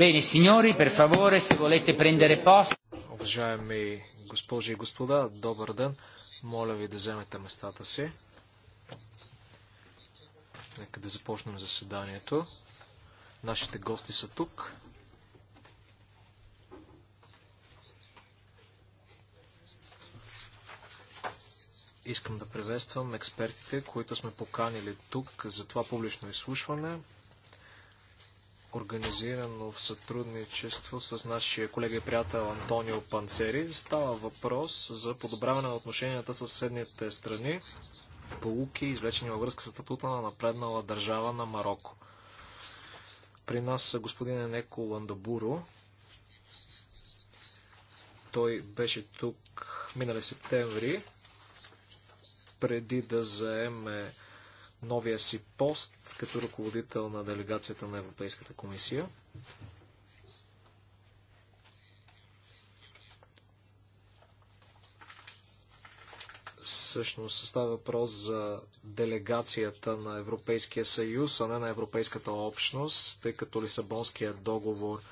Bene, signori, per favore, se volete prendere posto. Уважаеми госпожи и господа, добър ден. Моля ви да вземете местата си. Нека да започнем заседанието. Нашите гости са тук. Искам да приветствам експертите, които сме поканили тук за това публично изслушване организирано в сътрудничество с нашия колега и приятел Антонио Панцери. Става въпрос за подобряване на отношенията с съседните страни, полуки, извлечени във връзка с статута на напреднала държава на Марокко. При нас са е господин Енеко Ландабуро. Той беше тук минали септември, преди да заеме новия си пост като ръководител на делегацията на Европейската комисия. Всъщност става въпрос за делегацията на Европейския съюз, а не на Европейската общност, тъй като Лисабонският договор –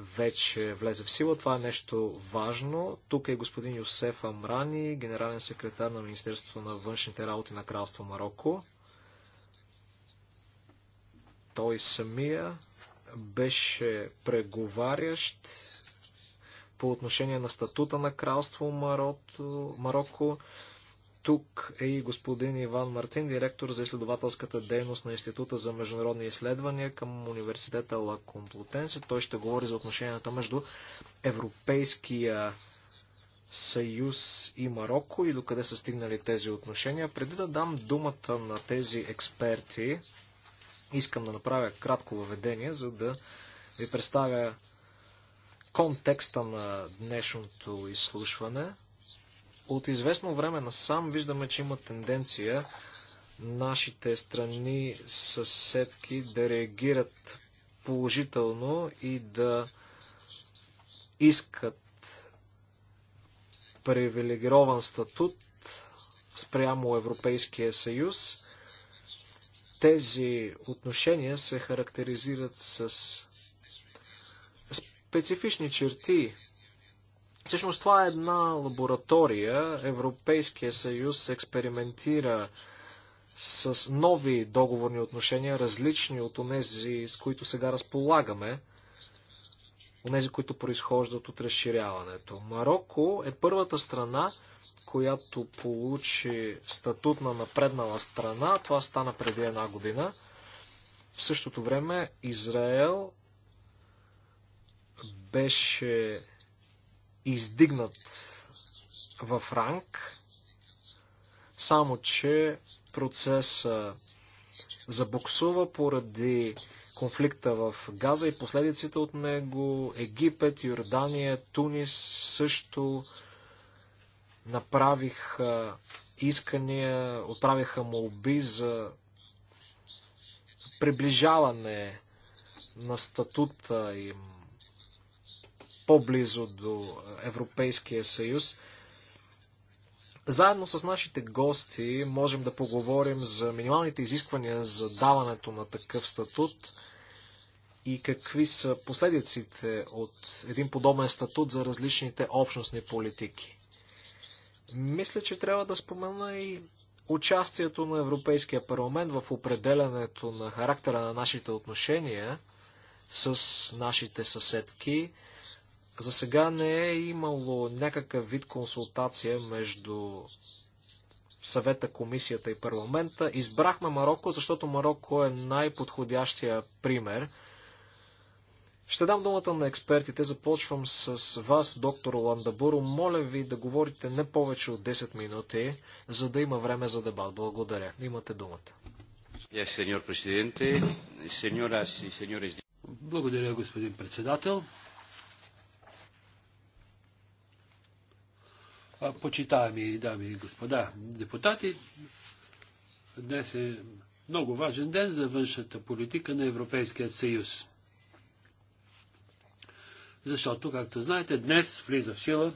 вече влезе в сила. Това е нещо важно. Тук е господин Йосеф Амрани, генерален секретар на Министерството на външните работи на Кралство Марокко. Той самия беше преговарящ по отношение на статута на Кралство Марокко, тук е и господин Иван Мартин, директор за изследователската дейност на Института за международни изследвания към университета Ла Комплутенс. Той ще говори за отношенията между Европейския съюз и Марокко и докъде са стигнали тези отношения. Преди да дам думата на тези експерти, искам да направя кратко въведение, за да ви представя контекста на днешното изслушване – от известно време насам виждаме, че има тенденция нашите страни съседки да реагират положително и да искат привилегирован статут спрямо Европейския съюз. Тези отношения се характеризират с специфични черти Всъщност това е една лаборатория. Европейския съюз експериментира с нови договорни отношения, различни от онези, с които сега разполагаме, тези, които произхождат от разширяването. Марокко е първата страна, която получи статут на напреднала страна. Това стана преди една година. В същото време Израел беше издигнат в ранг, само че процеса забуксува поради конфликта в Газа и последиците от него. Египет, Йордания, Тунис също направиха искания, отправиха молби за приближаване на статута им по-близо до Европейския съюз. Заедно с нашите гости можем да поговорим за минималните изисквания за даването на такъв статут и какви са последиците от един подобен статут за различните общностни политики. Мисля, че трябва да спомена и участието на Европейския парламент в определянето на характера на нашите отношения с нашите съседки. За сега не е имало някакъв вид консултация между съвета, комисията и парламента. Избрахме Марокко, защото Марокко е най-подходящия пример. Ще дам думата на експертите. Започвам с вас, доктор Ландабуро. Моля ви да говорите не повече от 10 минути, за да има време за дебат. Благодаря. Имате думата. Благодаря, господин председател. Почитаеми дами и господа депутати, днес е много важен ден за външната политика на Европейския съюз. Защото, както знаете, днес влиза в сила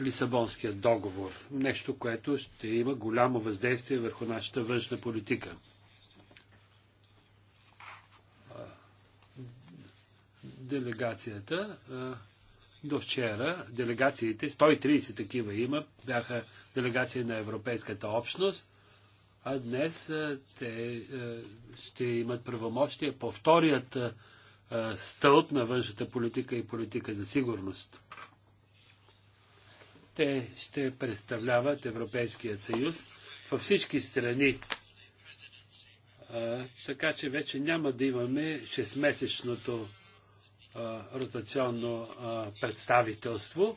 Лисабонския договор. Нещо, което ще има голямо въздействие върху нашата външна политика. Делегацията до вчера делегациите, 130 такива има, бяха делегации на Европейската общност, а днес те ще имат правомощие по вторият стълб на външната политика и политика за сигурност. Те ще представляват Европейският съюз във всички страни. А, така че вече няма да имаме 6-месечното ротационно представителство,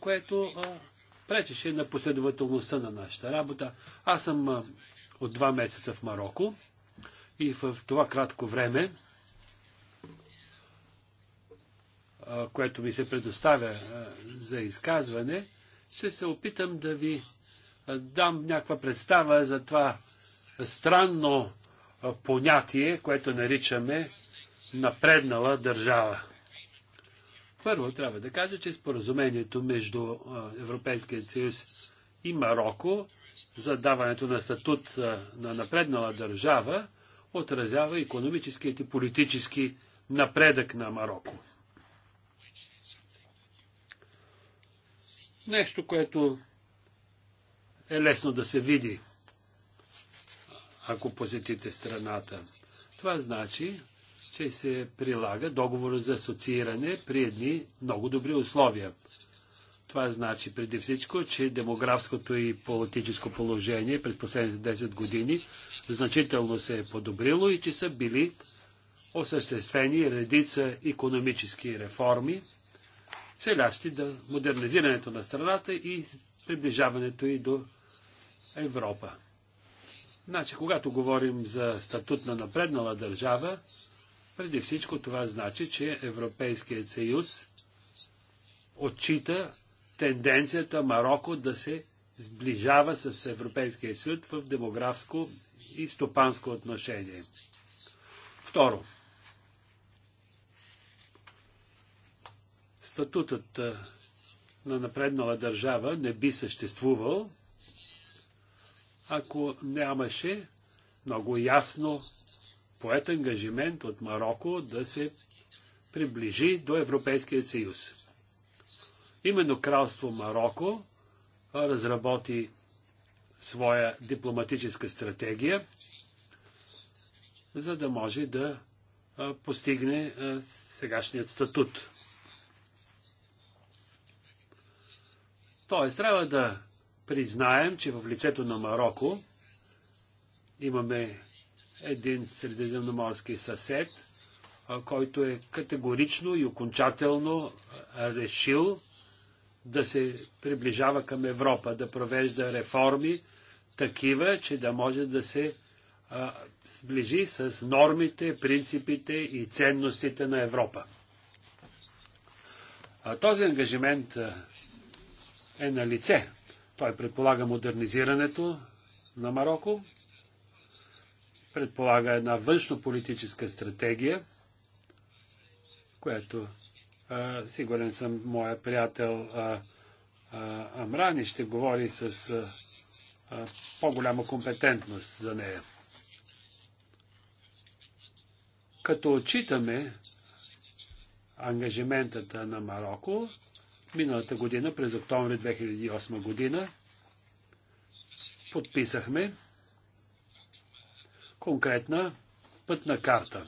което пречеше на последователността на нашата работа. Аз съм от два месеца в Марокко и в това кратко време, което ми се предоставя за изказване, ще се опитам да ви дам някаква представа за това странно понятие, което наричаме напреднала държава. Първо трябва да кажа, че споразумението между Европейския съюз и Марокко за даването на статут на напреднала държава отразява економическият и политически напредък на Марокко. Нещо, което е лесно да се види, ако посетите страната. Това значи, че се прилага договор за асоцииране при едни много добри условия. Това значи преди всичко, че демографското и политическо положение през последните 10 години значително се е подобрило и че са били осъществени редица економически реформи, целящи да модернизирането на страната и приближаването и до Европа. Значи, когато говорим за статут на напреднала държава, преди всичко това значи, че Европейският съюз отчита тенденцията Марокко да се сближава с Европейския съюз в демографско и стопанско отношение. Второ. Статутът на напреднала държава не би съществувал, ако нямаше много ясно поет ангажимент от Марокко да се приближи до Европейския съюз. Именно кралство Марокко разработи своя дипломатическа стратегия, за да може да постигне сегашният статут. Тоест, трябва да признаем, че в лицето на Марокко имаме един средиземноморски съсед, който е категорично и окончателно решил да се приближава към Европа, да провежда реформи такива, че да може да се а, сближи с нормите, принципите и ценностите на Европа. А, този ангажимент а, е на лице. Той предполага модернизирането на Марокко, предполага една външно-политическа стратегия, която а, сигурен съм моя приятел а, а, Амрани ще говори с по-голяма компетентност за нея. Като отчитаме ангажиментата на Марокко, миналата година, през октомври 2008 година, подписахме конкретна пътна карта,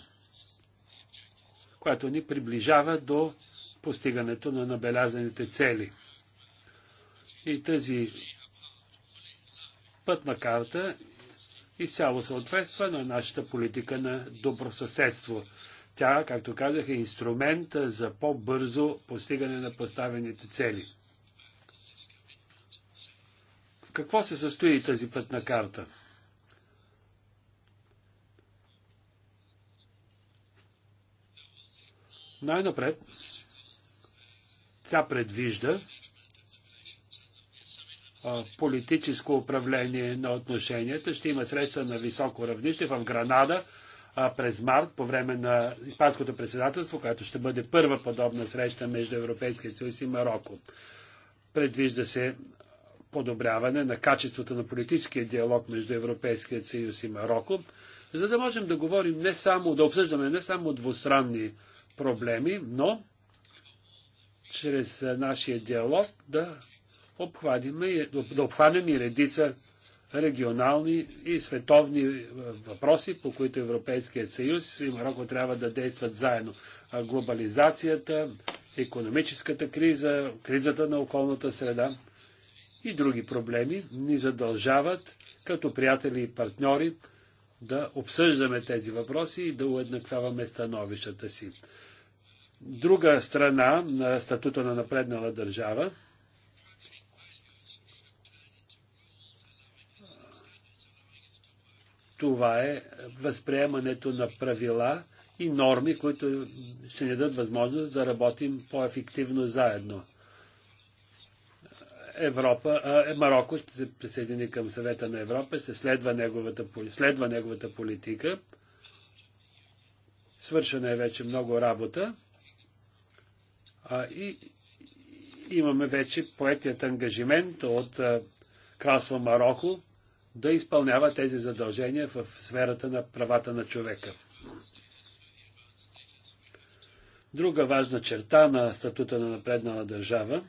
която ни приближава до постигането на набелязаните цели. И тази пътна карта изцяло съответства на нашата политика на добросъседство. Тя, както казах, е инструмент за по-бързо постигане на поставените цели. В какво се състои тази пътна карта? Най-напред, тя предвижда политическо управление на отношенията. Ще има среща на високо равнище в Гранада през март, по време на Испанското председателство, което ще бъде първа подобна среща между Европейския съюз и Марокко. Предвижда се подобряване на качеството на политическия диалог между Европейския съюз и Марокко, за да можем да говорим не само, да обсъждаме не само двустранни проблеми, но чрез нашия диалог да обхванем, да обхванем и редица регионални и световни въпроси, по които Европейският съюз и Марокко трябва да действат заедно. Глобализацията, економическата криза, кризата на околната среда и други проблеми ни задължават като приятели и партньори да обсъждаме тези въпроси и да уеднаквяваме становищата си друга страна на статута на напреднала държава, това е възприемането на правила и норми, които ще ни дадат възможност да работим по-ефективно заедно. Европа, а, е, Марокко ще се присъедини към съвета на Европа, се следва неговата, следва неговата политика. Свършена е вече много работа. И имаме вече поетият ангажимент от Кралство Марокко да изпълнява тези задължения в сферата на правата на човека. Друга важна черта на статута на напреднала държава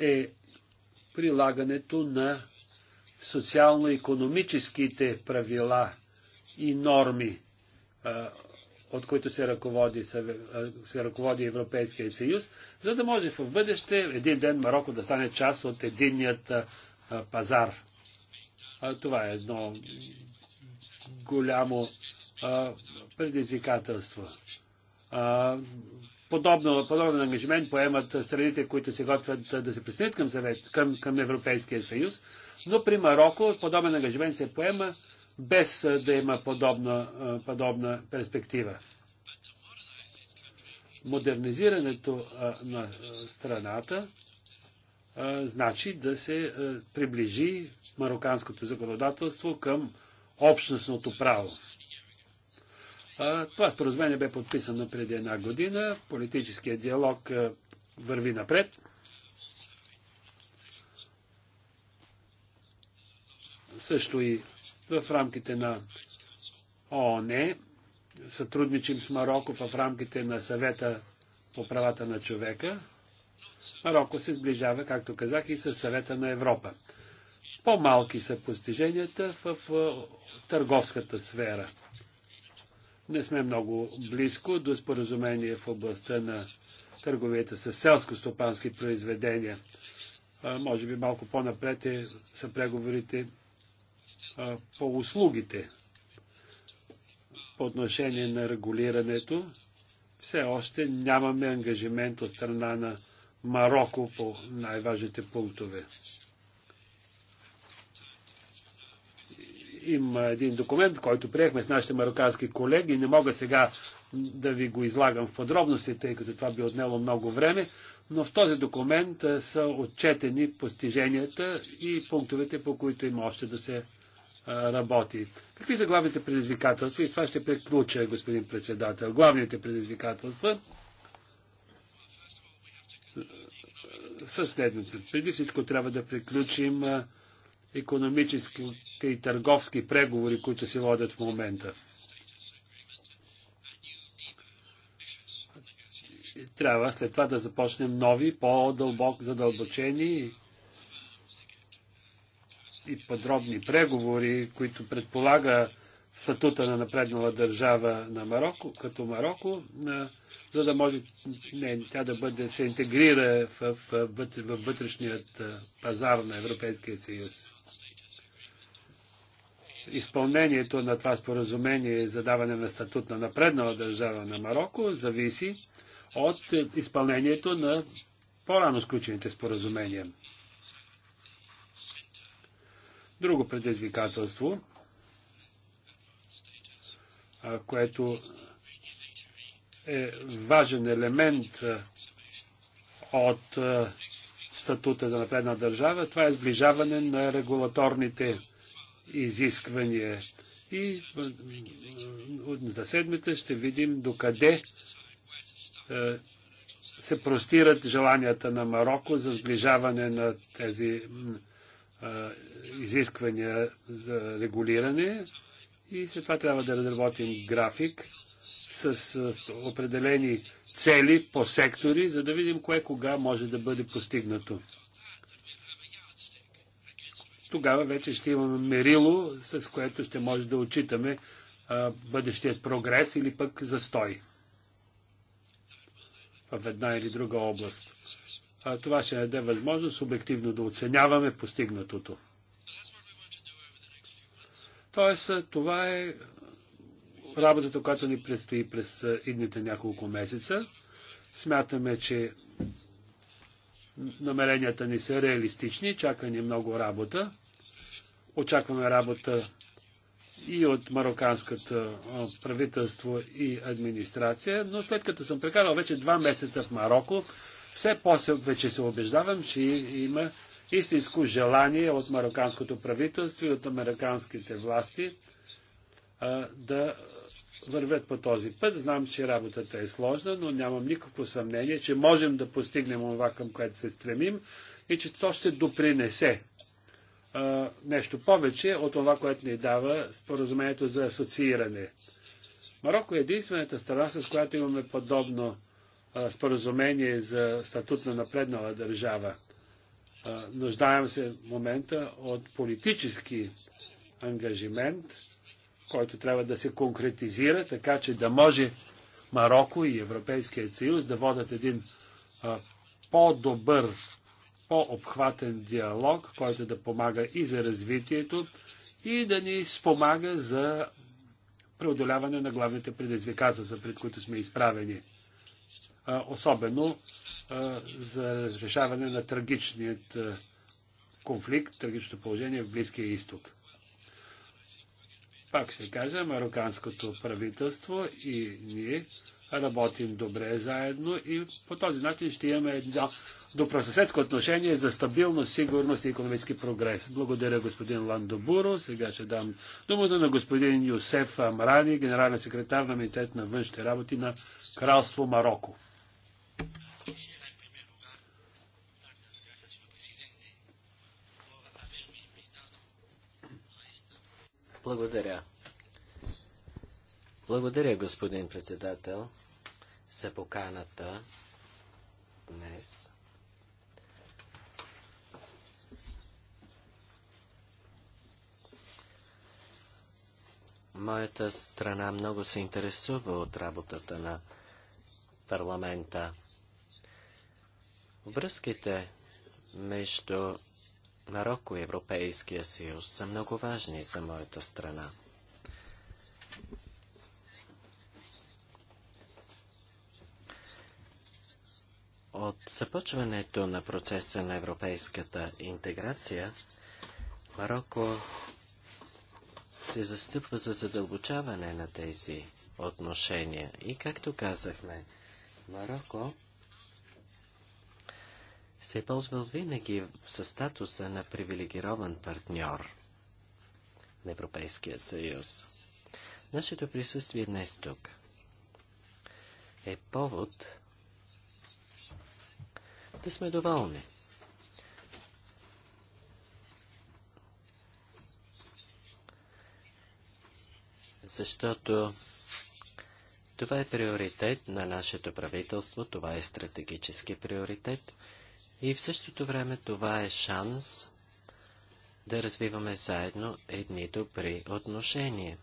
е прилагането на социално-економическите правила и норми от които се ръководи, се ръководи Европейския съюз, за да може в бъдеще един ден Марокко да стане част от единният пазар. Това е едно голямо предизвикателство. Подобно, подобен ангажимент поемат страните, които се готвят да се присъединят към, към, към Европейския съюз, но при Марокко подобен ангажимент се поема без да има подобна, подобна перспектива. Модернизирането на страната значи да се приближи мароканското законодателство към общностното право. Това споразумение бе подписано преди една година. Политическият диалог върви напред. Също и в рамките на ООН, сътрудничим с Марокко в рамките на съвета по правата на човека. Марокко се сближава, както казах, и с съвета на Европа. По-малки са постиженията в търговската сфера. Не сме много близко до споразумение в областта на търговията с селско-стопански произведения. може би малко по-напред е, са преговорите по услугите по отношение на регулирането. Все още нямаме ангажимент от страна на Марокко по най-важните пунктове. Има един документ, който приехме с нашите марокански колеги. Не мога сега да ви го излагам в подробности, тъй като това би отнело много време, но в този документ са отчетени постиженията и пунктовете, по които има още да се работи. Какви са главните предизвикателства? И с това ще приключа, господин председател. Главните предизвикателства са следното. Преди всичко трябва да приключим економическите и търговски преговори, които се водят в момента. Трябва след това да започнем нови, по дълбок задълбочени и подробни преговори, които предполага статута на напреднала държава на Марокко, като Марокко, за да може не, тя да бъде, се интегрира в, в, в вътрешният пазар на Европейския съюз. Изпълнението на това споразумение за даване на статут на напреднала държава на Марокко зависи от изпълнението на по-рано сключените споразумения. Друго предизвикателство, което е важен елемент от статута за напредна държава, това е сближаване на регулаторните изисквания. И на седмица ще видим докъде се простират желанията на Марокко за сближаване на тези изисквания за регулиране и след това трябва да разработим график с определени цели по сектори, за да видим кое кога може да бъде постигнато. Тогава вече ще имаме мерило, с което ще може да отчитаме бъдещият прогрес или пък застой в една или друга област това ще даде възможност обективно да оценяваме постигнатото. Тоест, това е работата, която ни предстои през идните няколко месеца. Смятаме, че намеренията ни са реалистични, чака ни много работа. Очакваме работа и от мароканското правителство и администрация, но след като съм прекарал вече два месеца в Марокко, все по-вече се убеждавам, че има истинско желание от мароканското правителство и от американските власти а, да вървят по този път. Знам, че работата е сложна, но нямам никакво съмнение, че можем да постигнем това, към което се стремим и че то ще допринесе а, нещо повече от това, което ни дава споразумението за асоцииране. Марокко е единствената страна, с която имаме подобно споразумение за статут на напреднала държава. Нуждаем се в момента от политически ангажимент, който трябва да се конкретизира, така че да може Марокко и Европейският съюз да водят един по-добър, по-обхватен диалог, който да помага и за развитието, и да ни спомага за преодоляване на главните предизвикателства, пред които сме изправени особено за разрешаване на трагичният конфликт, трагичното положение в Близкия изток. Пак ще кажа, мароканското правителство и ние работим добре заедно и по този начин ще имаме едно добросъседско отношение за стабилност, сигурност и економически прогрес. Благодаря господин Ландобуро. Сега ще дам думата на господин Юсеф Амрани, генерален секретар на Министерството на външните работи на Кралство Марокко. Благодаря. Благодаря, господин председател, за поканата днес. Моята страна много се интересува от работата на парламента. Връзките между Марокко и Европейския съюз са много важни за моята страна. От започването на процеса на европейската интеграция, Марокко се застъпва за задълбочаване на тези отношения. И както казахме, Марокко се е ползвал винаги със статуса на привилегирован партньор на Европейския съюз. Нашето присъствие днес тук е повод да сме доволни. Защото това е приоритет на нашето правителство, това е стратегически приоритет – и в същото време това е шанс да развиваме заедно едни добри отношения.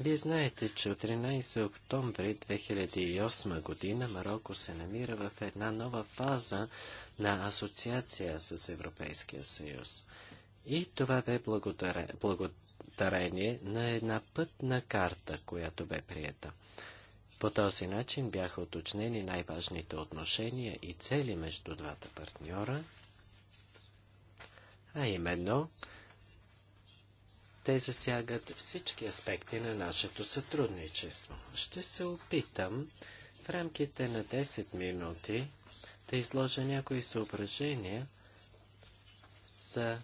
Вие знаете, че от 13 октомври 2008 година Марокко се намира в една нова фаза на асоциация с Европейския съюз. И това бе благодарение на една пътна карта, която бе приета. По този начин бяха уточнени най-важните отношения и цели между двата партньора, а именно те засягат всички аспекти на нашето сътрудничество. Ще се опитам в рамките на 10 минути да изложа някои съображения за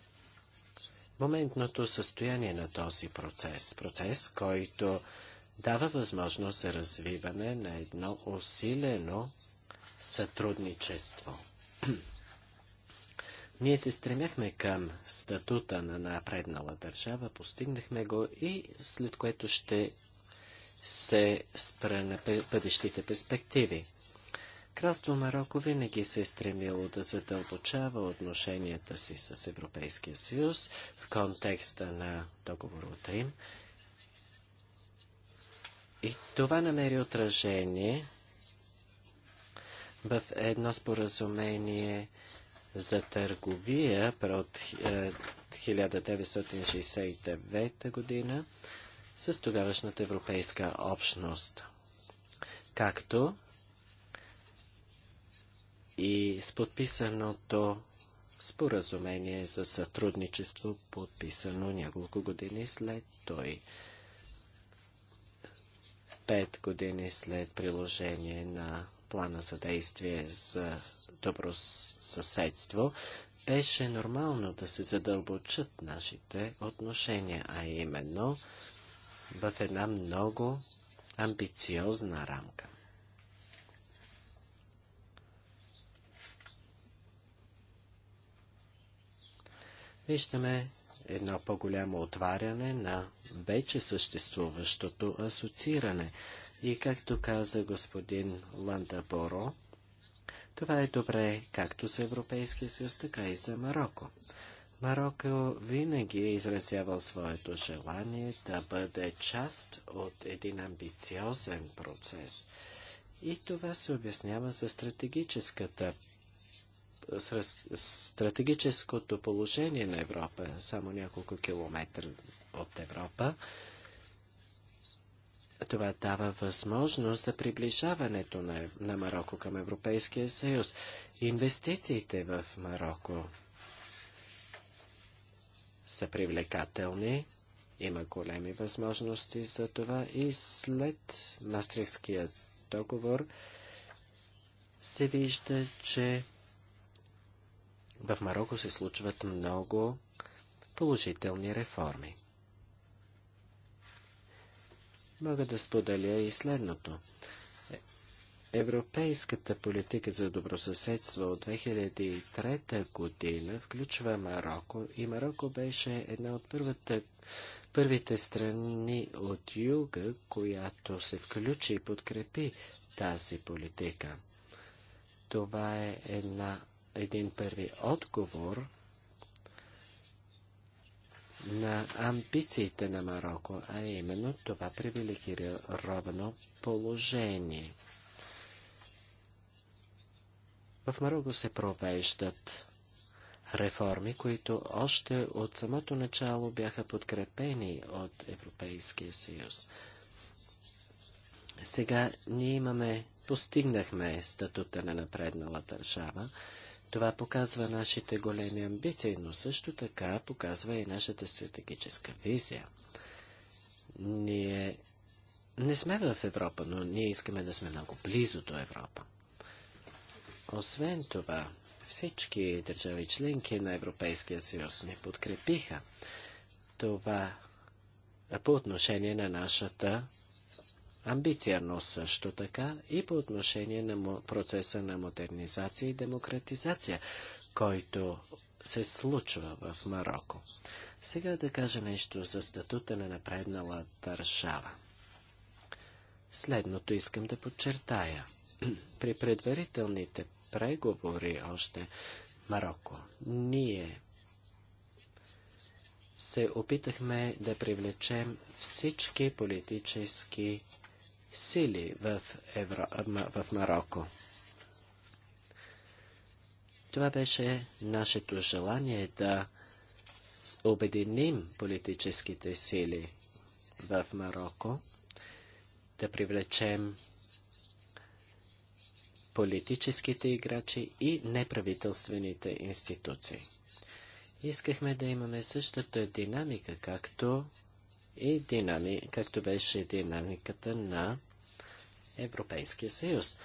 моментното състояние на този процес. Процес, който дава възможност за развиване на едно усилено сътрудничество. Ние се стремяхме към статута на напреднала държава, постигнахме го и след което ще се спра на бъдещите перспективи. Кралство Марокко винаги се е стремило да задълбочава отношенията си с Европейския съюз в контекста на договор от Рим и това намери отражение в едно споразумение за търговия е, от 1969 година с тогавашната европейска общност, както и с подписаното споразумение за сътрудничество, подписано няколко години след той пет години след приложение на плана за действие за добро съседство, беше нормално да се задълбочат нашите отношения, а именно в една много амбициозна рамка. Виждаме едно по-голямо отваряне на вече съществуващото асоцииране. И както каза господин Ланда Боро, това е добре както за Европейския съюз, така и за Марокко. Марокко винаги е изразявал своето желание да бъде част от един амбициозен процес. И това се обяснява за стратегическата стратегическото положение на Европа, само няколко километра от Европа, това дава възможност за приближаването на, на Марокко към Европейския съюз. Инвестициите в Марокко са привлекателни, има големи възможности за това и след Мастрихския договор се вижда, че в Марокко се случват много положителни реформи. Мога да споделя и следното. Европейската политика за добросъседство от 2003 година включва Марокко и Марокко беше една от първата, първите страни от юга, която се включи и подкрепи тази политика. Това е една един първи отговор на амбициите на Марокко, а именно това ровно положение. В Марокко се провеждат реформи, които още от самото начало бяха подкрепени от Европейския съюз. Сега ние имаме, постигнахме статута на напреднала държава, това показва нашите големи амбиции, но също така показва и нашата стратегическа визия. Ние не сме в Европа, но ние искаме да сме много близо до Европа. Освен това, всички държави членки на Европейския съюз ни подкрепиха това по отношение на нашата амбиция, но също така и по отношение на процеса на модернизация и демократизация, който се случва в Марокко. Сега да кажа нещо за статута на напреднала държава. Следното искам да подчертая. При предварителните преговори още Марокко, ние се опитахме да привлечем всички политически сили в, Евро... в Марокко. Това беше нашето желание да обединим политическите сили в Марокко, да привлечем политическите играчи и неправителствените институции. Искахме да имаме същата динамика, както и динами, както беше динамиката на Европейския съюз.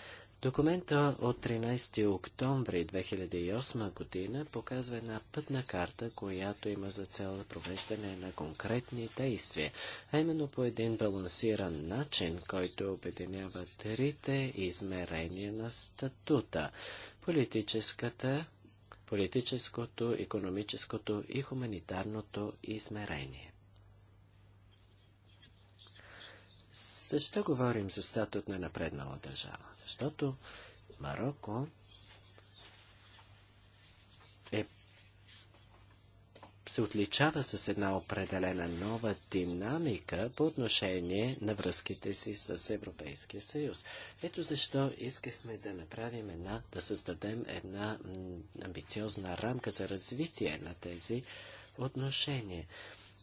Документа от 13 октомври 2008 година показва една пътна карта, която има за цел провеждане на конкретни действия, а именно по един балансиран начин, който обединява трите измерения на статута – политическата, политическото, економическото и хуманитарното измерение. Защо говорим за статут на напреднала държава? Защото Марокко е, се отличава с една определена нова динамика по отношение на връзките си с Европейския съюз. Ето защо искахме да направим една, да създадем една амбициозна рамка за развитие на тези отношения.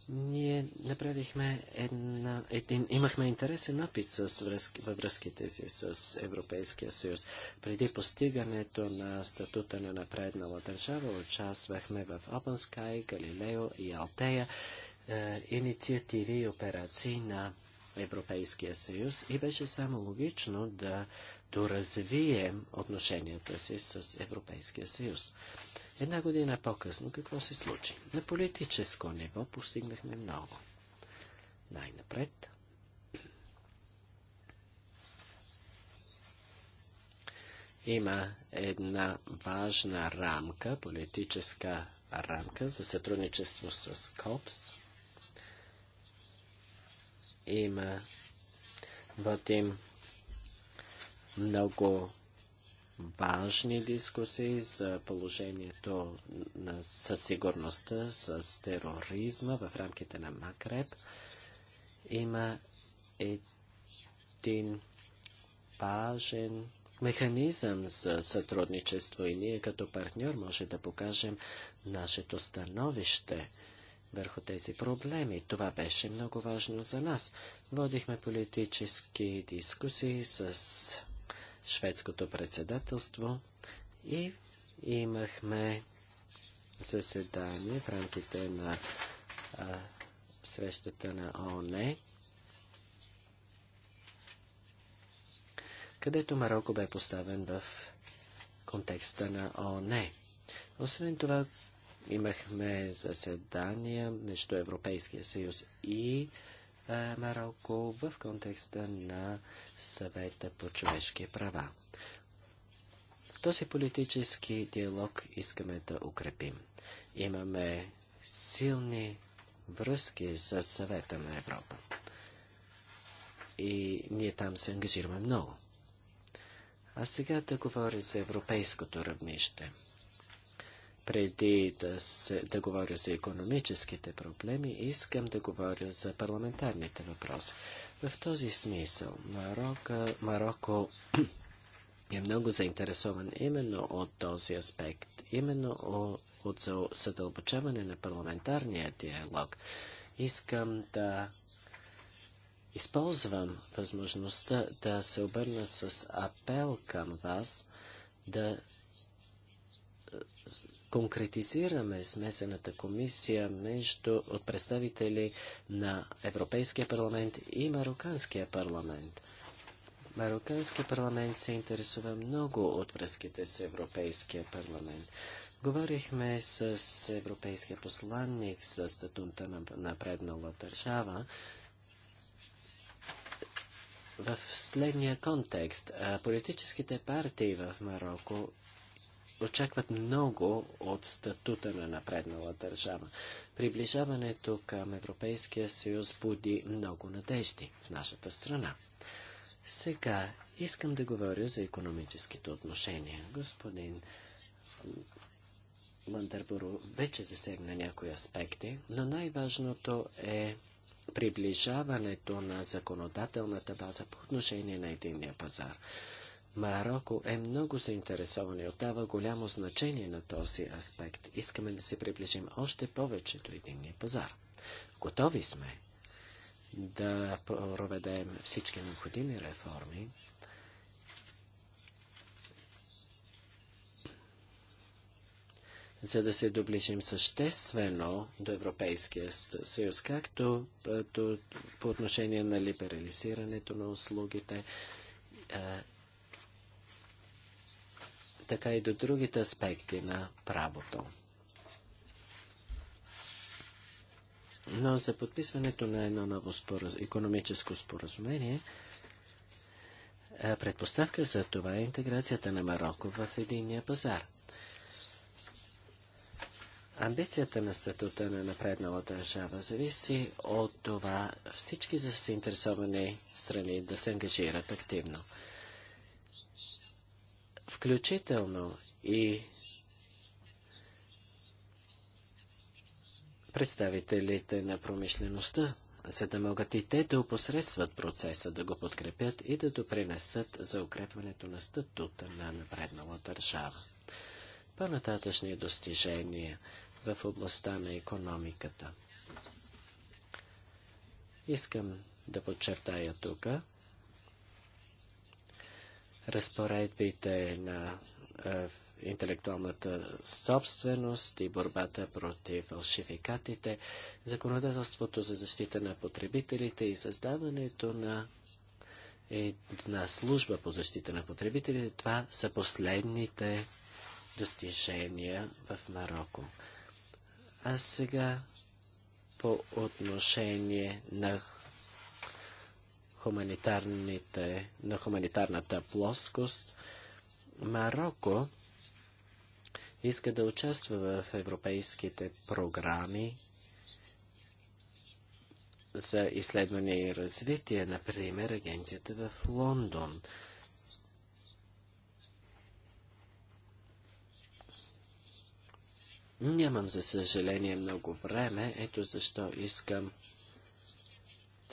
Ние направихме една, един, имахме интересен опит с връзки, във връзките си с Европейския съюз. Преди постигането на статута на напреднала държава участвахме в Open Sky, Галилео и Алтея, е, инициативи и операции на Европейския съюз и беше само логично да доразвием отношенията си с Европейския съюз. Една година по-късно какво се случи? На политическо ниво постигнахме много. Най-напред. Има една важна рамка, политическа рамка за сътрудничество с КОПС. Има Вадим много важни дискусии за положението на, със сигурността, с тероризма в рамките на Макреб. Има един важен механизъм за сътрудничество и ние като партньор може да покажем нашето становище върху тези проблеми. Това беше много важно за нас. Водихме политически дискусии с шведското председателство и имахме заседание в рамките на а, срещата на ООН, където Марокко бе поставен в контекста на ООН. Освен това, имахме заседания между Европейския съюз и Марокко в контекста на съвета по човешки права. Този политически диалог искаме да укрепим. Имаме силни връзки с съвета на Европа. И ние там се ангажираме много. А сега да говоря за европейското равнище – преди да, се, да говоря за економическите проблеми, искам да говоря за парламентарните въпроси. В този смисъл Марокко, Марокко е много заинтересован именно от този аспект, именно от, задълбочаване на парламентарния диалог. Искам да използвам възможността да се обърна с апел към вас да конкретизираме смесената комисия между от представители на Европейския парламент и Мароканския парламент. Мароканския парламент се интересува много от връзките с Европейския парламент. Говорихме с европейския посланник за статута на напреднала държава в следния контекст. Политическите партии в Марокко очакват много от статута на напреднала държава. Приближаването към Европейския съюз буди много надежди в нашата страна. Сега искам да говоря за економическите отношения. Господин Мандърборо вече засегна някои аспекти, но най-важното е приближаването на законодателната база по отношение на единния пазар. Марокко е много заинтересован и отдава голямо значение на този аспект. Искаме да се приближим още повече до единния пазар. Готови сме да проведем всички необходими реформи, за да се доближим съществено до Европейския съюз, както по отношение на либерализирането на услугите, така и до другите аспекти на правото. Но за подписването на едно ново спораз... економическо споразумение, предпоставка за това е интеграцията на Марокко в единния пазар. Амбицията на статута на напреднала държава зависи от това всички заинтересовани страни да се ангажират активно включително и представителите на промишлеността, за да могат и те да опосредстват процеса, да го подкрепят и да допринесат за укрепването на статута на напреднала държава. По-нататъчни достижения в областта на економиката. Искам да подчертая тук, разпоредбите на е, интелектуалната собственост и борбата против фалшификатите, законодателството за защита на потребителите и създаването на една служба по защита на потребителите. Това са последните достижения в Марокко. А сега по отношение на на хуманитарната плоскост. Марокко иска да участва в европейските програми за изследване и развитие, например, агенцията в Лондон. Нямам, за съжаление, много време. Ето защо искам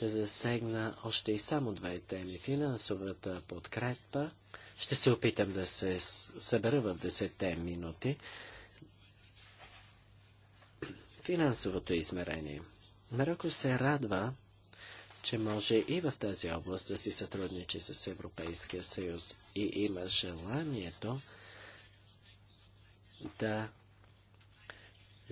ще засегна още и само две теми. Финансовата подкрепа. Ще се опитам да се събера в 10 минути. Финансовото измерение. Марокко се радва, че може и в тази област да си сътрудничи с Европейския съюз и има желанието да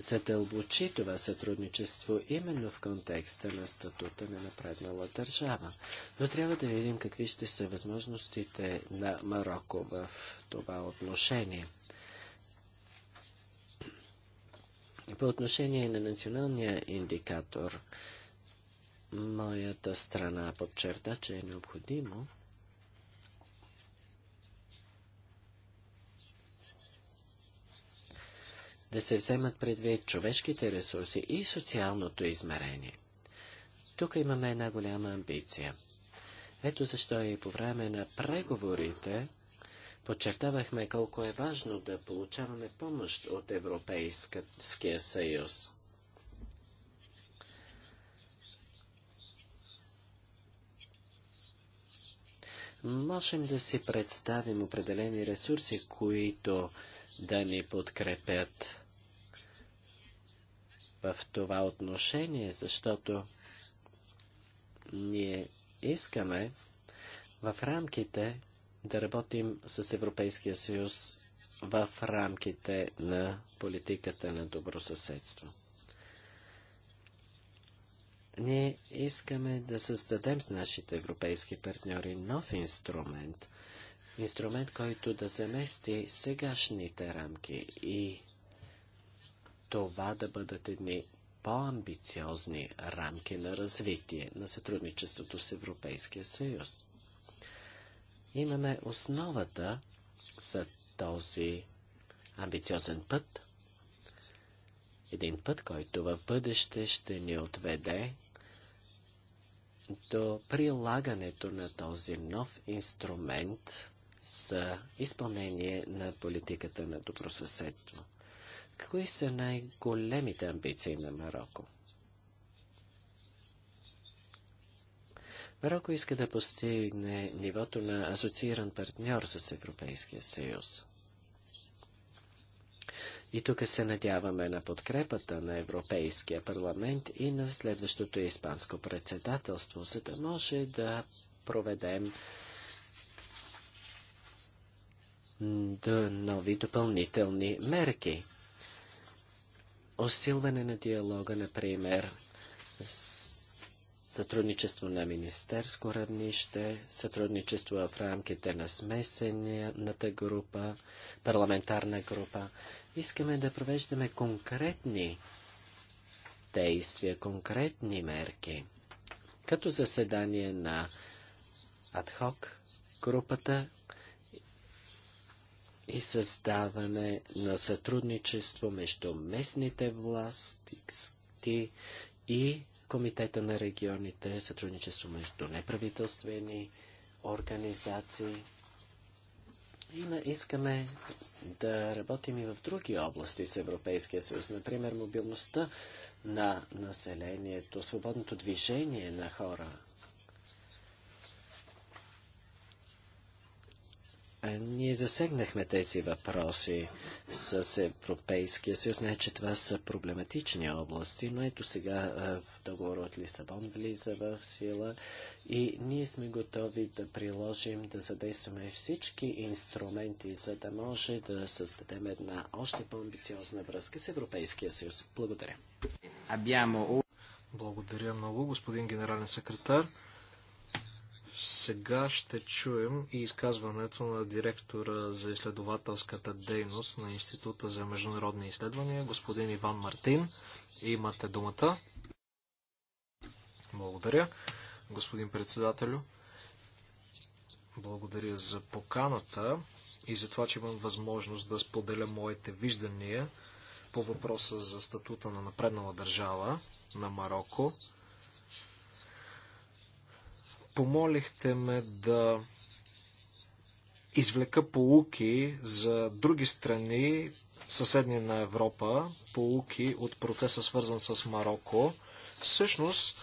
задълбочи това сътрудничество именно в контекста на статута на напреднала държава. Но трябва да видим какви ще са възможностите на Марокко в това отношение. По отношение на националния индикатор, моята страна подчерта, че е необходимо да се вземат предвид човешките ресурси и социалното измерение. Тук имаме една голяма амбиция. Ето защо и по време на преговорите подчертавахме колко е важно да получаваме помощ от Европейския съюз. Можем да си представим определени ресурси, които да ни подкрепят в това отношение, защото ние искаме в рамките да работим с Европейския съюз в рамките на политиката на добросъседство. Ние искаме да създадем с нашите европейски партньори нов инструмент, инструмент, който да замести сегашните рамки и това да бъдат едни по-амбициозни рамки на развитие на сътрудничеството с Европейския съюз. Имаме основата за този амбициозен път. Един път, който в бъдеще ще ни отведе до прилагането на този нов инструмент за изпълнение на политиката на добросъседство. Кои са най-големите амбиции на Марокко? Марокко иска да постигне нивото на асоцииран партньор с Европейския съюз. И тук се надяваме на подкрепата на Европейския парламент и на следващото испанско председателство, за да може да проведем до нови допълнителни мерки. Осилване на диалога, например, сътрудничество на министерско равнище, сътрудничество в рамките на смесената група, парламентарна група. Искаме да провеждаме конкретни действия, конкретни мерки, като заседание на адхок групата и създаване на сътрудничество между местните власти и Комитета на регионите, сътрудничество между неправителствени организации. И искаме да работим и в други области с Европейския съюз, например мобилността на населението, свободното движение на хора Ние засегнахме тези въпроси с Европейския съюз. Не, че това са проблематични области, но ето сега в договор от Лисабон влиза в сила и ние сме готови да приложим, да задействаме всички инструменти, за да може да създадем една още по-амбициозна връзка с Европейския съюз. Благодаря. Благодаря много, господин генерален секретар. Сега ще чуем и изказването на директора за изследователската дейност на Института за международни изследвания, господин Иван Мартин. Имате думата. Благодаря, господин председателю. Благодаря за поканата и за това, че имам възможност да споделя моите виждания по въпроса за статута на напреднала държава на Марокко. Помолихте ме да извлека полуки за други страни, съседни на Европа, полуки от процеса свързан с Марокко. Всъщност,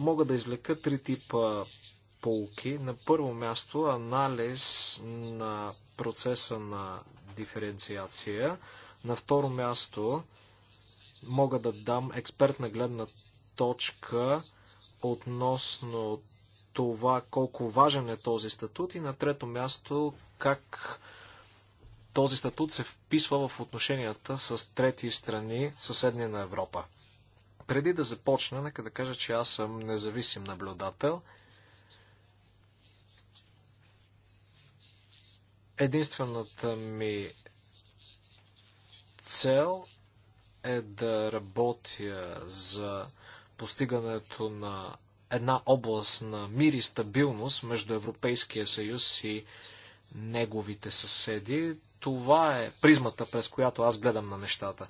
мога да извлека три типа полуки. На първо място, анализ на процеса на диференциация. На второ място, мога да дам експертна гледна точка относно това колко важен е този статут и на трето място как този статут се вписва в отношенията с трети страни, съседни на Европа. Преди да започна, нека да кажа, че аз съм независим наблюдател. Единствената ми цел е да работя за постигането на една област на мир и стабилност между Европейския съюз и неговите съседи. Това е призмата, през която аз гледам на нещата.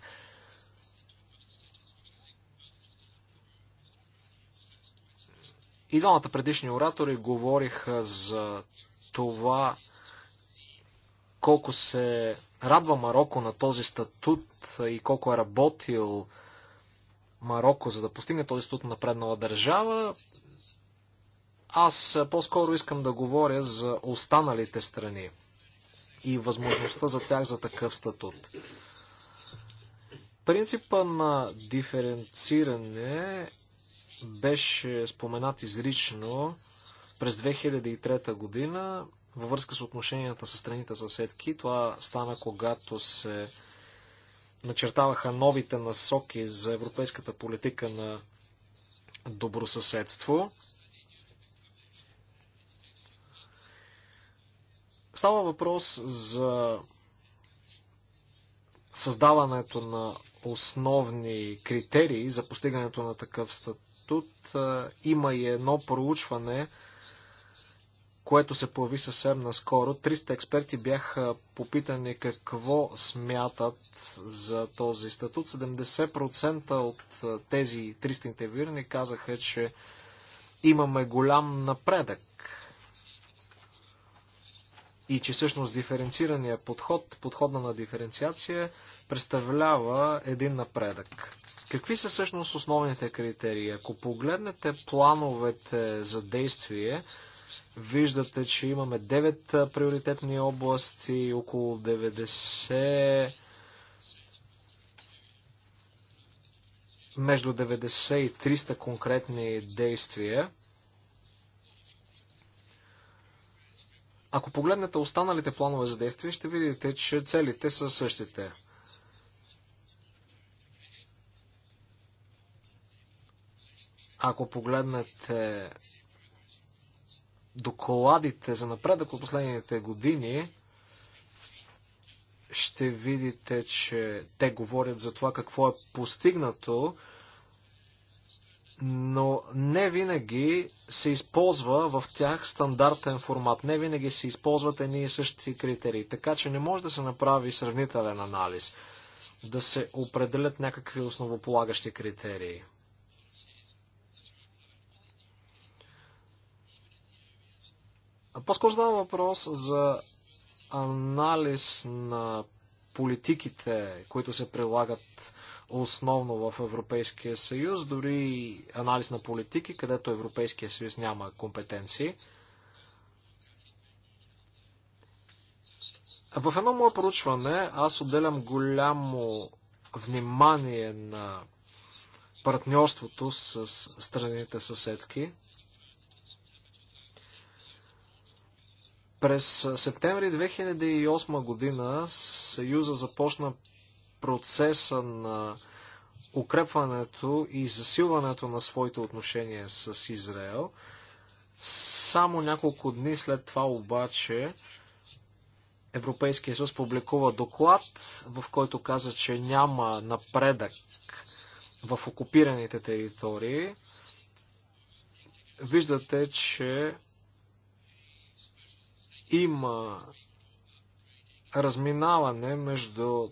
И двамата предишни оратори говориха за това колко се радва Марокко на този статут и колко е работил Марокко, за да постигне този статут на преднала държава. Аз по-скоро искам да говоря за останалите страни и възможността за тях за такъв статут. Принципа на диференциране беше споменат изрично през 2003 година във връзка с отношенията с страните съседки. Това стана когато се начертаваха новите насоки за европейската политика на добросъседство. Става въпрос за създаването на основни критерии за постигането на такъв статут. Има и едно проучване, което се появи съвсем наскоро. 300 експерти бяха попитани какво смятат за този статут. 70% от тези 300 интервюирани казаха, че имаме голям напредък и че всъщност диференцирания подход, подходна на диференциация, представлява един напредък. Какви са всъщност основните критерии? Ако погледнете плановете за действие, виждате, че имаме 9 приоритетни области, около 90 между 90 и 300 конкретни действия. Ако погледнете останалите планове за действие, ще видите, че целите са същите. Ако погледнете докладите за напредък от последните години, ще видите, че те говорят за това какво е постигнато но не винаги се използва в тях стандартен формат. Не винаги се използват едни и същи критерии. Така че не може да се направи сравнителен анализ, да се определят някакви основополагащи критерии. По-скоро задавам въпрос за анализ на политиките, които се прилагат основно в Европейския съюз, дори и анализ на политики, където Европейския съюз няма компетенции. В едно мое проучване аз отделям голямо внимание на партньорството с страните съседки. През септември 2008 година Съюза започна процеса на укрепването и засилването на своите отношения с Израел. Само няколко дни след това обаче Европейския съюз публикува доклад, в който каза, че няма напредък в окупираните територии. Виждате, че има разминаване между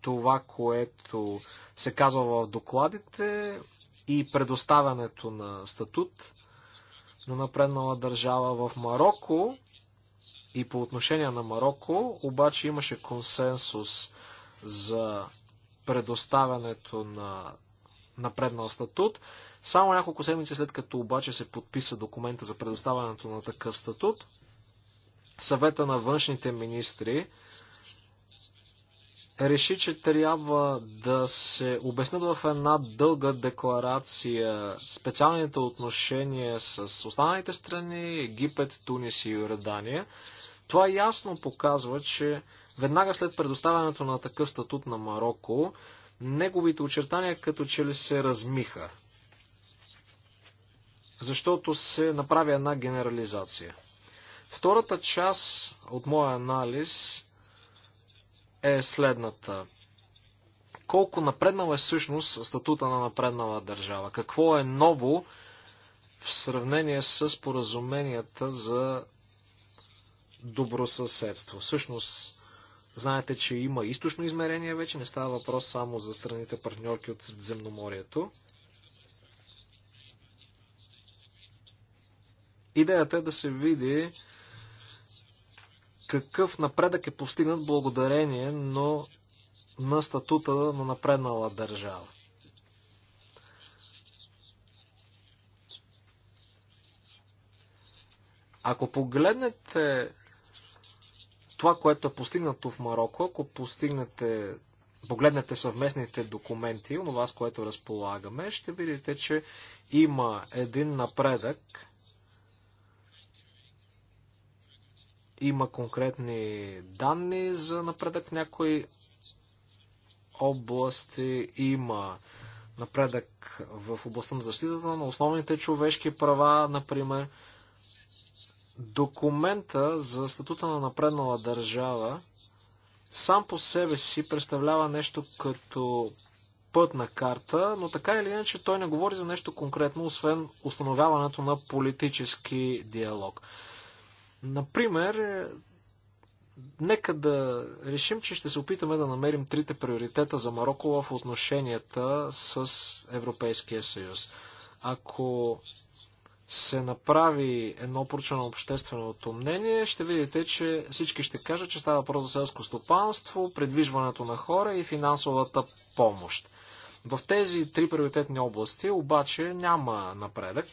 това, което се казва в докладите и предоставянето на статут на напреднала държава в Марокко и по отношение на Марокко, обаче имаше консенсус за предоставянето на напреднал статут. Само няколко седмици след като обаче се подписа документа за предоставянето на такъв статут, съвета на външните министри реши, че трябва да се обяснят в една дълга декларация специалните отношения с останалите страни Египет, Тунис и Йордания. Това ясно показва, че веднага след предоставянето на такъв статут на Марокко, неговите очертания като че ли се размиха. Защото се направи една генерализация. Втората част от моя анализ е следната. Колко напреднал е всъщност статута на напреднала държава? Какво е ново в сравнение с поразуменията за добросъседство? Всъщност, знаете, че има източно измерение вече, не става въпрос само за страните партньорки от Средиземноморието. Идеята е да се види какъв напредък е постигнат благодарение но на статута на напреднала държава. Ако погледнете това, което е постигнато в Марокко, ако постигнете, погледнете съвместните документи, онова с което разполагаме, ще видите, че има един напредък Има конкретни данни за напредък. Някои области има напредък в областта на защитата на основните човешки права, например. Документа за статута на напреднала държава сам по себе си представлява нещо като пътна карта, но така или иначе той не говори за нещо конкретно, освен установяването на политически диалог. Например, е, нека да решим, че ще се опитаме да намерим трите приоритета за Марокко в отношенията с Европейския съюз. Ако се направи едно поручено общественото мнение, ще видите, че всички ще кажат, че става въпрос за селско стопанство, предвижването на хора и финансовата помощ. В тези три приоритетни области обаче няма напредък.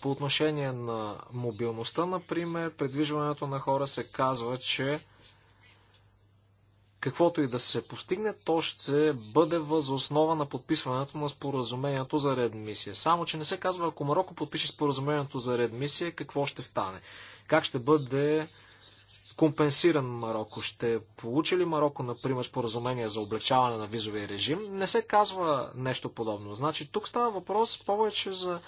По отношение на мобилността, например, предвижването на хора се казва, че каквото и да се постигне, то ще бъде въз основа на подписването на споразумението за редмисия. Само, че не се казва, ако Марокко подпише споразумението за редмисия, какво ще стане? Как ще бъде компенсиран Марокко? Ще получи ли Марокко, например, споразумение за облегчаване на визовия режим? Не се казва нещо подобно. Значи тук става въпрос повече за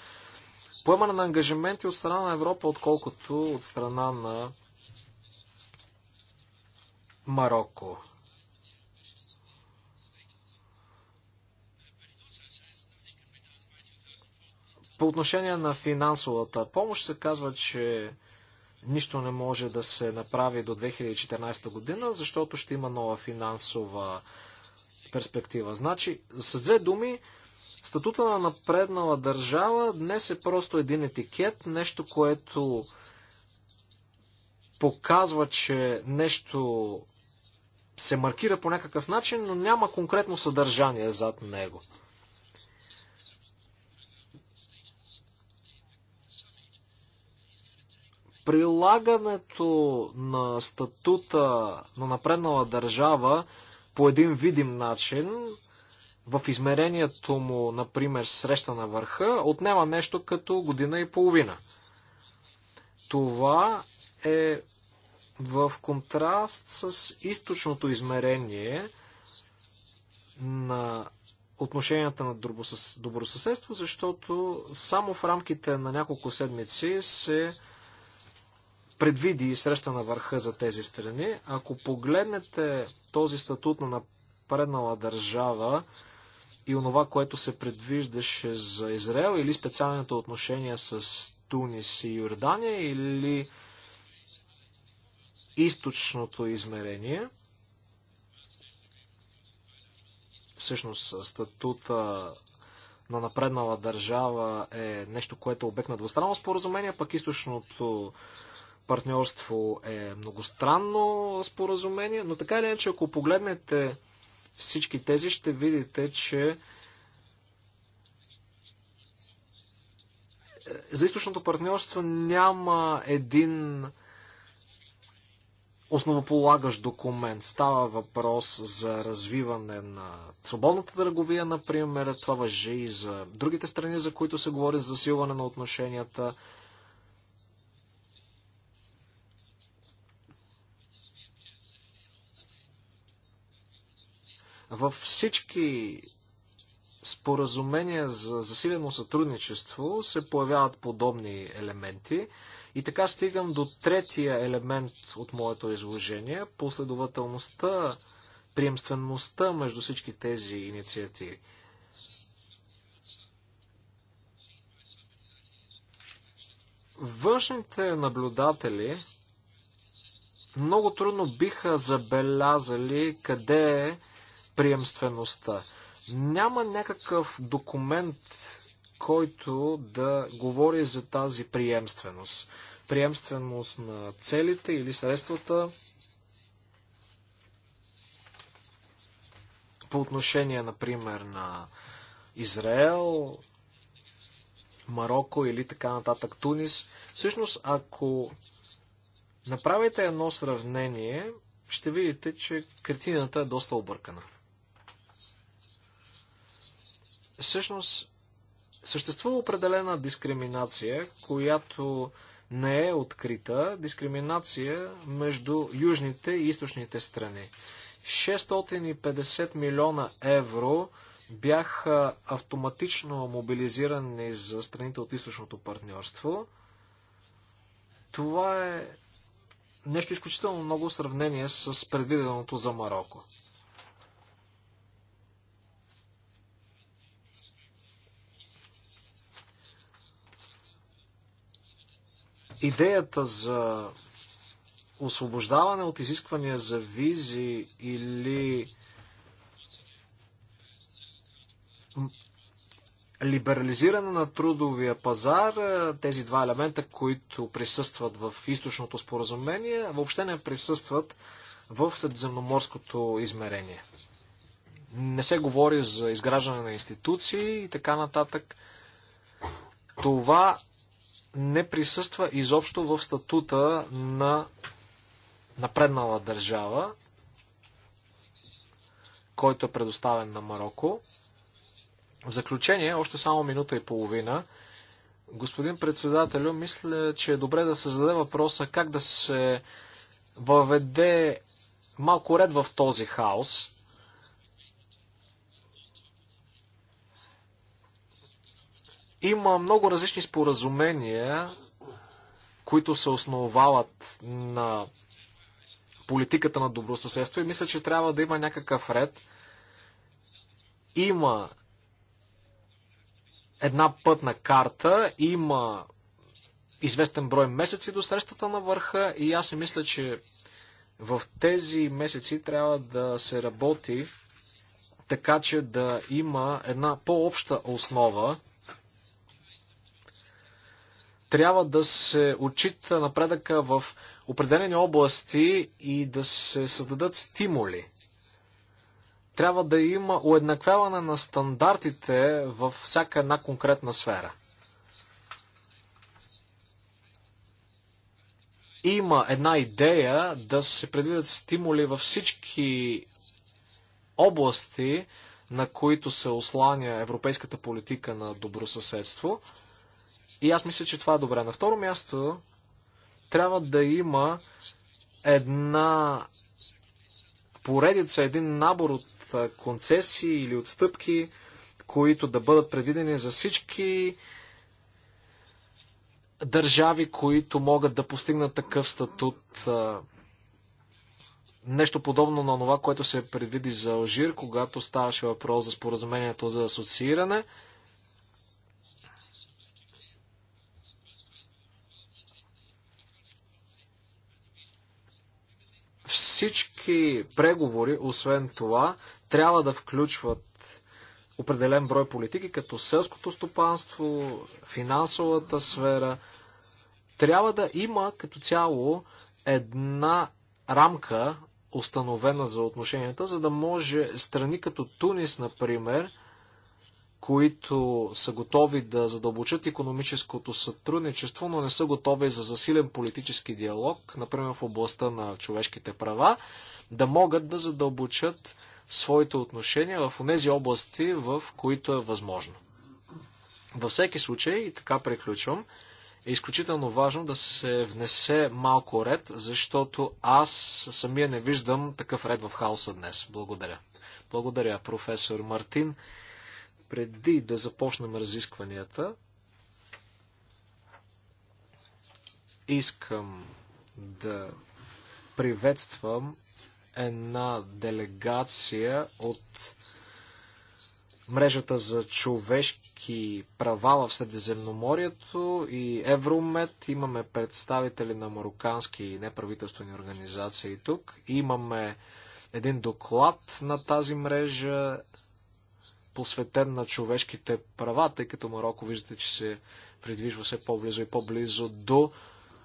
поемане на ангажименти от страна на Европа, отколкото от страна на Марокко. По отношение на финансовата помощ се казва, че нищо не може да се направи до 2014 година, защото ще има нова финансова перспектива. Значи, с две думи, Статута на напреднала държава днес е просто един етикет, нещо, което показва, че нещо се маркира по някакъв начин, но няма конкретно съдържание зад него. Прилагането на статута на напреднала държава по един видим начин в измерението му, например, среща на върха, отнема нещо като година и половина. Това е в контраст с източното измерение на отношенията на добросъседство, защото само в рамките на няколко седмици се предвиди среща на върха за тези страни. Ако погледнете този статут на напреднала държава и онова, което се предвиждаше за Израел или специалните отношения с Тунис и Йордания или източното измерение. Всъщност статута на напреднала държава е нещо, което е обект на двустранно споразумение, пък източното партньорство е многостранно споразумение, но така или иначе, ако погледнете всички тези, ще видите, че е, за източното партньорство няма един основополагащ документ. Става въпрос за развиване на свободната търговия, например. Това въжи и за другите страни, за които се говори за засилване на отношенията. Във всички споразумения за засилено сътрудничество се появяват подобни елементи. И така стигам до третия елемент от моето изложение последователността, приемствеността между всички тези инициативи. Външните наблюдатели много трудно биха забелязали къде е приемствеността. Няма някакъв документ, който да говори за тази приемственост. Приемственост на целите или средствата по отношение, например, на Израел, Марокко или така нататък Тунис. Всъщност, ако направите едно сравнение, ще видите, че картината е доста объркана. Всъщност, съществува определена дискриминация, която не е открита, дискриминация между южните и източните страни. 650 милиона евро бяха автоматично мобилизирани за страните от източното партньорство. Това е нещо изключително много в сравнение с предвиденото за Марокко. Идеята за освобождаване от изисквания за визи или либерализиране на трудовия пазар, тези два елемента, които присъстват в източното споразумение, въобще не присъстват в средиземноморското измерение. Не се говори за изграждане на институции и така нататък. Това не присъства изобщо в статута на напреднала държава, който е предоставен на Марокко. В заключение, още само минута и половина, господин председателю, мисля, че е добре да се зададе въпроса как да се въведе малко ред в този хаос. Има много различни споразумения, които се основават на политиката на добросъседство и мисля, че трябва да има някакъв ред. Има една пътна карта, има известен брой месеци до срещата на върха и аз си мисля, че в тези месеци трябва да се работи така, че да има една по-обща основа трябва да се отчита напредъка в определени области и да се създадат стимули. Трябва да има уеднаквяване на стандартите във всяка една конкретна сфера. Има една идея да се предвидят стимули във всички области, на които се осланя европейската политика на добросъседство – и аз мисля, че това е добре. На второ място, трябва да има една поредица, един набор от концесии или отстъпки, които да бъдат предвидени за всички държави, които могат да постигнат такъв статут. Нещо подобно на това, което се предвиди за Алжир, когато ставаше въпрос за споразумението за асоцииране – Всички преговори, освен това, трябва да включват определен брой политики, като селското стопанство, финансовата сфера. Трябва да има като цяло една рамка, установена за отношенията, за да може страни като Тунис, например, които са готови да задълбочат економическото сътрудничество, но не са готови за засилен политически диалог, например в областта на човешките права, да могат да задълбочат своите отношения в тези области, в които е възможно. Във всеки случай, и така приключвам, е изключително важно да се внесе малко ред, защото аз самия не виждам такъв ред в хаоса днес. Благодаря. Благодаря, професор Мартин преди да започнем разискванията, искам да приветствам една делегация от мрежата за човешки права в Средиземноморието и Евромед. Имаме представители на марокански и неправителствени организации тук. Имаме един доклад на тази мрежа посветен на човешките права, тъй като Марокко виждате, че се придвижва все по-близо и по-близо до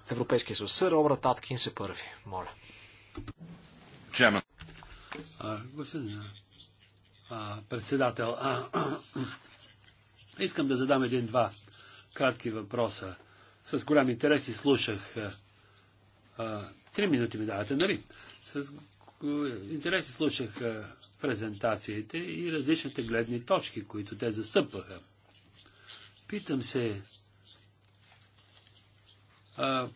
Европейския съюз. Сър Обрат Аткин се първи. Моля. Чема. Господин председател, а, а, искам да задам един-два кратки въпроса. С голям интерес и слушах. Три минути ми давате, нали? С Интересно слушах презентациите и различните гледни точки, които те застъпваха. Питам се, а,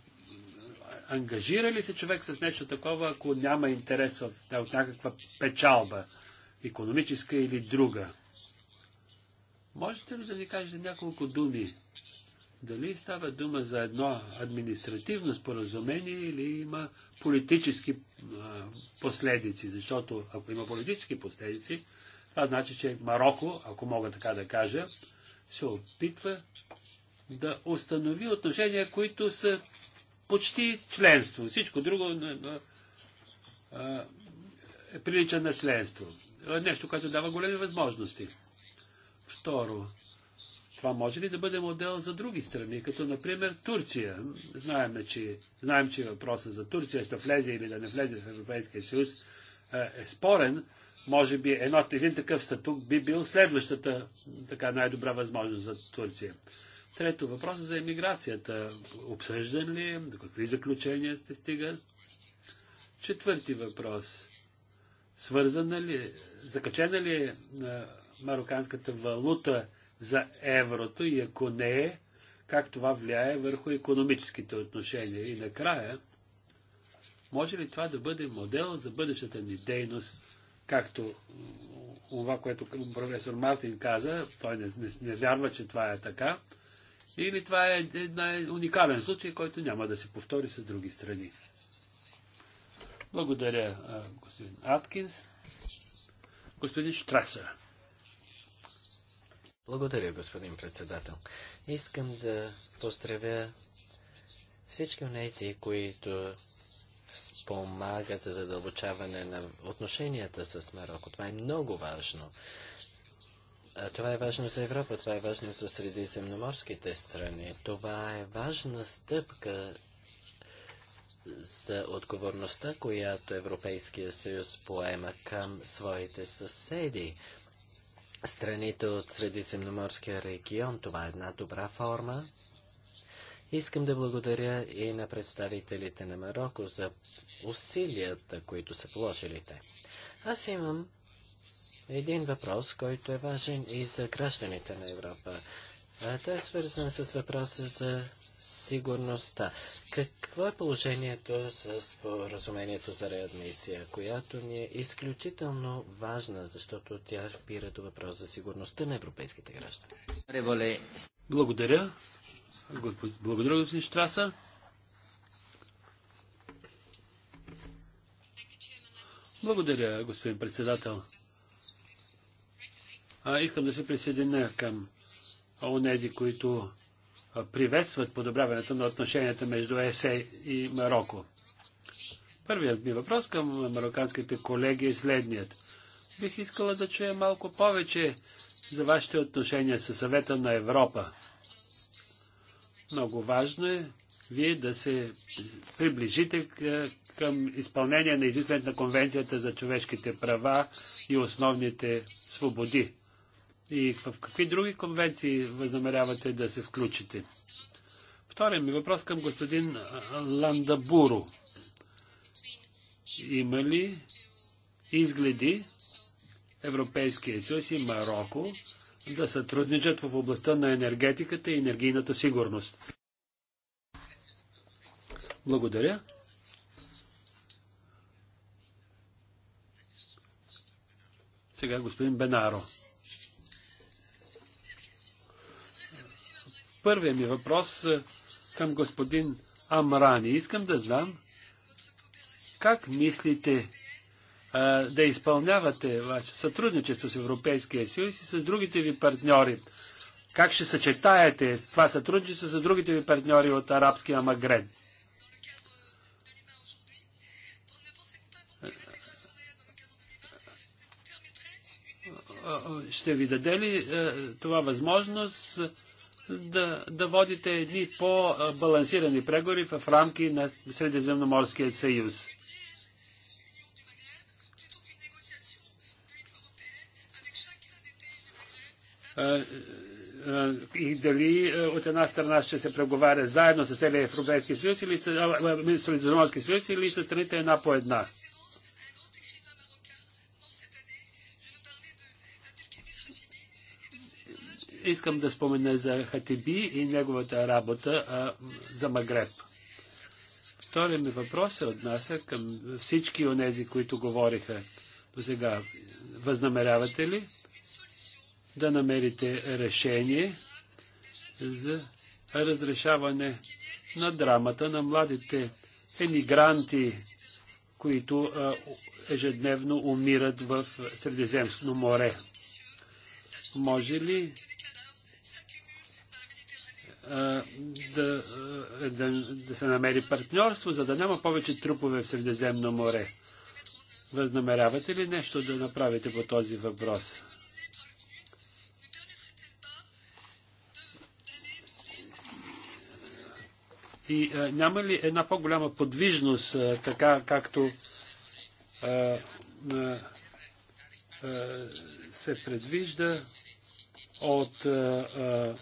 ангажира ли се човек с нещо такова, ако няма интерес от, от някаква печалба, економическа или друга? Можете ли да ни кажете няколко думи дали става дума за едно административно споразумение или има политически последици? Защото ако има политически последици, това значи, че Марокко, ако мога така да кажа, се опитва да установи отношения, които са почти членство. Всичко друго а, е прилича на членство. Нещо, което дава големи възможности. Второ, това може ли да бъде модел за други страни, като например Турция? Знаем, че, знаем, че въпросът за Турция ще влезе или да не влезе в Европейския съюз е, е спорен. Може би едно, един такъв статук би бил следващата така най-добра възможност за Турция. Трето, въпросът за емиграцията. Обсъждан ли До какви заключения сте стигат? Четвърти въпрос. Свързана ли, закачена ли е, е мароканската валута за еврото и ако не е, как това влияе върху економическите отношения. И накрая, може ли това да бъде модел за бъдещата ни дейност, както това, което професор Мартин каза, той не, не, не вярва, че това е така, или това е една уникален случай, който няма да се повтори с други страни. Благодаря, господин Аткинс. Господин Штрасер. Благодаря, господин председател. Искам да поздравя всички от тези, които спомагат за задълбочаване на отношенията с Марокко. Това е много важно. Това е важно за Европа, това е важно за средиземноморските страни. Това е важна стъпка за отговорността, която Европейския съюз поема към своите съседи страните от Средиземноморския регион. Това е една добра форма. Искам да благодаря и на представителите на Марокко за усилията, които са положили те. Аз имам един въпрос, който е важен и за гражданите на Европа. Той е свързан с въпроса за сигурността. Какво е положението с споразумението за реадмисия, която ни е изключително важна, защото тя впира до въпрос за сигурността на европейските граждани? Благодаря. Благодаря, господин Штраса. Благодаря, господин председател. А, искам да се присъединя към онези, които приветстват подобряването на отношенията между ЕСЕ и Марокко. Първият ми въпрос към мароканските колеги е следният. Бих искала да чуя малко повече за вашите отношения със съвета на Европа. Много важно е вие да се приближите към изпълнение на изискването на Конвенцията за човешките права и основните свободи. И в какви други конвенции възнамерявате да се включите? Втория ми въпрос към господин Ландабуро. Има ли изгледи Европейския съюз и Марокко да сътрудничат в областта на енергетиката и енергийната сигурност? Благодаря. Сега господин Бенаро. първият ми въпрос е, към господин Амрани. Искам да знам как мислите а, е, да изпълнявате ваше сътрудничество с Европейския съюз и с другите ви партньори? Как ще съчетаете това сътрудничество с другите ви партньори от арабския Магрен? Е, ще ви даде ли това възможност да, да водите едни по-балансирани преговори в рамки на Средиземноморския съюз. и дали от една страна ще се преговаря заедно с целия Европейски съюз или с Средиземноморски съюз или с страните една по една. искам да спомена за Хатиби и неговата работа а, за Магреб. Втори ми въпрос се отнася към всички онези, които говориха до сега. Възнамерявате ли да намерите решение за разрешаване на драмата на младите емигранти, които а, ежедневно умират в Средиземно море? Може ли да, да, да се намери партньорство, за да няма повече трупове в Средиземно море. Възнамерявате ли нещо да направите по този въпрос? И а, няма ли една по-голяма подвижност, а, така както а, а, а, се предвижда от а, а,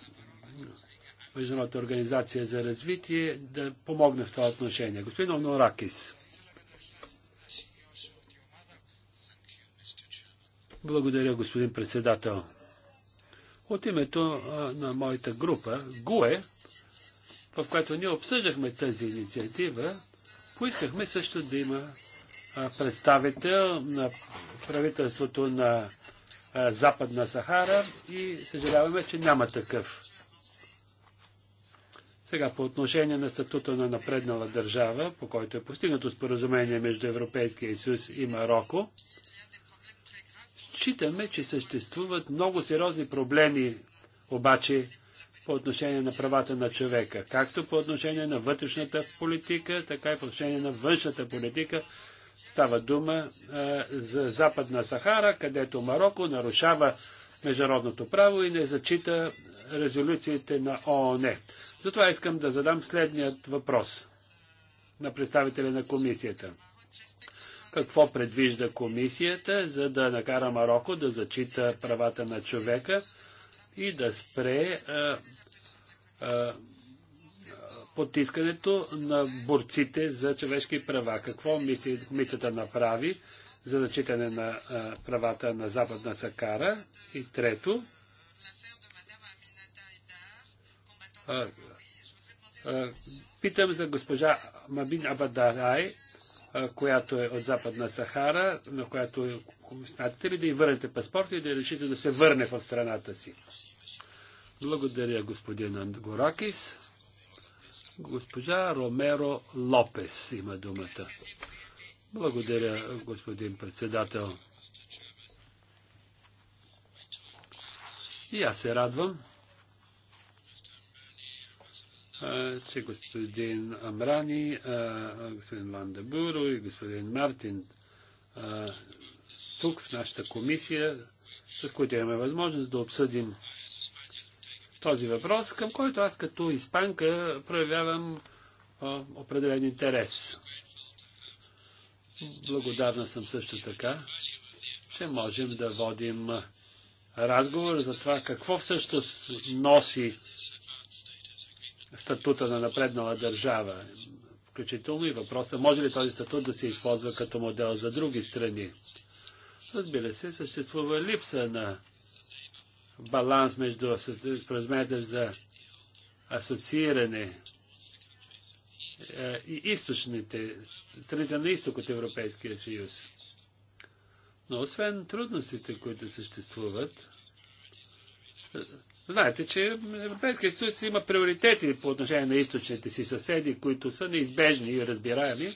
Международната организация за развитие да помогне в това отношение. Господин Оноракис. Благодаря, господин председател. От името на моята група, ГУЕ, в която ние обсъждахме тази инициатива, поискахме също да има представител на правителството на Западна Сахара и съжаляваме, че няма такъв. Сега по отношение на статута на напреднала държава, по който е постигнато споразумение между Европейския съюз и Марокко, считаме, че съществуват много сериозни проблеми обаче по отношение на правата на човека, както по отношение на вътрешната политика, така и по отношение на външната политика. Става дума а, за Западна Сахара, където Марокко нарушава международното право и не зачита резолюциите на ООН. Затова искам да задам следният въпрос на представителя на комисията. Какво предвижда комисията, за да накара Марокко да зачита правата на човека и да спре а, а, потискането на борците за човешки права? Какво мисли, комисията направи, за зачитане на а, правата на Западна Сакара. И трето, а, а, питам за госпожа Мабин Абадарай, която е от Западна Сахара, на която смятате ли да й върнете паспорт и да решите да се върне в страната си? Благодаря, господин Ангоракис. Госпожа Ромеро Лопес има думата. Благодаря, господин председател. И аз се радвам, че господин Амрани, господин Дебуро и господин Мартин тук в нашата комисия, с които имаме възможност да обсъдим този въпрос, към който аз като испанка проявявам определен интерес. Благодарна съм също така, че можем да водим разговор за това какво всъщност носи статута на напреднала държава. Включително и въпроса, може ли този статут да се използва като модел за други страни. Разбира се, съществува липса на баланс между споразумението за асоцииране е, и източните, страните на изток от Европейския съюз. Но освен трудностите, които съществуват, е, знаете, че Европейския съюз има приоритети по отношение на източните си съседи, които са неизбежни и разбираеми.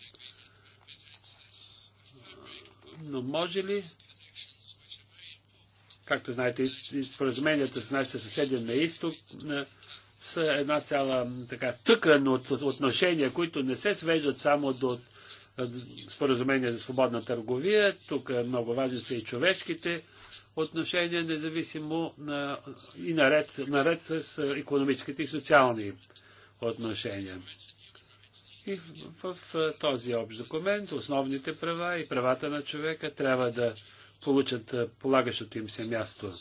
Но може ли, както знаете, споразуменията с нашите съседи на изток с една цяла така тъкан от отношения, които не се свеждат само до споразумение за свободна търговия. Тук е много важни са и човешките отношения, независимо на, и наред, наред с економическите и социални отношения. И в, в, в този общ документ основните права и правата на човека трябва да получат полагащото им се място.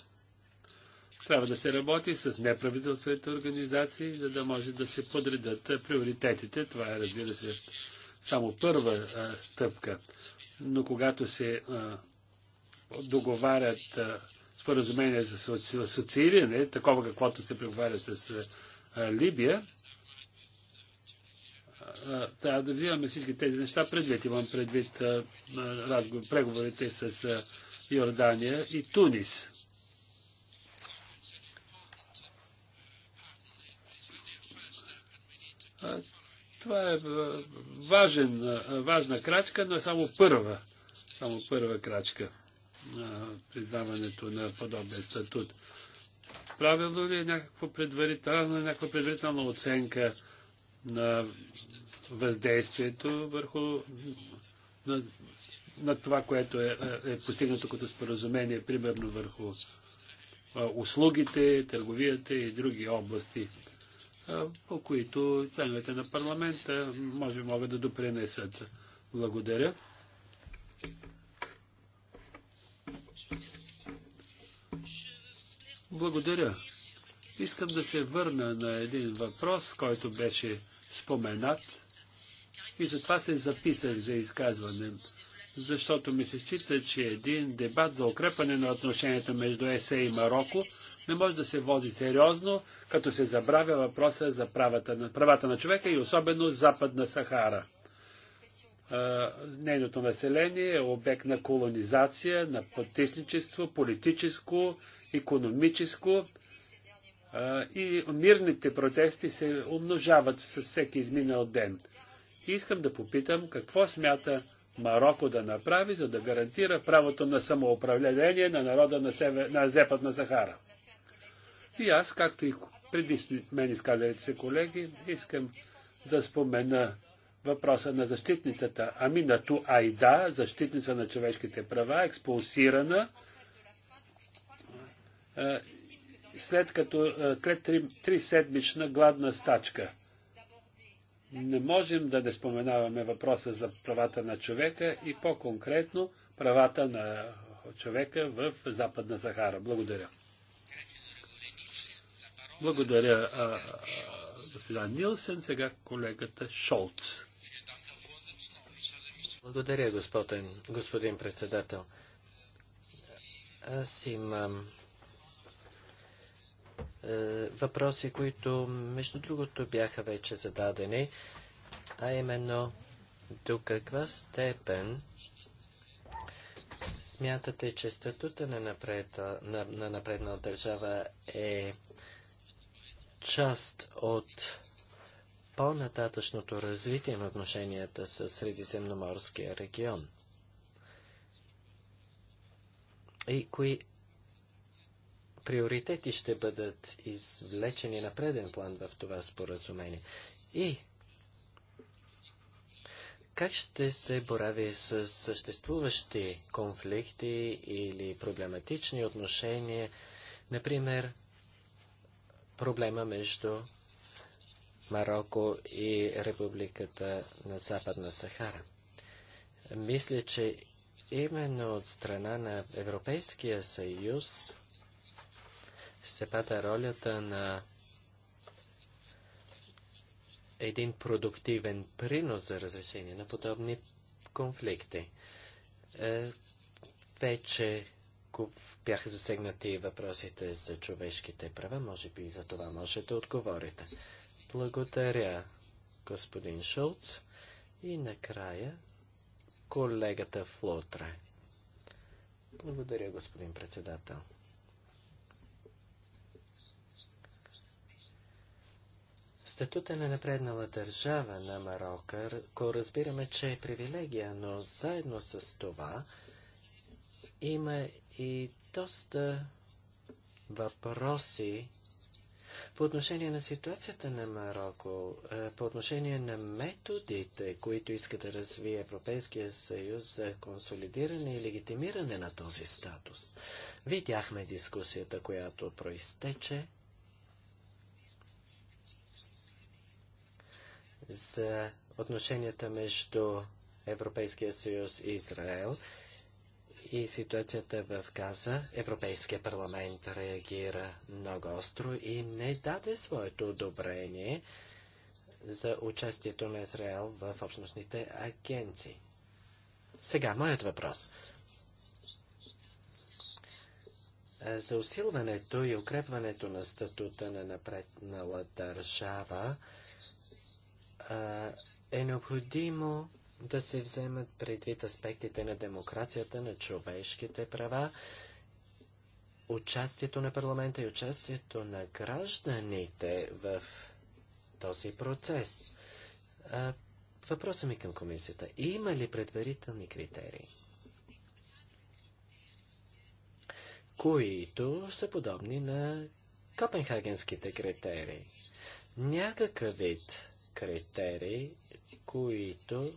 Трябва да се работи с неправителствените организации, за да може да се подредят приоритетите. Това е, разбира се, само първа а, стъпка. Но когато се а, договарят а, споразумения за асоцииране, такова каквото се преговаря с а, Либия, а, трябва да взимаме всички тези неща предвид. Имам предвид а, разговор, преговорите с а, Йордания и Тунис. Това е важен, важна крачка, но е само първа. Само първа крачка на признаването на подобен статут. Правилно ли е някаква предварителна, някаква предварителна оценка на въздействието върху на, на това, което е, е постигнато като споразумение, примерно върху услугите, търговията и други области? по които членовете на парламента може би могат да допринесат. Благодаря. Благодаря. Искам да се върна на един въпрос, който беше споменат и затова се записах за изказване, защото ми се счита, че един дебат за укрепване на отношението между ЕСЕ и Марокко не може да се води сериозно, като се забравя въпроса за правата на, правата на човека и особено Западна Сахара. Нейното население е обект на колонизация, на потисничество, политическо, економическо и мирните протести се умножават с всеки изминал ден. И искам да попитам какво смята Марокко да направи, за да гарантира правото на самоуправление на народа на, север, на Западна Сахара. И аз, както и преди мен изказалите се колеги, искам да спомена въпроса на защитницата Амина Ту Айда, защитница на човешките права, експулсирана е, след като след е, три, три седмична гладна стачка. Не можем да не споменаваме въпроса за правата на човека и по-конкретно правата на човека в Западна Сахара. Благодаря. Благодаря, господин Нилсен. Сега колегата Шолц. Благодаря, господин, господин председател. Аз имам е, въпроси, които, между другото, бяха вече зададени, а именно до каква степен смятате, че статута на, напред, на, на напреднал държава е част от по-нататъчното развитие на отношенията с Средиземноморския регион? И кои приоритети ще бъдат извлечени на преден план в това споразумение? И как ще се борави с съществуващи конфликти или проблематични отношения, например, проблема между Марокко и Републиката на Западна Сахара. Мисля, че именно от страна на Европейския съюз се пада ролята на един продуктивен принос за разрешение на подобни конфликти. Е, вече бяха засегнати въпросите за човешките права. Може би и за това можете да отговорите. Благодаря, господин Шулц. И накрая колегата Флотре. Благодаря, господин председател. Статута е на напреднала държава на Марокко, ко разбираме, че е привилегия, но заедно с това има и доста въпроси по отношение на ситуацията на Марокко, е, по отношение на методите, които иска да развие Европейския съюз за консолидиране и легитимиране на този статус. Видяхме дискусията, която проистече за отношенията между Европейския съюз и Израел и ситуацията в Газа, Европейския парламент реагира много остро и не даде своето одобрение за участието на Израел в общностните агенции. Сега, моят въпрос. За усилването и укрепването на статута на напреднала държава е необходимо да се вземат предвид аспектите на демокрацията, на човешките права, участието на парламента и участието на гражданите в този процес. Въпросът ми към комисията. Има ли предварителни критерии? които са подобни на копенхагенските критерии. Някакъв вид критерии, които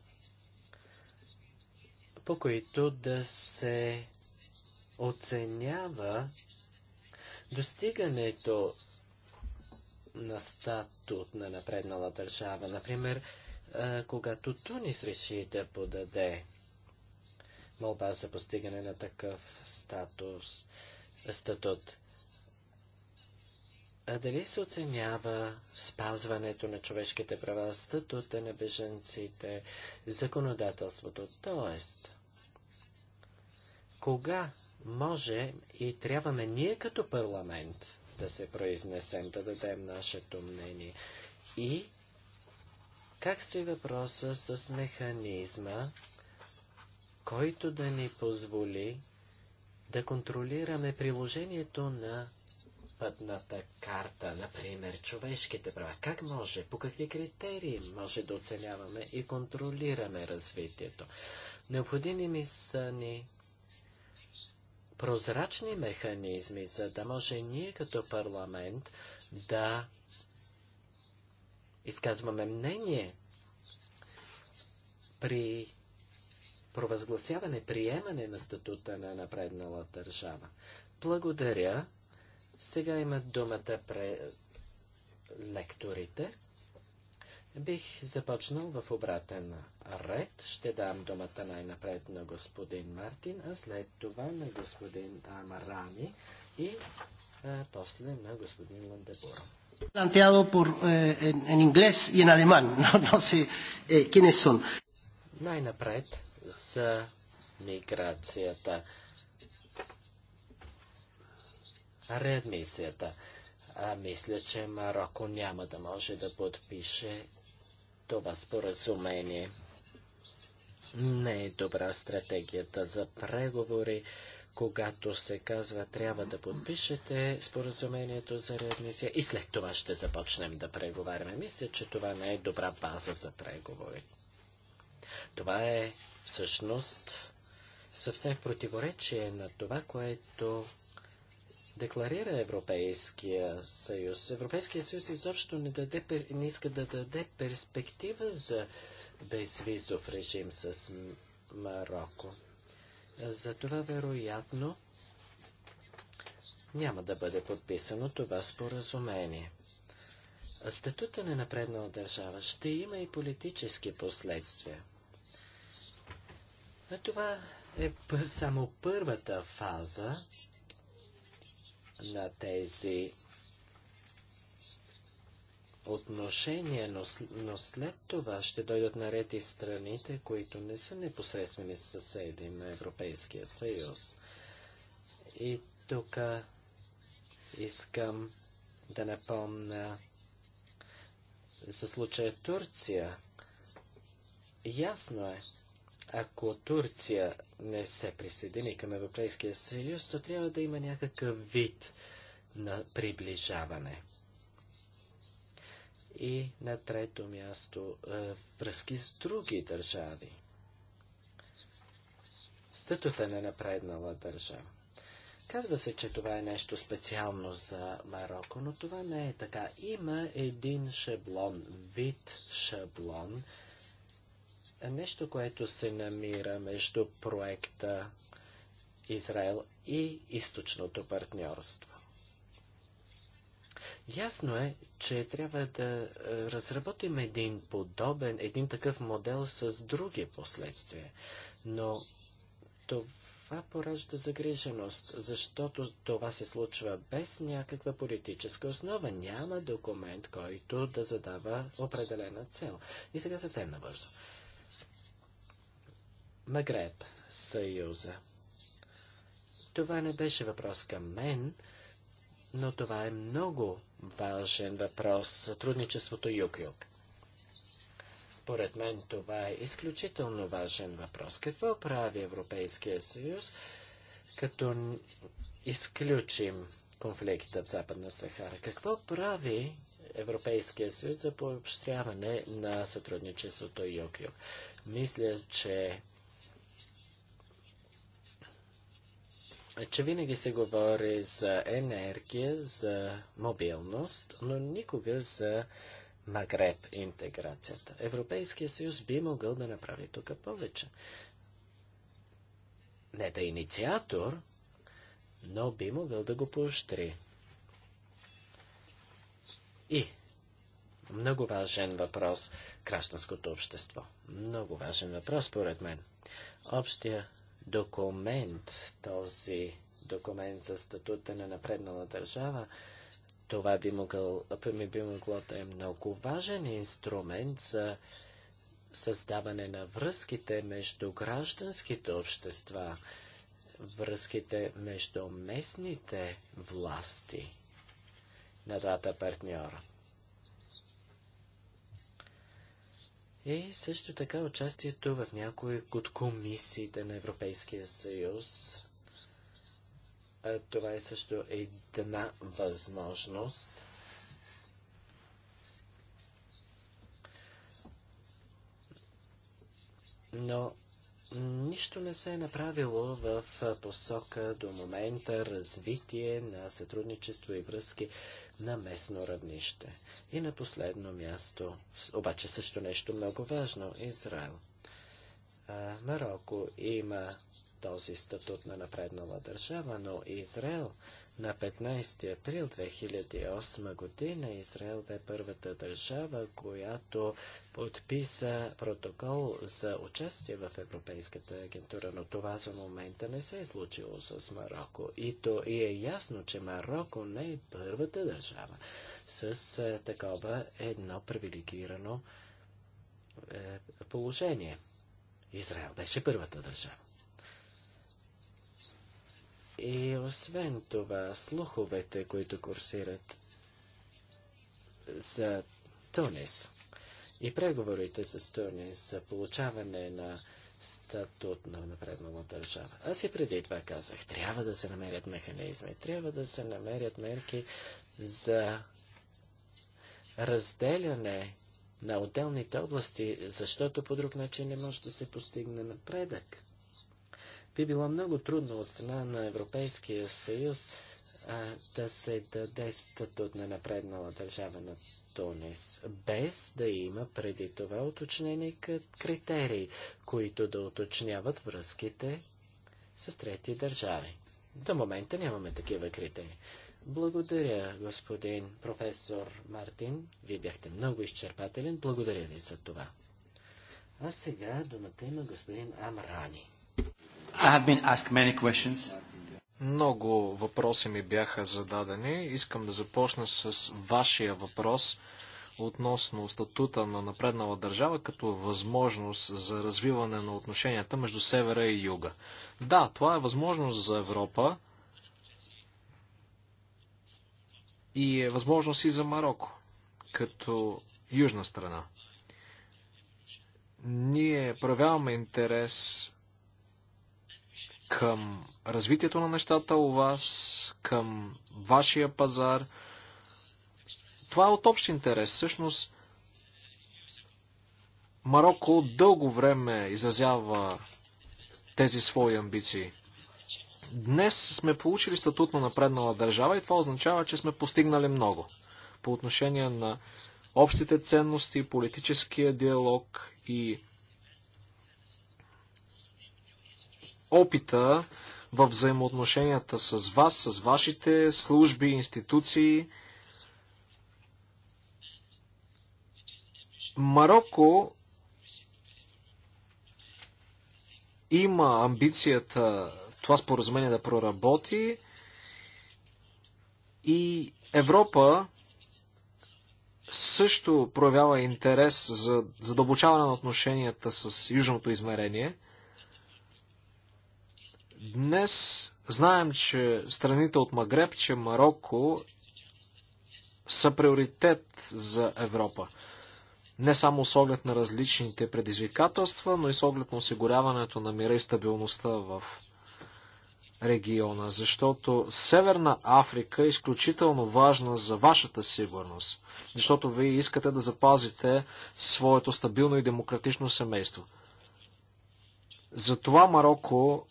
по които да се оценява достигането на статут на напреднала държава. Например, когато Тунис реши да подаде молба за постигане на такъв статус, статут. А дали се оценява спазването на човешките права, статута на беженците, законодателството, т.е кога може и трябваме ние като парламент да се произнесем, да дадем нашето мнение. И как стои въпроса с механизма, който да ни позволи да контролираме приложението на пътната карта, например, човешките права. Как може, по какви критерии може да оценяваме и контролираме развитието? Необходими ми са ни прозрачни механизми, за да може ние като парламент да изказваме мнение при провъзгласяване, приемане на статута на напреднала държава. Благодаря. Сега имат думата пре... лекторите. Бих започнал в обратен ред. Ще дам думата най-напред на господин Мартин, а след това на господин Амарани и а, после на господин Ландебор. Плантиало por, eh, en, en inglés y en alemán. No, no sé eh, quiénes son. Най-напред за миграцията. Реадмисията. А мисля, че Марокко няма да може да подпише това споразумение. Не е добра стратегията за преговори, когато се казва трябва да подпишете споразумението за реадмисия и след това ще започнем да преговаряме. Мисля, че това не е добра база за преговори. Това е всъщност съвсем в противоречие на това, което декларира Европейския съюз. Европейския съюз изобщо не, даде, не иска да даде перспектива за безвизов режим с Марокко. Затова вероятно няма да бъде подписано това споразумение. Статута на напреднала държава ще има и политически последствия. А това е само първата фаза на тези отношения, но, но след това ще дойдат наред и страните, които не са непосредствени съседи на Европейския съюз. И тук искам да напомня за случая Турция. Ясно е, ако Турция не се присъедини към Европейския съюз, то трябва да има някакъв вид на приближаване. И на трето място е, връзки с други държави. Статута на напреднала държава. Казва се, че това е нещо специално за Марокко, но това не е така. Има един шаблон, вид шаблон, нещо, което се намира между проекта Израел и източното партньорство. Ясно е, че трябва да е, разработим един подобен, един такъв модел с други последствия, но това поражда загриженост, защото това се случва без някаква политическа основа. Няма документ, който да задава определена цел. И сега съвсем набързо. Магреб, Съюза. Това не беше въпрос към мен, но това е много важен въпрос сътрудничеството юг-юг. Според мен това е изключително важен въпрос. Какво прави Европейския съюз, като изключим конфликта в Западна Сахара? Какво прави Европейския съюз за пообщряване на сътрудничеството юг-юг? Мисля, че че винаги се говори за енергия, за мобилност, но никога за Магреб интеграцията. Европейския съюз би могъл да направи тук повече. Не да е инициатор, но би могъл да го поощри. И много важен въпрос гражданското общество. Много важен въпрос, според мен. Общия документ, този документ за статута на напреднала държава, това би, могъл, ми би могло да е много важен инструмент за създаване на връзките между гражданските общества, връзките между местните власти на двата партньора. и е, също така участието в някои от комисиите на Европейския съюз. Това е също една възможност. Но Нищо не се е направило в посока до момента развитие на сътрудничество и връзки на местно равнище. И на последно място, обаче също нещо много важно, Израел. Марокко има този статут на напреднала държава, но Израел на 15 април 2008 година Израел бе първата държава, която подписа протокол за участие в Европейската агентура, но това за момента не се е случило с Марокко. И то и е ясно, че Марокко не е първата държава с е, такова едно привилегирано е, положение. Израел беше първата държава. И освен това, слуховете, които курсират за Тунис и преговорите с Тунис за получаване на статут на напреднала държава. Аз и преди това казах, трябва да се намерят механизми, трябва да се намерят мерки за разделяне на отделните области, защото по друг начин не може да се постигне напредък. Би било много трудно от страна на Европейския съюз а, да се даде статут на напреднала държава на Тунис, без да има преди това уточнени критерии, които да уточняват връзките с трети държави. До момента нямаме такива критерии. Благодаря, господин професор Мартин. Вие бяхте много изчерпателен. Благодаря ви за това. А сега думата има господин Амрани. Много въпроси ми бяха зададени. Искам да започна с вашия въпрос относно статута на напреднала държава като възможност за развиване на отношенията между севера и юга. Да, това е възможност за Европа и е възможност и за Марокко като южна страна. Ние проявяваме интерес към развитието на нещата у вас, към вашия пазар. Това е от общ интерес. Всъщност, Марокко дълго време изразява тези свои амбиции. Днес сме получили статут на напреднала държава и това означава, че сме постигнали много по отношение на общите ценности, политическия диалог и опита в взаимоотношенията с вас, с вашите служби, институции. Марокко има амбицията това споразумение да проработи и Европа също проявява интерес за задълбочаване на отношенията с Южното измерение. Днес знаем, че страните от Магреб, че Марокко са приоритет за Европа. Не само с оглед на различните предизвикателства, но и с оглед на осигуряването на мира и стабилността в региона, защото Северна Африка е изключително важна за вашата сигурност, защото вие искате да запазите своето стабилно и демократично семейство. Затова Марокко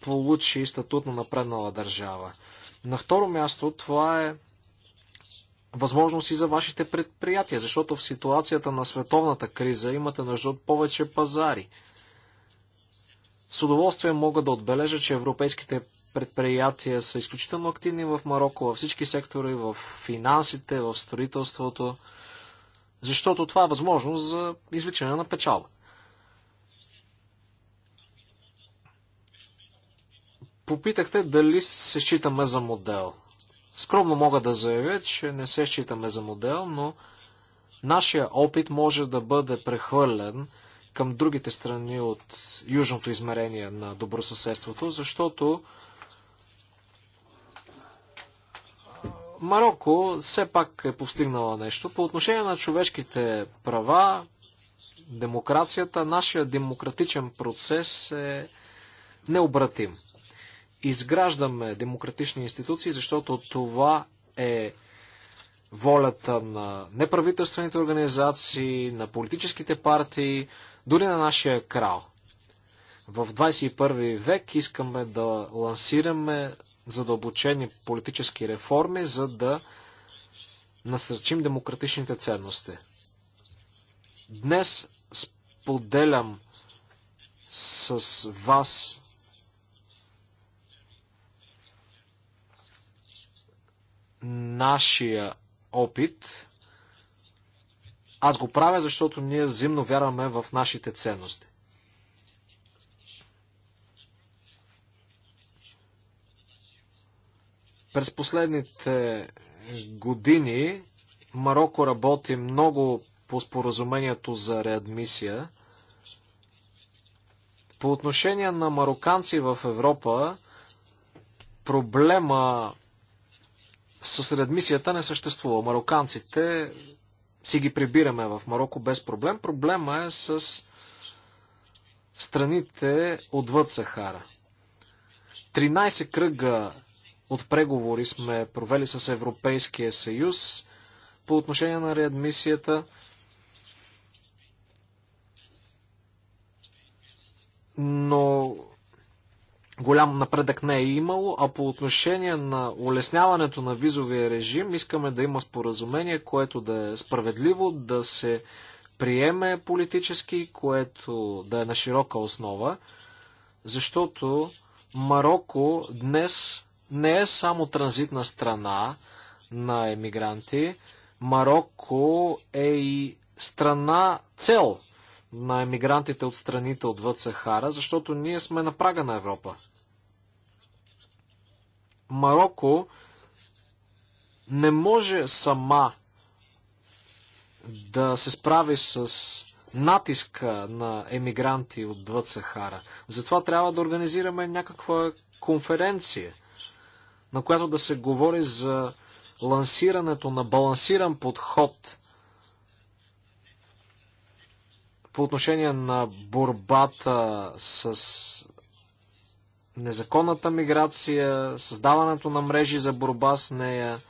получи статут на напреднала държава. На второ място, това е възможност и за вашите предприятия, защото в ситуацията на световната криза имате нужда от повече пазари. С удоволствие мога да отбележа, че европейските предприятия са изключително активни в Марокко, във всички сектори, в финансите, в строителството, защото това е възможност за извличане на печалба. Попитахте дали се считаме за модел. Скромно мога да заявя, че не се считаме за модел, но нашия опит може да бъде прехвърлен към другите страни от южното измерение на добросъседството, защото Марокко все пак е постигнала нещо. По отношение на човешките права, демокрацията, нашия демократичен процес е необратим изграждаме демократични институции, защото това е волята на неправителствените организации, на политическите партии, дори на нашия крал. В 21 век искаме да лансираме задълбочени политически реформи, за да насърчим демократичните ценности. Днес споделям с вас нашия опит. Аз го правя, защото ние взаимно вярваме в нашите ценности. През последните години Марокко работи много по споразумението за реадмисия. По отношение на мароканци в Европа, проблема с мисията не съществува. Мароканците си ги прибираме в Марокко без проблем. Проблема е с страните отвъд Сахара. 13 кръга от преговори сме провели с Европейския съюз по отношение на реадмисията. Но голям напредък не е имало, а по отношение на улесняването на визовия режим искаме да има споразумение, което да е справедливо, да се приеме политически, което да е на широка основа, защото Марокко днес не е само транзитна страна на емигранти, Марокко е и страна цел на емигрантите от страните отвъд Сахара, защото ние сме на прага на Европа. Марокко не може сама да се справи с натиска на емигранти отвъд Сахара. Затова трябва да организираме някаква конференция, на която да се говори за лансирането на балансиран подход по отношение на борбата с незаконната миграция, създаването на мрежи за борба с нея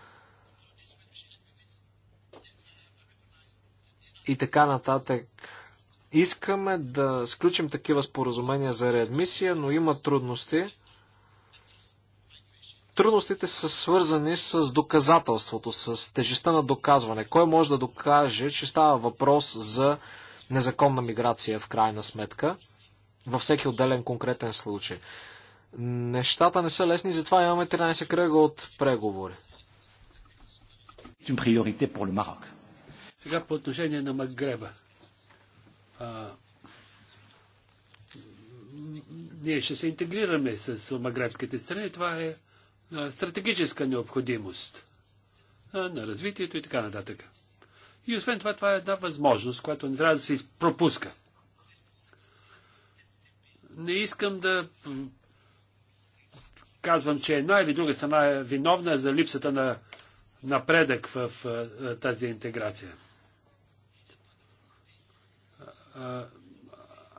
и така нататък. Искаме да сключим такива споразумения за реадмисия, но има трудности. Трудностите са свързани с доказателството, с тежестта на доказване. Кой може да докаже, че става въпрос за незаконна миграция в крайна сметка, във всеки отделен конкретен случай. Нещата не са лесни, затова имаме 13 кръга от преговори. Сега по отношение на Магреба. А, ние ще се интегрираме с магребските страни. Това е стратегическа необходимост на развитието и така нататък. И освен това, това е една възможност, която не трябва да се пропуска. Не искам да казвам, че една или друга страна е виновна за липсата на напредък в, тази интеграция.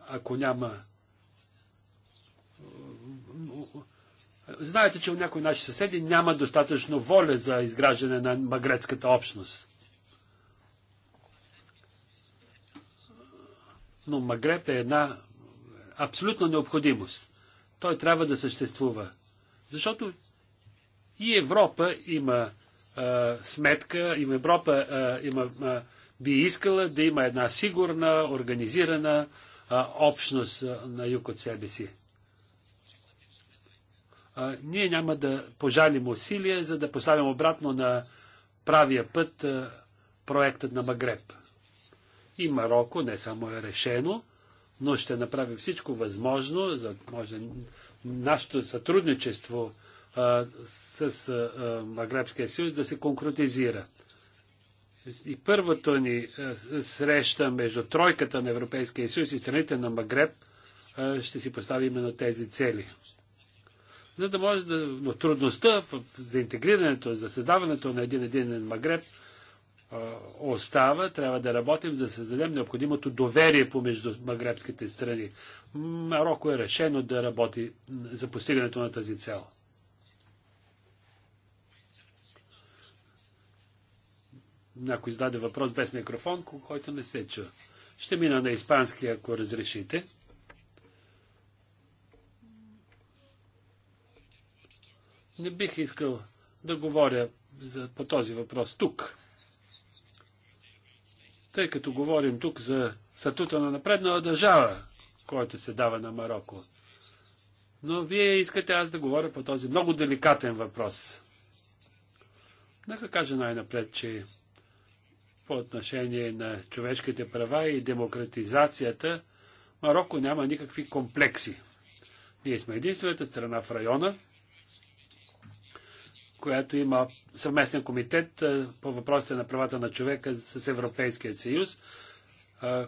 ако няма. Знаете, че у някои наши съседи няма достатъчно воля за изграждане на магрецката общност. но Магреб е една абсолютна необходимост. Той трябва да съществува. Защото и Европа има а, сметка, и Европа а, има, а, би искала да има една сигурна, организирана а, общност а, на юг от себе си. А, ние няма да пожалим усилия, за да поставим обратно на правия път а, проектът на Магреб. И Марокко не само е решено, но ще направи всичко възможно, за може нашето сътрудничество а, с Магребския съюз да се конкретизира. И първото ни а, среща между тройката на Европейския съюз и страните на Магреб а, ще си постави именно тези цели. За да може да, но трудността в, за интегрирането, за създаването на един един Магреб остава, трябва да работим, да създадем необходимото доверие помежду магребските страни. Марокко е решено да работи за постигането на тази цел. Някой издаде въпрос без микрофон, който не се чува. Ще мина на испански, ако разрешите. Не бих искал да говоря за, по този въпрос тук. Тъй като говорим тук за статута на напреднала държава, който се дава на Марокко. Но вие искате аз да говоря по този много деликатен въпрос. Нека кажа най-напред, че по отношение на човешките права и демократизацията, Марокко няма никакви комплекси. Ние сме единствената страна в района, която има съвместен комитет по въпросите на правата на човека с Европейския съюз.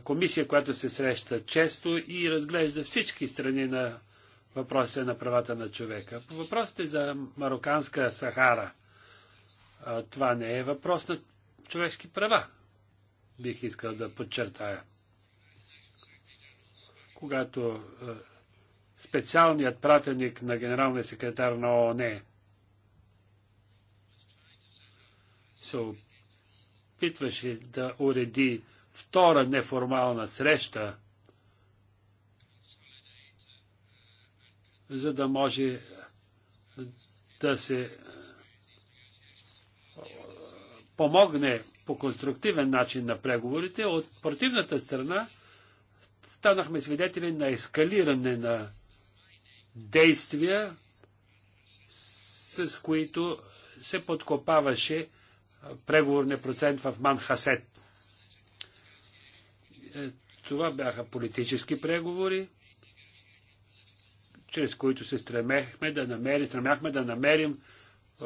Комисия, която се среща често и разглежда всички страни на въпросите на правата на човека. По въпросите за Мароканска Сахара, това не е въпрос на човешки права, бих искал да подчертая. Когато специалният пратеник на генералния секретар на ООН се опитваше да уреди втора неформална среща, за да може да се помогне по конструктивен начин на преговорите, от противната страна станахме свидетели на ескалиране на действия, с които се подкопаваше преговорния процент в Манхасет. Е, това бяха политически преговори, чрез които се стремехме да намерим, стремяхме да намерим е,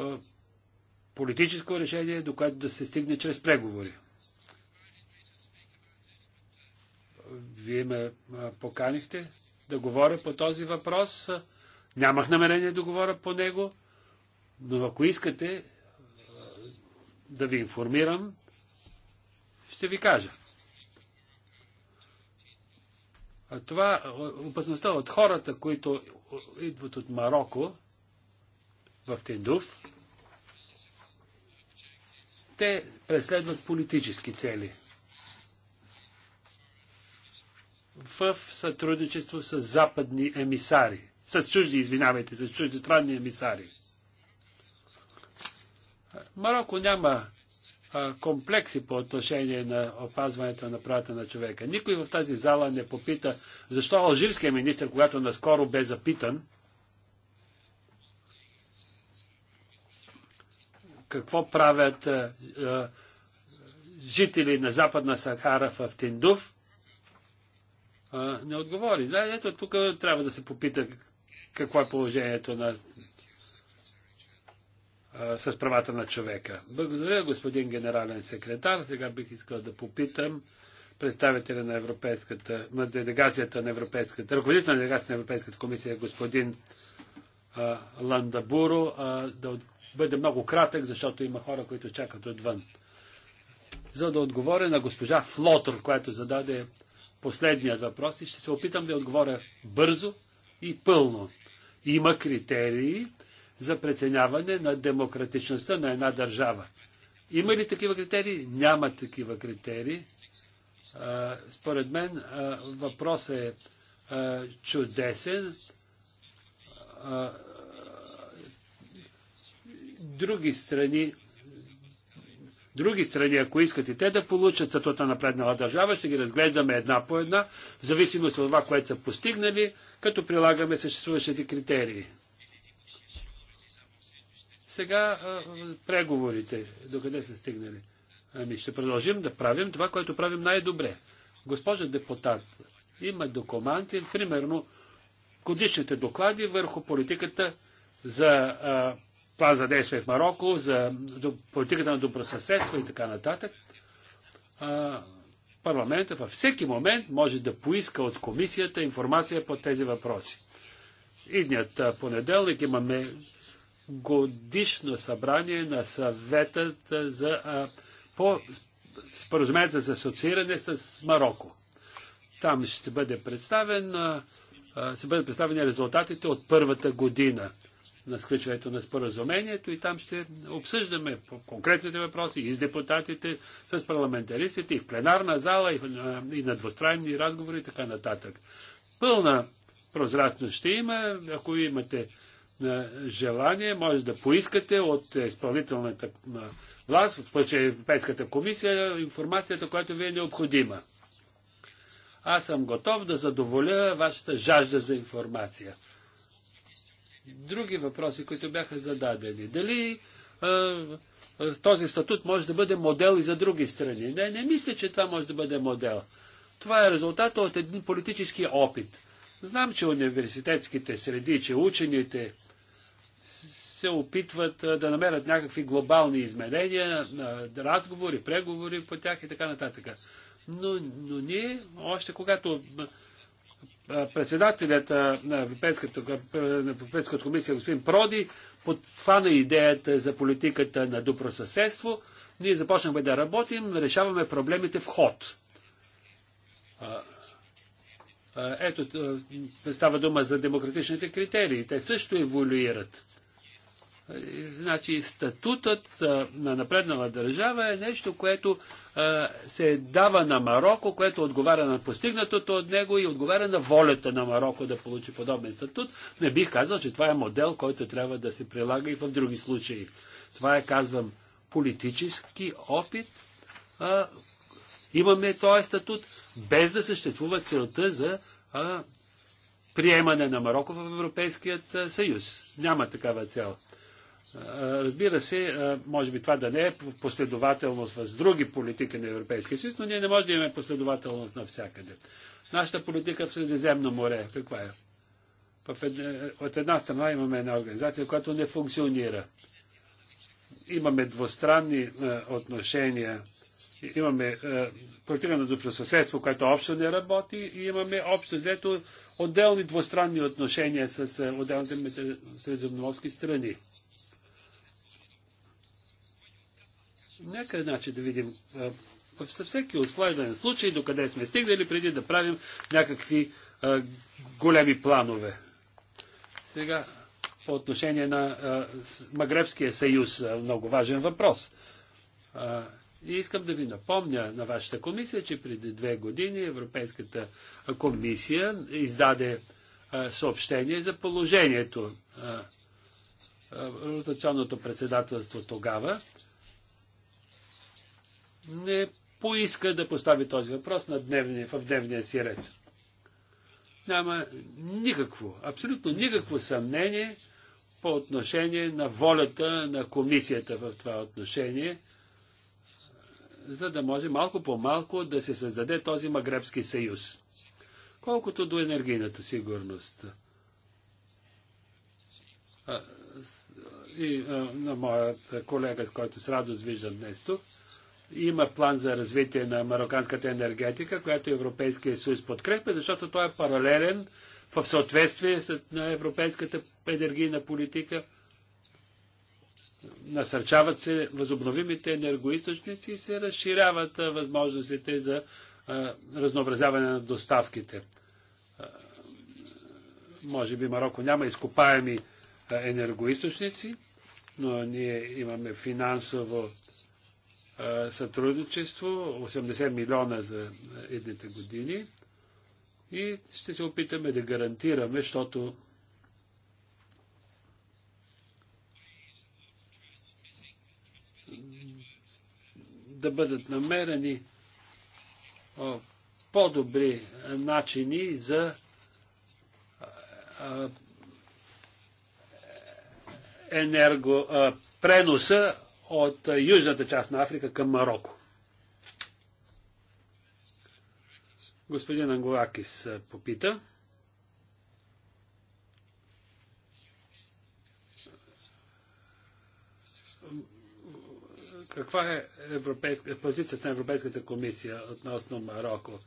политическо решение, до което да се стигне чрез преговори. Вие ме е, поканихте да говоря по този въпрос. Нямах намерение да говоря по него, но ако искате, да ви информирам, ще ви кажа. А това, опасността от хората, които идват от Марокко в Тендуф, те преследват политически цели. В сътрудничество с западни емисари. С чужди, извинявайте, с чужди странни емисари. Марокко няма комплекси по отношение на опазването на правата на човека. Никой в тази зала не попита защо алжирския министр, когато наскоро бе запитан, какво правят а, а, жители на Западна Сахара в Тиндув, а, не отговори. Да, ето тук трябва да се попита какво е положението на а, с правата на човека. Благодаря, господин генерален секретар. Сега бих искал да попитам представителя на Европейската, на делегацията на Европейската, ръководител на делегацията на Европейската комисия, господин а, Ландабуро, а, да бъде много кратък, защото има хора, които чакат отвън. За да отговоря на госпожа Флотър, която зададе последният въпрос и ще се опитам да отговоря бързо и пълно. Има критерии, за преценяване на демократичността на една държава. Има ли такива критерии? Няма такива критерии. според мен въпросът е чудесен. Други страни, други страни, ако искат и те да получат статута на преднала държава, ще ги разглеждаме една по една, в зависимост от това, което са постигнали, като прилагаме съществуващите критерии. Сега преговорите, докъде са стигнали? Ами ще продължим да правим това, което правим най-добре. Госпожа депутат, има документи, примерно годишните доклади върху политиката за а, план за действие в Марокко, за до, политиката на добросъседство и така нататък. А, парламента във всеки момент може да поиска от комисията информация по тези въпроси. Идният понеделник имаме годишно събрание на съветът за а, по споразумението за асоцииране с Марокко. Там ще бъде представен, а, ще бъдат представени резултатите от първата година на сключването на споразумението и там ще обсъждаме конкретните въпроси и с депутатите, с парламентаристите, и в пленарна зала, и, а, и на двустранни разговори и така нататък. Пълна прозрачност ще има, ако имате е, желание може да поискате от изпълнителната власт, в случая Европейската комисия, информацията, която ви е необходима. Аз съм готов да задоволя вашата жажда за информация. Други въпроси, които бяха зададени. Дали този статут може да бъде модел и за други страни. Не, не мисля, че това може да бъде модел. Това е резултата от един политически опит. Знам, че университетските среди, че учените се опитват да намерят някакви глобални изменения, на разговори, преговори по тях и така нататък. Но, но ние, още когато председателят на Европейската, на Европейската комисия, господин Проди, подхвана идеята за политиката на добросъседство, ние започнахме да работим, решаваме проблемите в ход. Ето, става дума за демократичните критерии. Те също еволюират. Значи, статутът на напреднала държава е нещо, което се дава на Марокко, което отговаря на постигнатото от него и отговаря на волята на Марокко да получи подобен статут. Не бих казал, че това е модел, който трябва да се прилага и в други случаи. Това е, казвам, политически опит, Имаме този статут, без да съществува целта за а, приемане на Марокко в Европейският съюз. Няма такава цел. Разбира се, може би това да не е последователност с други политики на Европейския съюз, но ние не можем да имаме последователност навсякъде. Нашата политика в Средиземно море, каква е? от една страна имаме една организация, която не функционира. Имаме двустранни отношения имаме е, политика на съседство, което общо не работи и имаме общо взето отделни двустранни отношения с е, отделните средиземноморски страни. Нека значи да видим е, във всеки ослайден случай, докъде сме стигнали, преди да правим някакви а, големи планове. Сега по отношение на а, Магребския съюз, а, много важен въпрос. И искам да ви напомня на вашата комисия, че преди две години Европейската комисия издаде съобщение за положението. А, ротационното председателство тогава не поиска да постави този въпрос на дневния, в дневния си ред. Няма никакво, абсолютно никакво съмнение по отношение на волята на комисията в това отношение – за да може малко по малко да се създаде този Магребски съюз. Колкото до енергийната сигурност. и на моят колега, който с радост виждам днес тук, има план за развитие на мароканската енергетика, която Европейския съюз подкрепя, защото той е паралелен в съответствие с европейската енергийна политика – насърчават се възобновимите енергоисточници и се разширяват възможностите за разнообразяване на доставките. Може би Марокко няма изкопаеми енергоисточници, но ние имаме финансово сътрудничество, 80 милиона за едните години и ще се опитаме да гарантираме, защото да бъдат намерени по-добри начини за енерго, преноса от южната част на Африка към Марокко. Господин Анголакис попита. Каква е европейска, позицията на Европейската комисия относно Марокко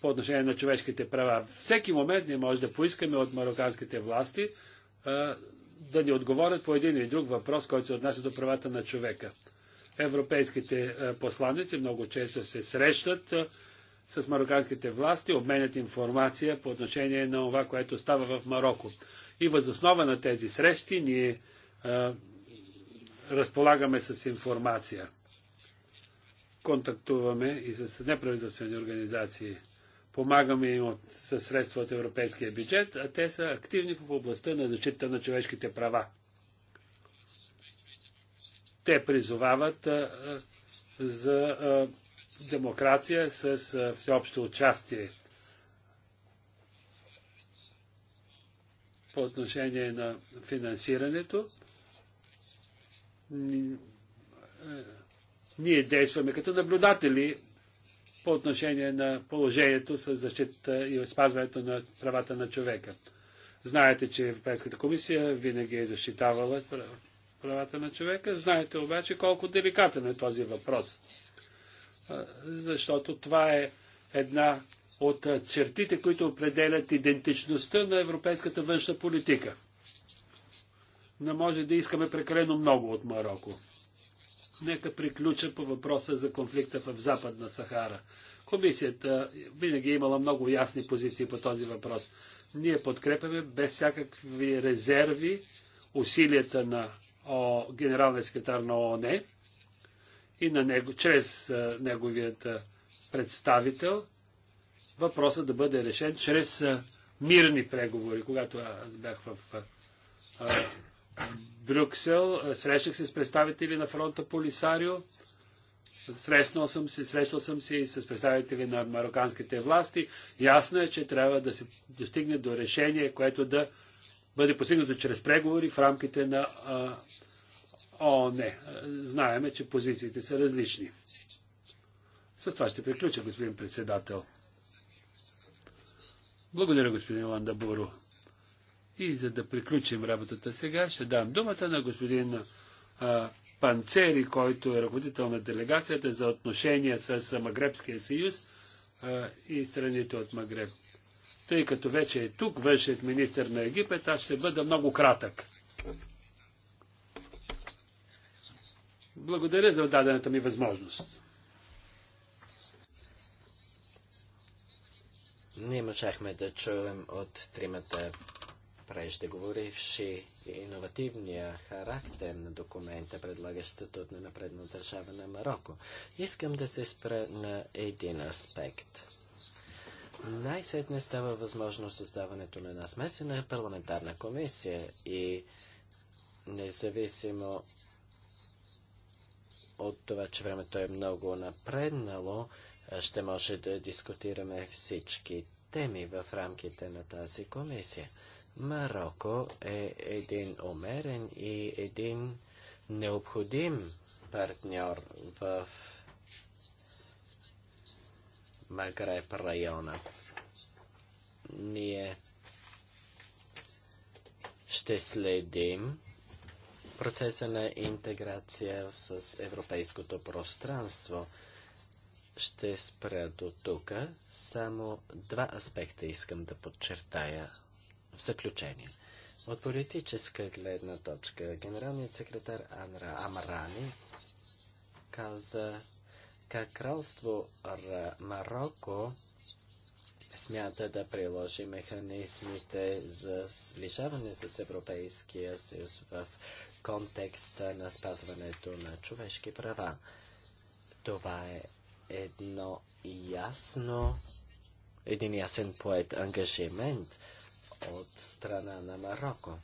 по отношение на човешките права? Всеки момент ние може да поискаме от мароканските власти да ни отговорят по един или друг въпрос, който се отнася до правата на човека. Европейските посланици много често се срещат с мароканските власти, обменят информация по отношение на това, което става в Марокко. И възоснова на тези срещи ние разполагаме с информация. Контактуваме и с неправителствени организации. Помагаме им от, със средства от европейския бюджет, а те са активни в областта на защита на човешките права. Те призовават а, а, за а, демокрация с а, всеобщо участие. По отношение на финансирането, е, ние действаме като наблюдатели по отношение на положението с защита и спазването на правата на човека. Знаете, че Европейската комисия винаги е защитавала правата на човека. Знаете обаче колко деликатен е този въпрос. Защото това е една от чертите, които определят идентичността на европейската външна политика не може да искаме прекалено много от Марокко. Нека приключа по въпроса за конфликта в Западна Сахара. Комисията винаги е имала много ясни позиции по този въпрос. Ние подкрепяме без всякакви резерви усилията на генералния секретар на ООН и на него, чрез неговият представител въпросът да бъде решен чрез мирни преговори. Когато аз бях в Брюксел, срещах се с представители на фронта Полисарио, срещнал съм се, срещал съм се и с представители на мароканските власти. Ясно е, че трябва да се достигне до решение, което да бъде постигнато чрез преговори в рамките на ООН. Знаеме, че позициите са различни. С това ще приключа, господин председател. Благодаря, господин Ландабуро. И за да приключим работата сега, ще дам думата на господин а, Панцери, който е ръководител на делегацията за отношения с Магребския съюз а, и страните от Магреб. Тъй като вече е тук външният министр на Египет, аз ще бъда много кратък. Благодаря за дадената ми възможност. Ние можахме да чуем от тримата преждеговоривши иновативния характер на документа, предлагащ статут на напредна държава на Марокко. Искам да се спра на един аспект. Най-сетне става възможно създаването на една смесена парламентарна комисия и независимо от това, че времето е много напреднало, ще може да дискутираме всички теми в рамките на тази комисия. Марокко е един умерен и един необходим партньор в Магреб района. Ние ще следим процеса на интеграция с европейското пространство. Ще спра до тук. Само два аспекта искам да подчертая в заключение, от политическа гледна точка, генералният секретар Анра Амарани каза как кралство Р... Марокко смята да приложи механизмите за сближаване с Европейския съюз в контекста на спазването на човешки права. Това е едно ясно, един ясен поет ангажимент от страна на Марокко.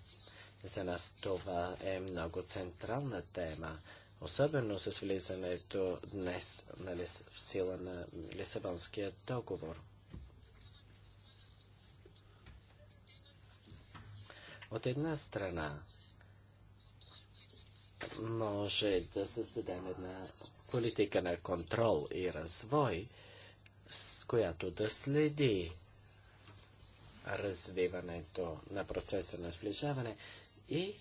За нас това е много централна тема, особено с влизането днес на лис... в сила на Лисабонския договор. От една страна, може да създадем една политика на контрол и развой, с която да следи развиването на процеса на сближаване и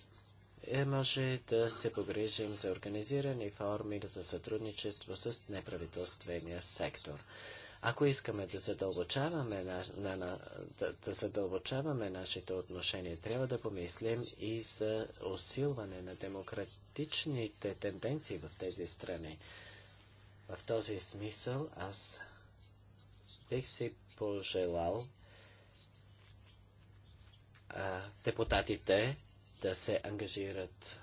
е, може да се погрижим за организирани форми за сътрудничество с неправителствения сектор. Ако искаме да задълбочаваме, на, на, на, да, да задълбочаваме нашите отношения, трябва да помислим и за усилване на демократичните тенденции в тези страни. В този смисъл аз бих си пожелал депутатите да се ангажират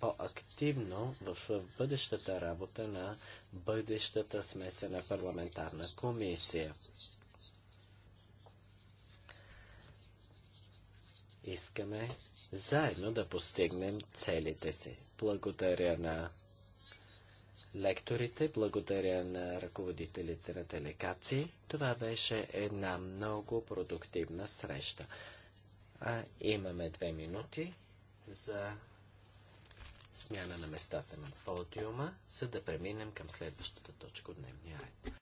по-активно в, в бъдещата работа на бъдещата смесена парламентарна комисия. Искаме заедно да постигнем целите си. Благодаря на лекторите, благодаря на ръководителите на делегации. Това беше една много продуктивна среща. А, имаме две минути за смяна на местата на подиума, за да преминем към следващата точка от дневния ред.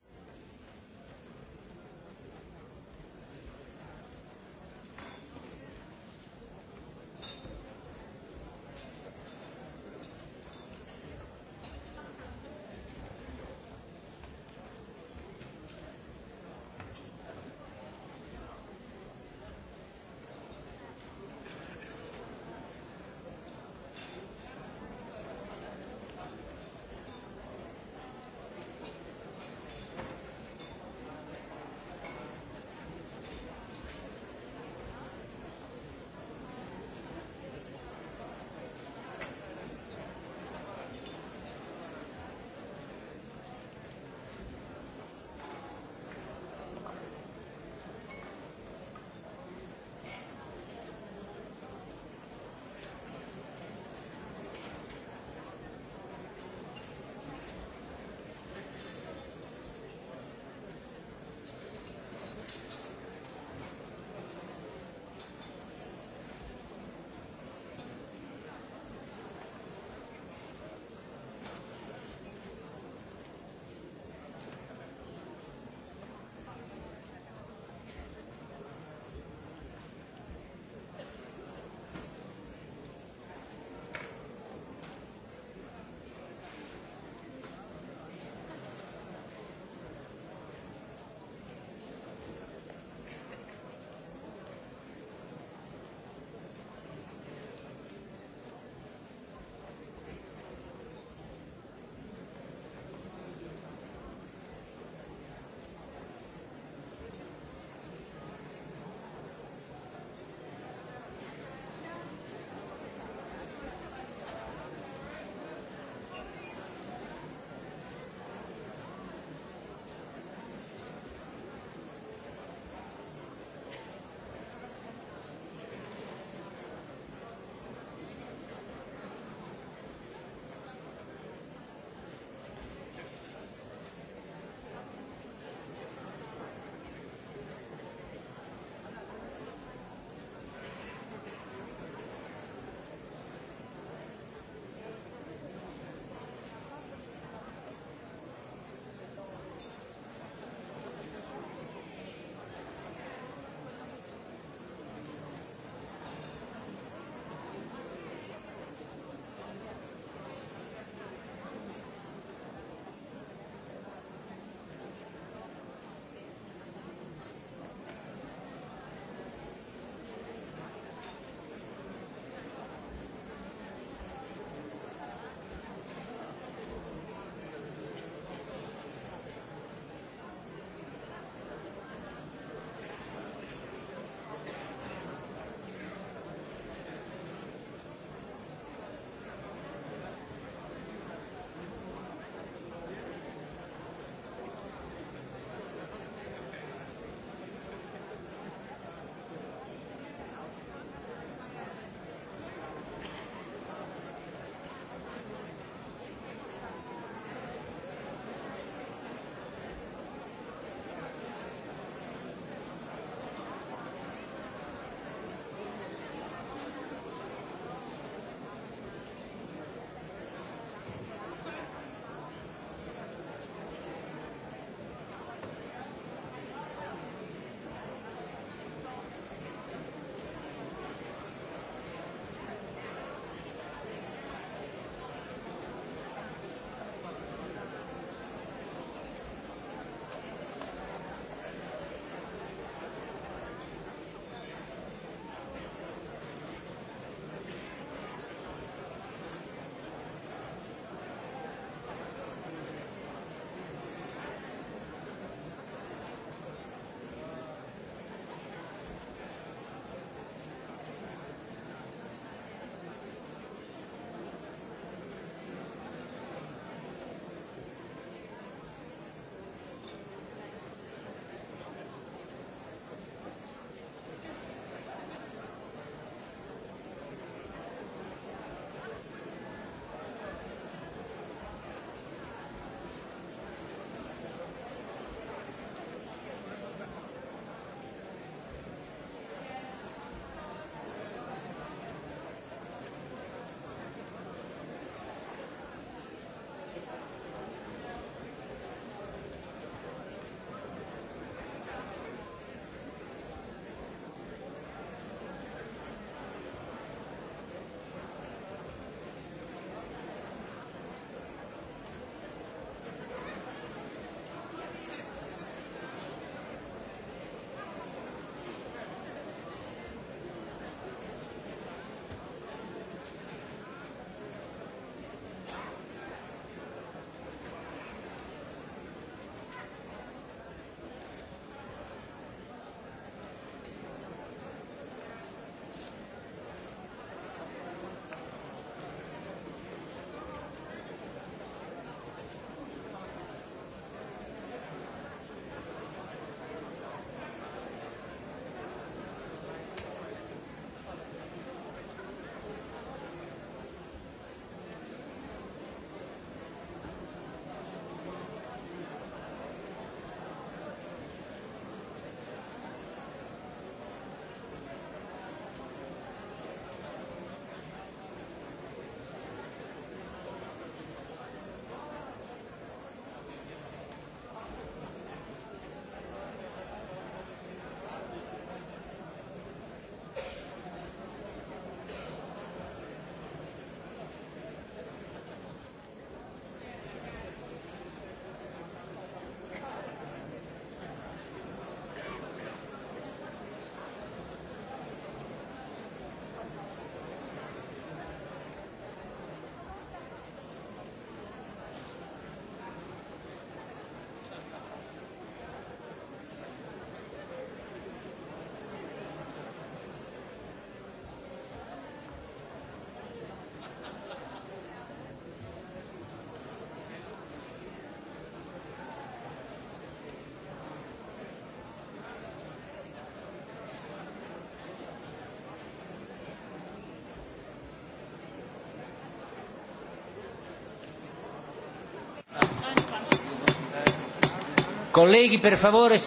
Колеги, per favore.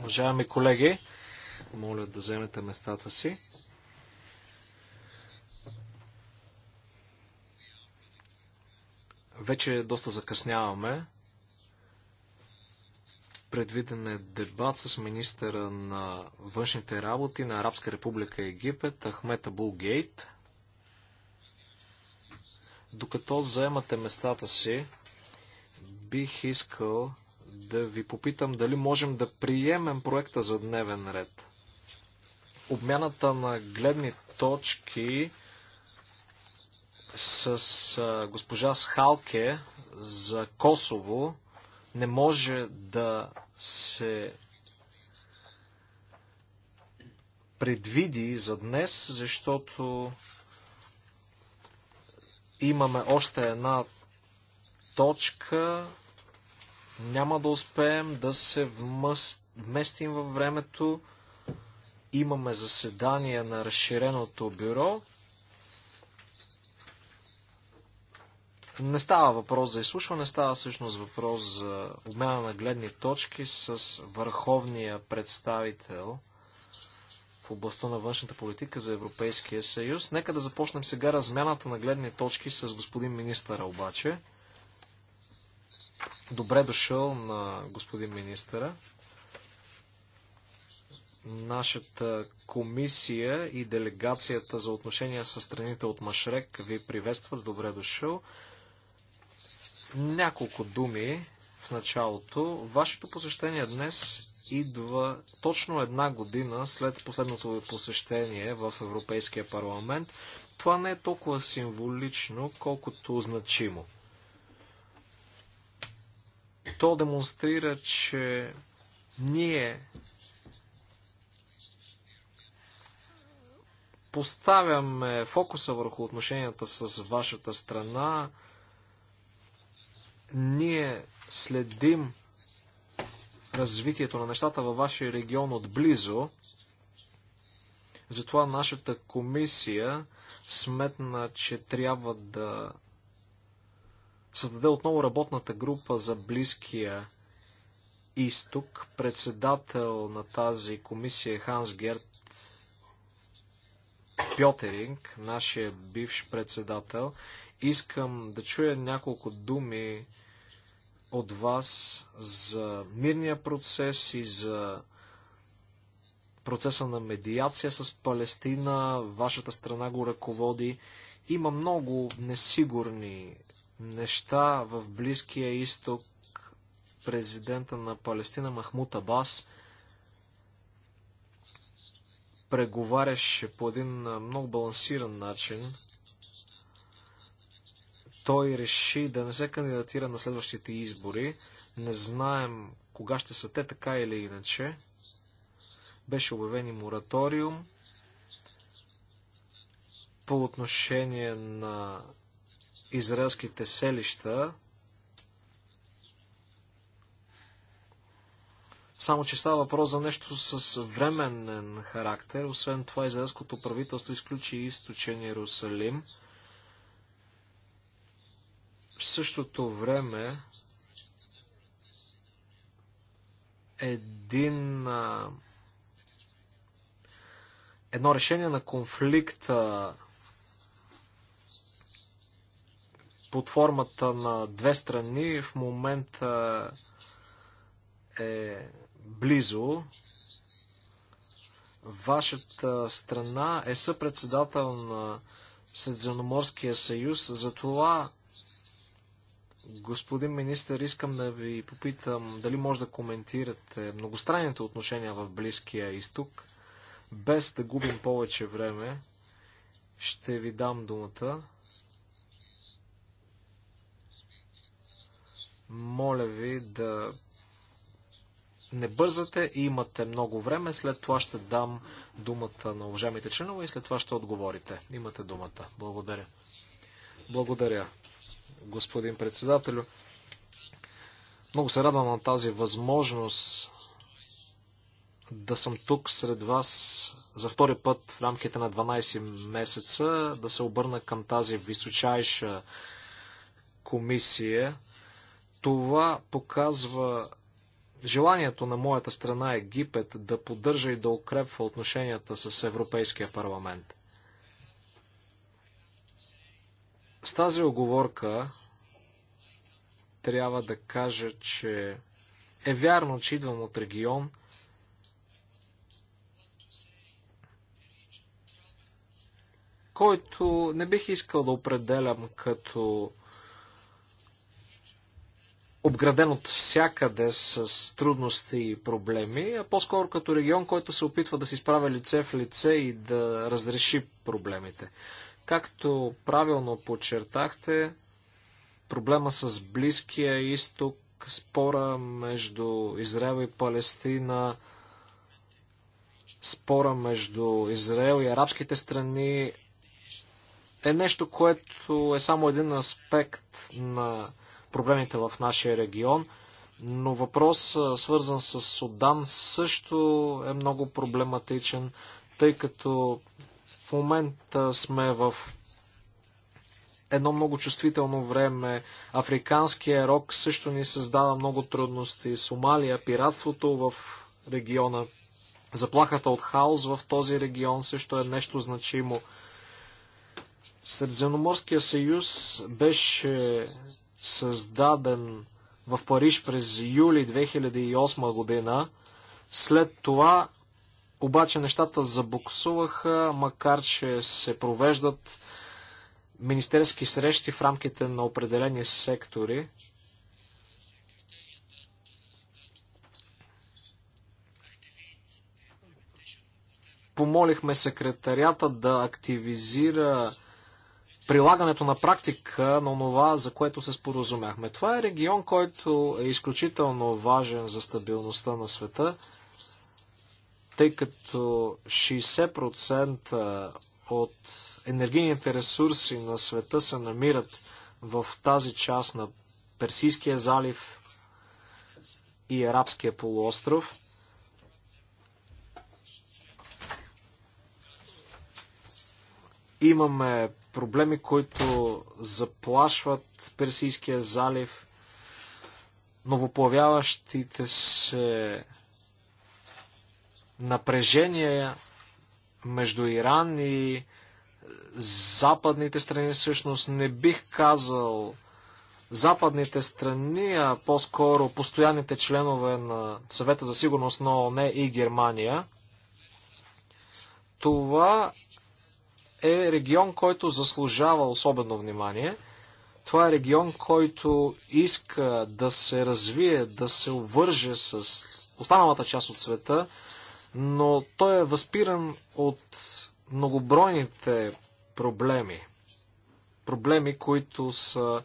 Уважаеми колеги, моля да вземете местата си. Вече доста закъсняваме. Предвиден е дебат с министъра на външните работи на Арабска република Египет, Ахмет Абул Гейт. Докато заемате местата си, бих искал да ви попитам дали можем да приемем проекта за дневен ред. Обмяната на гледни точки с госпожа Схалке за Косово не може да се предвиди за днес, защото имаме още една точка няма да успеем да се вместим във времето. Имаме заседание на разширеното бюро. Не става въпрос за изслушване, става всъщност въпрос за обмяна на гледни точки с върховния представител в областта на външната политика за Европейския съюз. Нека да започнем сега размяната на гледни точки с господин министъра обаче. Добре дошъл на господин министъра. Нашата комисия и делегацията за отношения с страните от Машрек ви приветстват. Добре дошъл. Няколко думи в началото. Вашето посещение днес идва точно една година след последното ви посещение в Европейския парламент. Това не е толкова символично, колкото значимо. То демонстрира, че ние поставяме фокуса върху отношенията с вашата страна. Ние следим развитието на нещата във вашия регион отблизо. Затова нашата комисия сметна, че трябва да създаде отново работната група за Близкия изток. Председател на тази комисия е Ханс Герт Пьотеринг, нашия бивш председател. Искам да чуя няколко думи от вас за мирния процес и за процеса на медиация с Палестина. Вашата страна го ръководи. Има много несигурни неща в Близкия изток, президента на Палестина Махмут Абас преговаряше по един много балансиран начин. Той реши да не се кандидатира на следващите избори. Не знаем кога ще са те, така или иначе. Беше обявен и мораториум по отношение на израелските селища. Само, че става въпрос за нещо с временен характер. Освен това, израелското правителство изключи източен Иерусалим. В същото време един едно решение на конфликта под формата на две страни в момента е близо. Вашата страна е съпредседател на Средиземноморския съюз, затова Господин министър, искам да ви попитам дали може да коментирате многостранните отношения в Близкия изток. Без да губим повече време, ще ви дам думата. Моля ви да не бързате, имате много време, след това ще дам думата на уважаемите членове и след това ще отговорите. Имате думата. Благодаря. Благодаря, господин председателю. Много се радвам на тази възможност да съм тук сред вас за втори път в рамките на 12 месеца, да се обърна към тази височайша комисия. Това показва желанието на моята страна Египет да поддържа и да укрепва отношенията с Европейския парламент. С тази оговорка трябва да кажа, че е вярно, че идвам от регион, който не бих искал да определям като обграден от всякъде с трудности и проблеми, а по-скоро като регион, който се опитва да се справя лице в лице и да разреши проблемите. Както правилно подчертахте, проблема с Близкия изток, спора между Израел и Палестина, спора между Израел и арабските страни е нещо, което е само един аспект на проблемите в нашия регион. Но въпрос, свързан с Судан, също е много проблематичен, тъй като в момента сме в едно много чувствително време. Африканския рок също ни създава много трудности. Сомалия, пиратството в региона, заплахата от хаос в този регион също е нещо значимо. Средиземноморския съюз беше създаден в Париж през юли 2008 година. След това обаче нещата забуксуваха, макар че се провеждат министерски срещи в рамките на определени сектори. Помолихме секретарията да активизира прилагането на практика на това, за което се споразумяхме. Това е регион, който е изключително важен за стабилността на света, тъй като 60% от енергийните ресурси на света се намират в тази част на Персийския залив и Арабския полуостров. Имаме проблеми, които заплашват Персийския залив, новоплавяващите се напрежения между Иран и западните страни, всъщност не бих казал западните страни, а по-скоро постоянните членове на съвета за сигурност на ООН и Германия. Това е регион, който заслужава особено внимание. Това е регион, който иска да се развие, да се обвърже с останалата част от света, но той е възпиран от многобройните проблеми. Проблеми, които са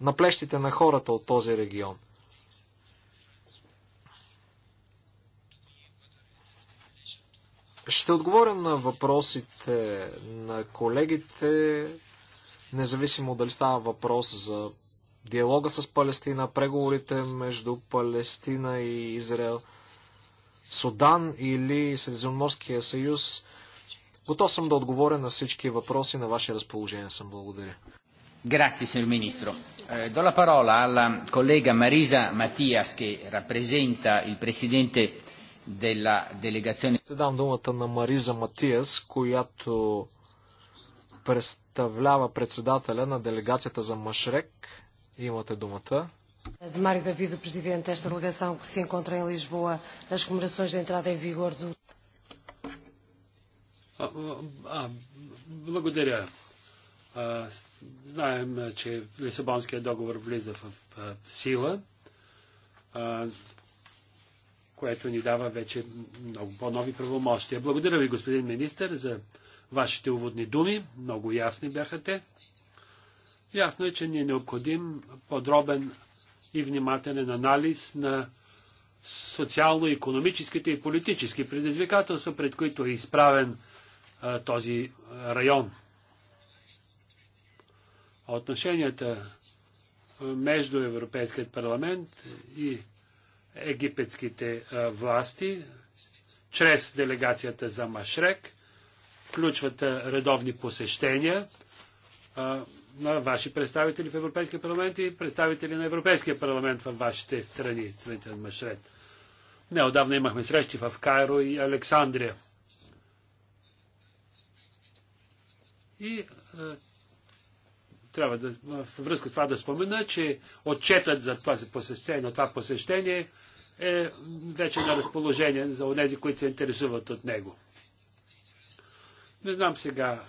на плещите на хората от този регион – Ще отговоря на въпросите на колегите, независимо дали става въпрос за диалога с Палестина, преговорите между Палестина и Израел, Судан или Средиземноморския съюз. Готов съм да отговоря на всички въпроси на ваше разположение. Съм благодаря. Grazie, signor Ministro. Eh, do la parola alla collega Marisa Mattias, che rappresenta il Presidente ще дам думата на Мариза Матиас, която представлява председателя на делегацията за Машрек. Имате думата. delegação que se encontra em Lisboa nas comemorações entrada em vigor do. Благодаря. знаем, че Лисабонският договор влиза в, сила което ни дава вече много по-нови правомощия. Благодаря ви, господин министр, за вашите уводни думи. Много ясни бяха те. Ясно е, че ни е необходим подробен и внимателен анализ на социално-економическите и политически предизвикателства, пред които е изправен а, този район. Отношенията между Европейският парламент и египетските власти чрез делегацията за Машрек, включват редовни посещения на ваши представители в Европейския парламент и представители на Европейския парламент във вашите страни, страните на Машрек. Неодавна имахме срещи в Кайро и Александрия. И е, трябва да, във връзка с това да спомена, че отчетът за това посещение, на това посещение е вече на разположение за тези, които се интересуват от него. Не знам сега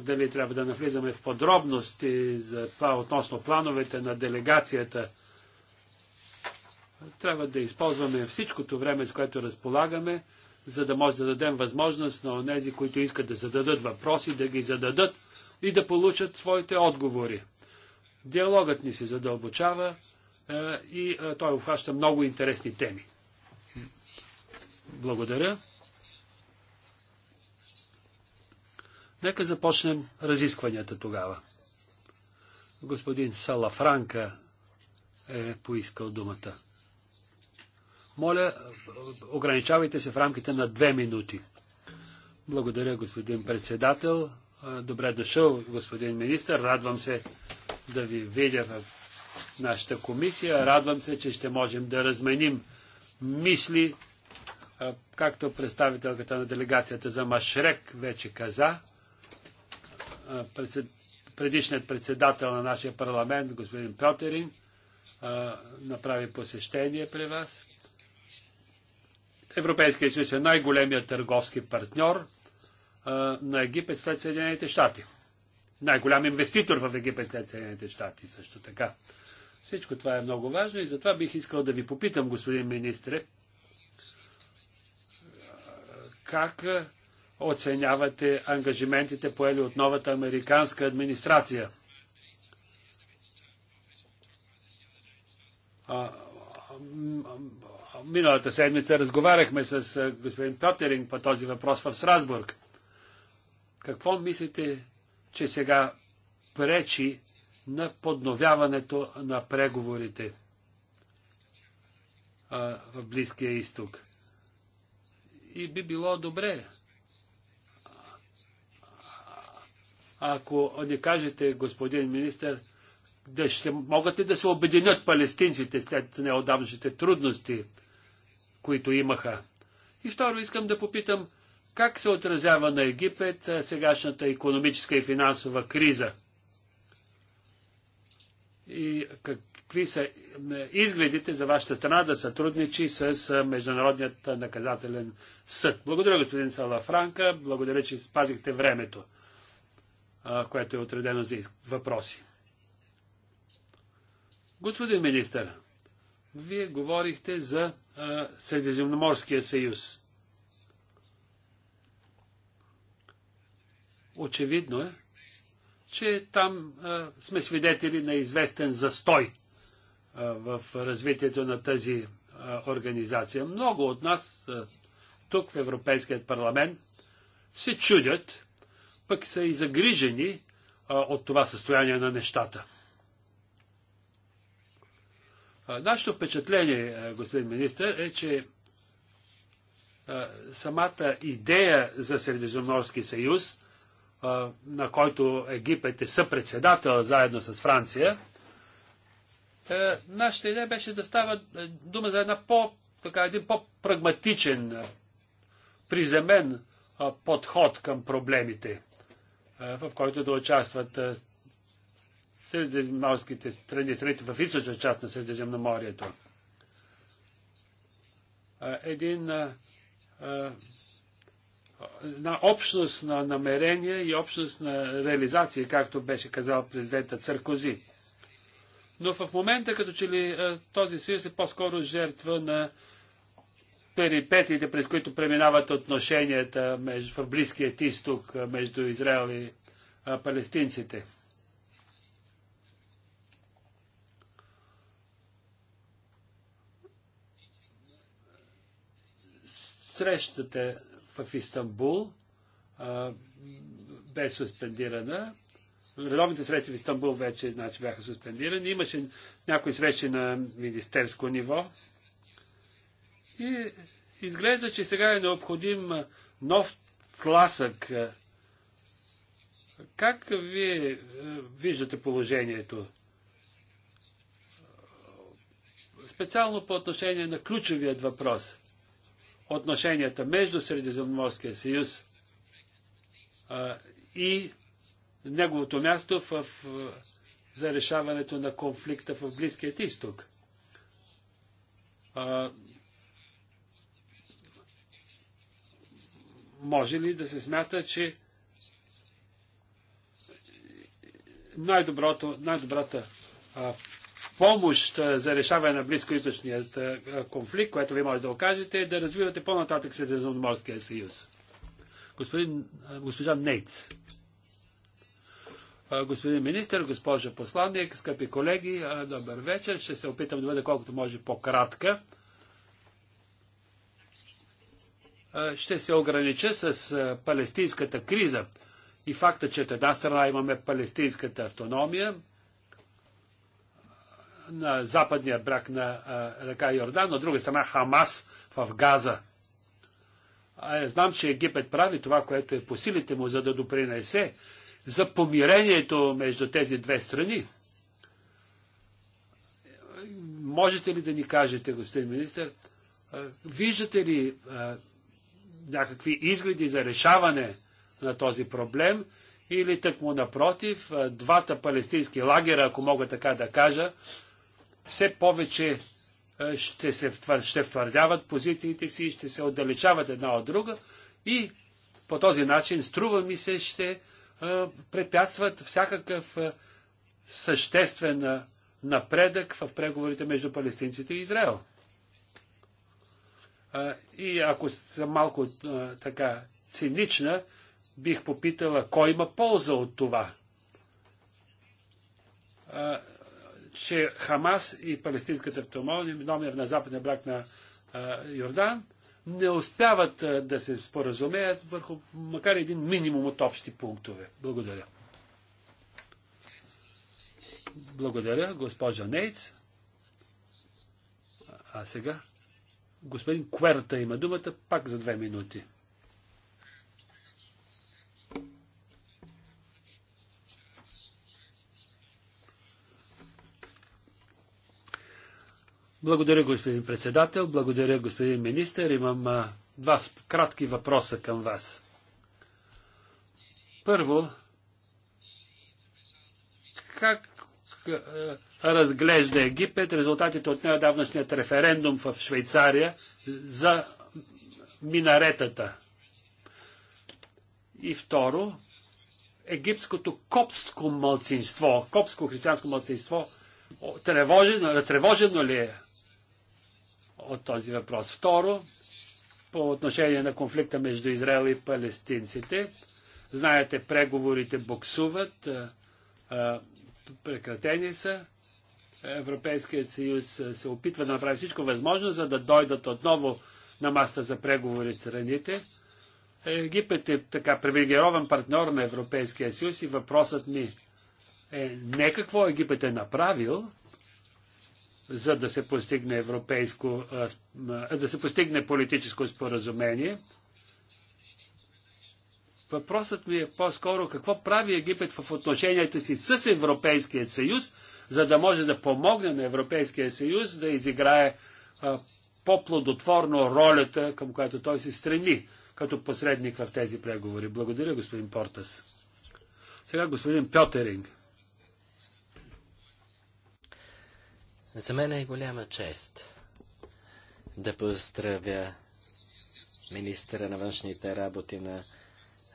дали трябва да навлизаме в подробности за това относно плановете на делегацията. Трябва да използваме всичкото време, с което разполагаме, за да може да дадем възможност на онези, които искат да зададат въпроси, да ги зададат и да получат своите отговори. Диалогът ни се задълбочава, е, и е, той обхваща много интересни теми. Благодаря. Нека започнем разискванията тогава. Господин Салафранка е поискал думата. Моля, ограничавайте се в рамките на две минути. Благодаря, господин председател. Е, добре дошъл, господин министр. Радвам се да ви видя в нашата комисия. Радвам се, че ще можем да разменим мисли, както представителката на делегацията за Машрек вече каза, предишният председател на нашия парламент, господин Пьотерин, направи посещение при вас. Европейския съюз е най-големият търговски партньор на Египет след Съединените щати най-голям инвеститор в Египет след Съединените щати също така. Всичко това е много важно и затова бих искал да ви попитам, господин министре, как оценявате ангажиментите поели от новата американска администрация? миналата седмица разговаряхме с господин Пьотеринг по този въпрос в Страсбург. Какво мислите че сега пречи на подновяването на преговорите а, в Близкия изток. И би било добре, ако не кажете, господин министр, да ще могат ли да се обединят палестинците след неодавнашните трудности, които имаха. И второ, искам да попитам, как се отразява на Египет сегашната економическа и финансова криза? И какви са изгледите за вашата страна да сътрудничи с Международният наказателен съд? Благодаря, господин Салафранка. Благодаря, че спазихте времето, което е отредено за въпроси. Господин министър, вие говорихте за Средиземноморския съюз. Очевидно е, че там а, сме свидетели на известен застой а, в развитието на тази а, организация. Много от нас а, тук в Европейският парламент се чудят, пък са и загрижени а, от това състояние на нещата. нашето впечатление, господин министр, е, че самата идея за Средиземноморски съюз – на който Египет е съпредседател заедно с Франция, е, нашата идея беше да става е, дума за една по, така, един по-прагматичен, е, приземен подход към проблемите, в който да участват средиземноморските страни, страните в източна част на Средиземноморието. Един на общност на намерения и общност на реализация, както беше казал президента Църкози. Но в момента, като че ли е, този съюз е по-скоро жертва на перипетите, през които преминават отношенията между, в Близкият изток е, между Израел и а, е, палестинците. Срещате в Истанбул а, бе суспендирана. Редовните срещи в Истанбул вече значи, бяха суспендирани. Имаше някои срещи на министерско ниво. И изглежда, че сега е необходим нов тласък. Как вие виждате положението? Специално по отношение на ключовият въпрос – отношенията между Средиземноморския съюз а, и неговото място в, в, за решаването на конфликта в Близкият изток. може ли да се смята, че най-доброто, най-добрата в помощ за решаване на близкоисточният конфликт, което ви може да окажете, е да развивате по-нататък Средиземноморския съюз. Господин, госпожа Нейц. Господин министр, госпожа посланник, скъпи колеги, добър вечер. Ще се опитам да бъда колкото може по-кратка. Ще се огранича с палестинската криза и факта, че от една страна имаме палестинската автономия, на западния брак на река Йордан, от друга страна Хамас в Газа. А, е, знам, че Египет прави това, което е по силите му, за да допринесе за помирението между тези две страни. Можете ли да ни кажете, господин министр, виждате ли а, някакви изгледи за решаване на този проблем или тъкмо напротив, двата палестински лагера, ако мога така да кажа, все повече е, ще, се, ще втвърдяват позициите си, ще се отдалечават една от друга и по този начин, струва ми се, ще е, препятстват всякакъв е, съществен напредък в преговорите между палестинците и Израел. И ако съм малко така цинична, бих попитала кой има полза от това че Хамас и палестинската автономия на западния брак на а, Йордан не успяват а, да се споразумеят върху макар един минимум от общи пунктове. Благодаря. Благодаря, госпожа Нейц. А сега господин Кверта има думата пак за две минути. Благодаря, господин председател. Благодаря, господин министър. Имам а, два кратки въпроса към вас. Първо, как а, разглежда Египет резултатите от неодавнашният референдум в Швейцария за минаретата? И второ, египетското копско мълцинство, копско християнско мълцинство, тревожено, тревожено ли е от този въпрос. Второ, по отношение на конфликта между Израел и палестинците, знаете, преговорите буксуват, прекратени са. Европейският съюз се опитва да направи всичко възможно, за да дойдат отново на маста за преговори страните. Египет е така привилегирован партньор на Европейския съюз и въпросът ми е не какво Египет е направил, за да се постигне европейско, да се постигне политическо споразумение. Въпросът ми е по-скоро какво прави Египет в отношенията си с Европейския съюз, за да може да помогне на Европейския съюз да изиграе по-плодотворно ролята, към която той се стреми като посредник в тези преговори. Благодаря, господин Портас. Сега господин Пьотеринг. За мен е голяма чест да поздравя министра на външните работи на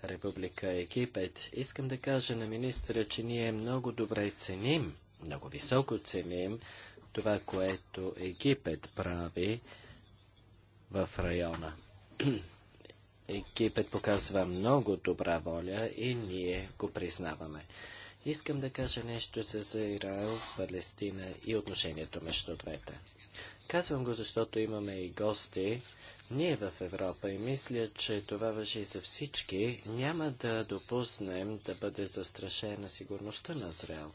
Република Египет. Искам да кажа на министра, че ние много добре ценим, много високо ценим това, което Египет прави в района. Египет показва много добра воля и ние го признаваме. Искам да кажа нещо за Израел, Палестина и отношението между двете. Казвам го, защото имаме и гости. Ние в Европа и мисля, че това въжи за всички. Няма да допуснем да бъде застрашена сигурността на Израел.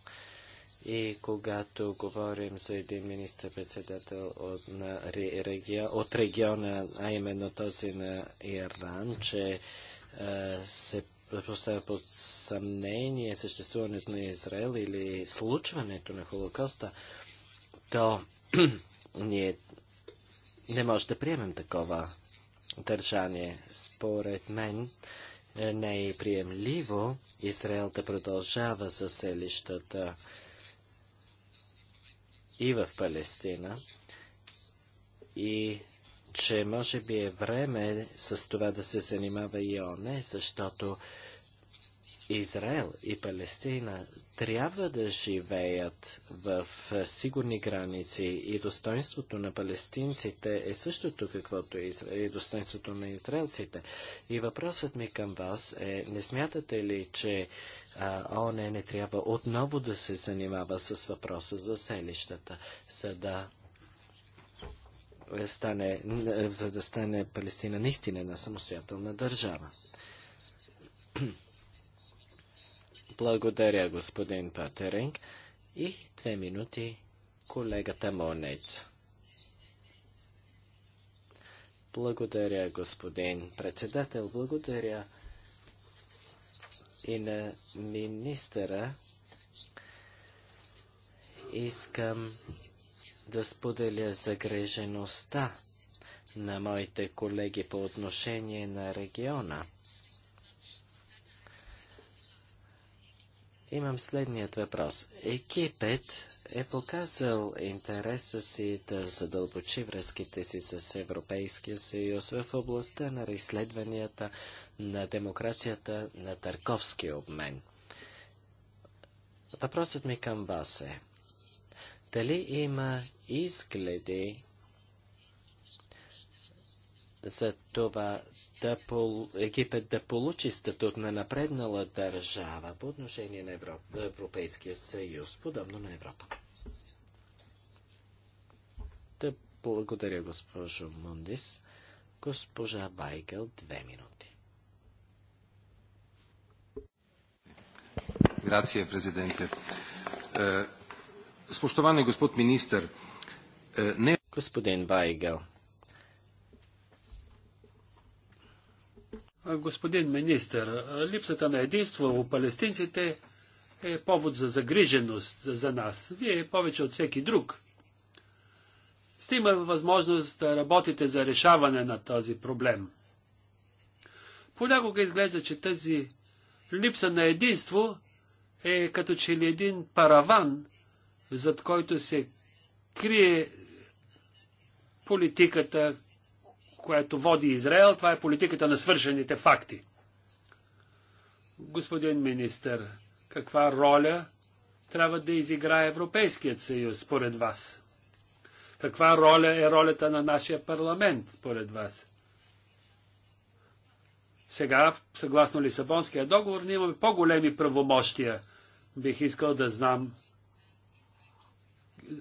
И когато говорим за един министр-председател от, на, реги, от региона, а именно този на Иран, че се поставя под съмнение съществуването на Израел или случването на Холокоста, то ние не може да приемем такова държание. Според мен е, не е приемливо Израел да продължава за селищата и в Палестина и че може би е време с това да се занимава и ОНЕ, защото Израел и Палестина трябва да живеят в сигурни граници и достоинството на палестинците е същото каквото е достоинството на израелците. И въпросът ми към вас е, не смятате ли, че ОНЕ не трябва отново да се занимава с въпроса за селищата, за да стане, за да стане Палестина наистина една самостоятелна държава. Благодаря, господин Патеринг. И две минути колегата Монец. Благодаря, господин председател. Благодаря и на министъра. Искам да споделя загрежеността на моите колеги по отношение на региона. Имам следният въпрос. Екипът е показал интереса си да задълбочи връзките си с Европейския съюз в областта на изследванията на демокрацията на търковски обмен. Въпросът ми към вас е. Дали има изгледи за това да пол... Египет да получи статут на напреднала държава по отношение на Европ... Европейския съюз, подобно на Европа? Да благодаря, госпожо Мундис. Госпожа Байгел, две минути. Грация, президенте. Е, Spoštovani gospod minister, ne... Господин Вайгел. Господин министр, липсата на единство у палестинците е повод за загриженост за нас. Вие повече от всеки друг сте имали възможност да работите за решаване на този проблем. Понякога изглежда, че тази липса на единство е като че ли един параван, зад който се крие политиката, която води Израел. Това е политиката на свършените факти. Господин министър, каква роля трябва да изиграе Европейският съюз, според вас? Каква роля е ролята на нашия парламент, според вас? Сега, съгласно Лисабонския договор, ние имаме по-големи правомощия. Бих искал да знам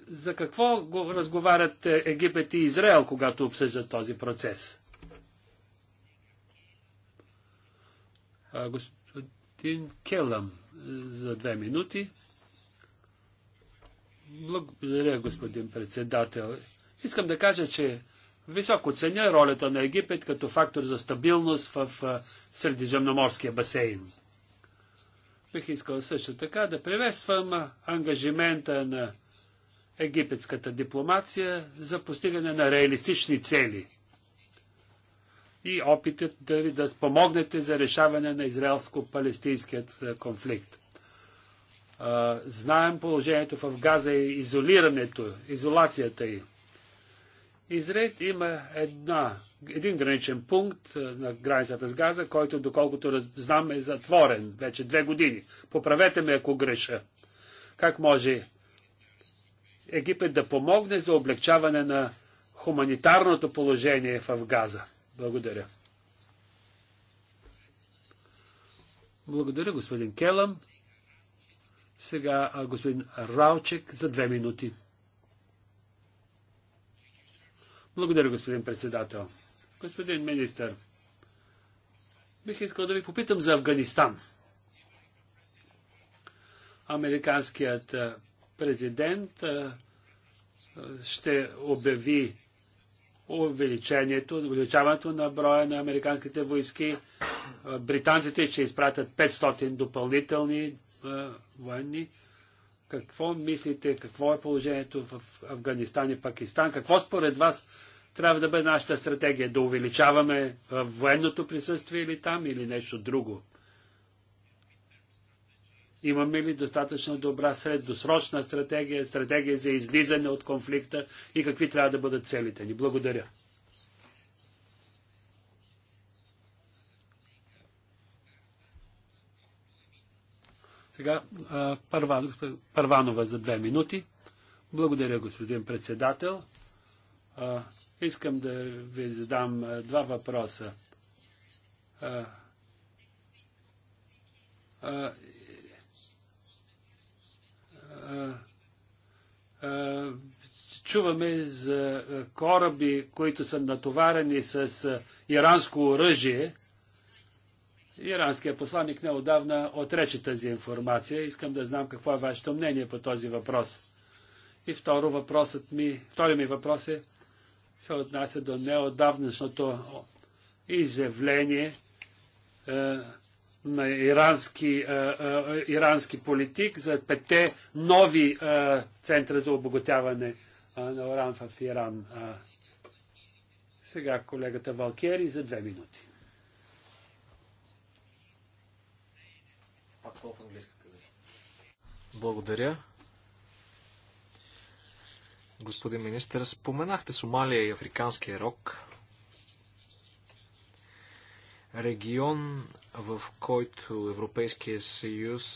за какво го разговарят е, Египет и Израел, когато обсъждат този процес? Господин Келъм за две минути. Благодаря, господин председател. Искам да кажа, че високо ценя ролята на Египет като фактор за стабилност в Средиземноморския басейн. Бих искал също така да приветствам ангажимента на египетската дипломация за постигане на реалистични цели и опитът да ви да спомогнете за решаване на израелско-палестинският е, конфликт. знаем положението в Газа и изолирането, изолацията й. Изред има една, един граничен пункт е, на границата с Газа, който, доколкото знам, е затворен вече две години. Поправете ме, ако греша. Как може Египет да помогне за облегчаване на хуманитарното положение в Газа. Благодаря. Благодаря, господин Келам. Сега господин Раучек за две минути. Благодаря, господин председател. Господин министър, бих искал да ви попитам за Афганистан. Американският президент ще обяви увеличението, увеличаването на броя на американските войски. Британците ще изпратят 500 допълнителни военни. Какво мислите, какво е положението в Афганистан и Пакистан? Какво според вас трябва да бъде нашата стратегия? Да увеличаваме военното присъствие или там, или нещо друго? Имаме ли достатъчно добра средосрочна стратегия, стратегия за излизане от конфликта и какви трябва да бъдат целите ни? Благодаря. Сега Парванова за две минути. Благодаря, господин председател. Искам да ви задам два въпроса а, чуваме за кораби, които са натоварени с иранско оръжие. Иранският посланник неодавна отрече тази информация. Искам да знам какво е вашето мнение по този въпрос. И второ въпросът ми, втори ми въпрос е, се отнася до неодавнашното изявление на ирански, ирански политик за пете нови центра за обогатяване на уран в Иран. Сега колегата Валкери за две минути. Пак толкова английска. Благодаря. Господин министър, споменахте Сомалия и африканския рок регион, в който Европейския съюз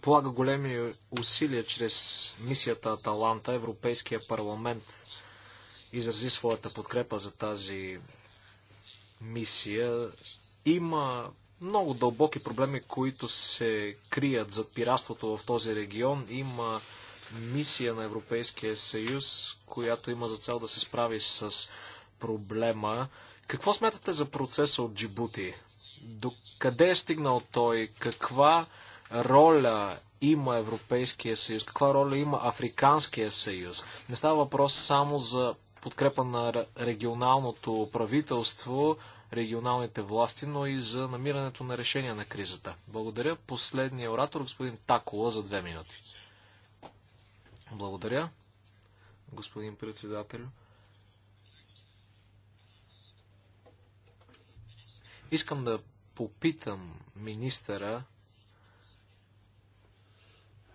полага големи усилия чрез мисията Аталанта. Европейския парламент изрази своята подкрепа за тази мисия. Има много дълбоки проблеми, които се крият за пиратството в този регион. Има мисия на Европейския съюз, която има за цел да се справи с проблема. Какво смятате за процеса от Джибути? До къде е стигнал той? Каква роля има Европейския съюз? Каква роля има Африканския съюз? Не става въпрос само за подкрепа на регионалното правителство, регионалните власти, но и за намирането на решение на кризата. Благодаря. Последния оратор, господин Такола, за две минути. Благодаря, господин председател. Искам да попитам министъра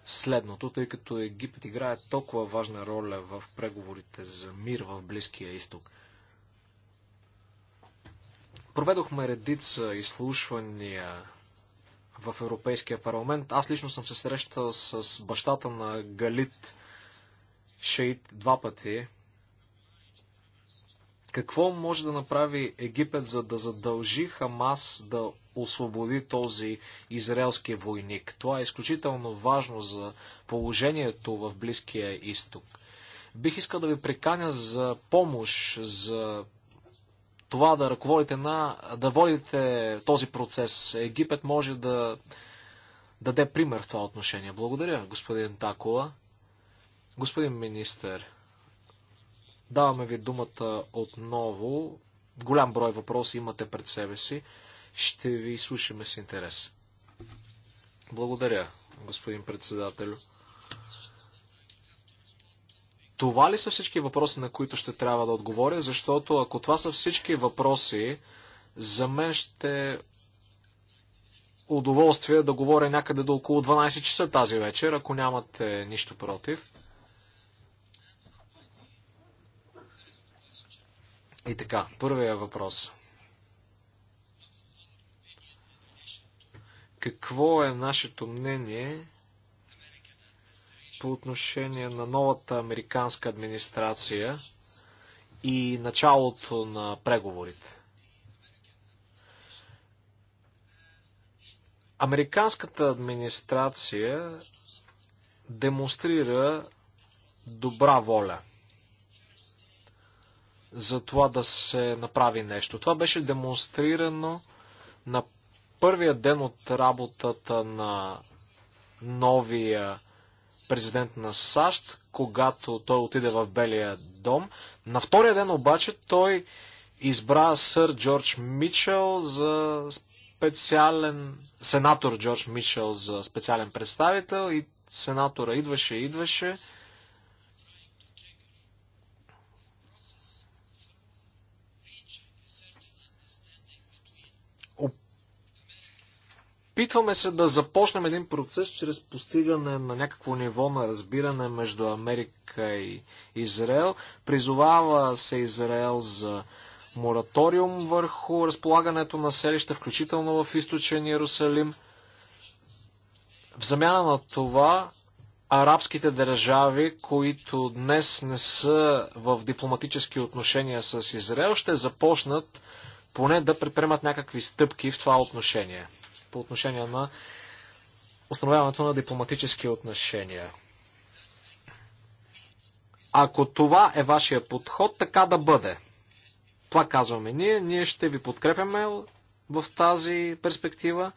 следното, тъй като Египет играе толкова важна роля в преговорите за мир в Близкия изток. Проведохме редица изслушвания в Европейския парламент. Аз лично съм се срещал с бащата на Галит Шейт два пъти. Какво може да направи Египет, за да задължи Хамас да освободи този израелски войник? Това е изключително важно за положението в Близкия изток. Бих искал да ви приканя за помощ, за това да ръководите на, да водите този процес. Египет може да даде пример в това отношение. Благодаря, господин Такола. Господин министър, Даваме ви думата отново. Голям брой въпроси имате пред себе си. Ще ви слушаме с интерес. Благодаря, господин председател. Това ли са всички въпроси, на които ще трябва да отговоря? Защото ако това са всички въпроси, за мен ще удоволствие да говоря някъде до около 12 часа тази вечер, ако нямате нищо против. И така, първия въпрос. Какво е нашето мнение по отношение на новата американска администрация и началото на преговорите? Американската администрация демонстрира добра воля – за това да се направи нещо. Това беше демонстрирано на първия ден от работата на новия президент на САЩ, когато той отиде в Белия дом. На втория ден обаче той избра сър Джордж Мичел за специален сенатор Джордж Мичел за специален представител и сенатора идваше, идваше. Опитваме се да започнем един процес чрез постигане на някакво ниво на разбиране между Америка и Израел. Призовава се Израел за мораториум върху разполагането на селища, включително в източен Иерусалим. В замяна на това, арабските държави, които днес не са в дипломатически отношения с Израел, ще започнат поне да предприемат някакви стъпки в това отношение по отношение на установяването на дипломатически отношения. Ако това е вашия подход, така да бъде. Това казваме ние. Ние ще ви подкрепяме в тази перспектива.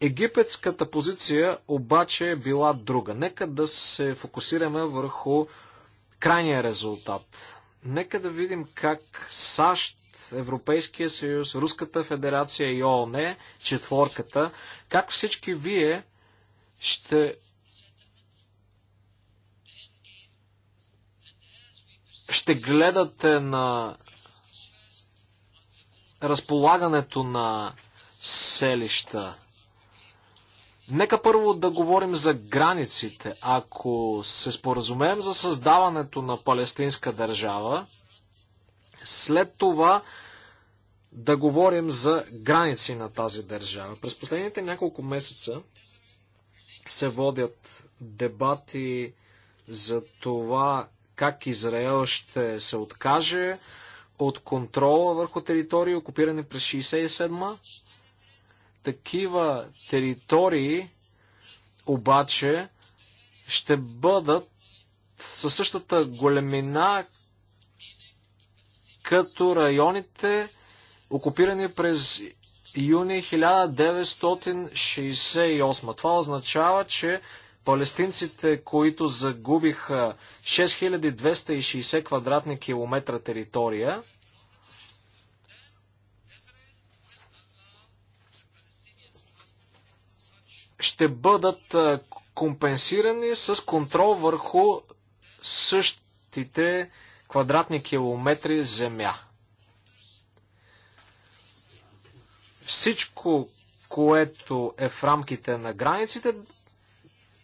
Египетската позиция обаче е била друга. Нека да се фокусираме върху крайния резултат. Нека да видим как САЩ Европейския съюз, Руската федерация и ООН, четворката, как всички вие ще ще гледате на разполагането на селища. Нека първо да говорим за границите. Ако се споразумеем за създаването на палестинска държава, след това да говорим за граници на тази държава. През последните няколко месеца се водят дебати за това как Израел ще се откаже от контрола върху територии, окупирани през 67-ма. Такива територии обаче ще бъдат със същата големина, като районите, окупирани през юни 1968. Това означава, че палестинците, които загубиха 6260 квадратни километра територия, ще бъдат компенсирани с контрол върху същите квадратни километри земя. Всичко, което е в рамките на границите,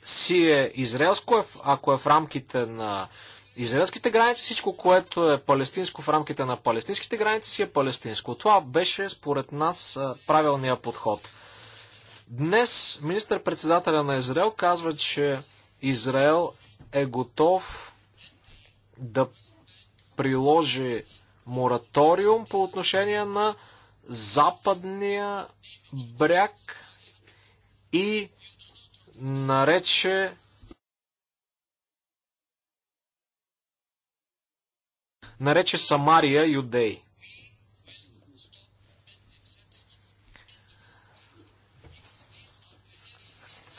си е израелско, е ако е в рамките на израелските граници, всичко, което е палестинско в рамките на палестинските граници, си е палестинско. Това беше, според нас, правилният подход. Днес министър-председателя на Израел казва, че Израел е готов да приложи мораториум по отношение на западния бряг и нарече нарече Самария юдей.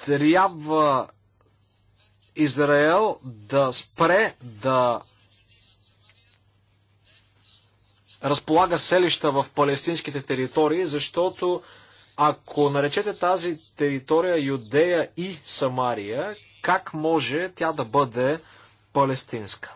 Трябва Израел да спре да разполага селища в палестинските територии, защото ако наречете тази територия Юдея и Самария, как може тя да бъде палестинска?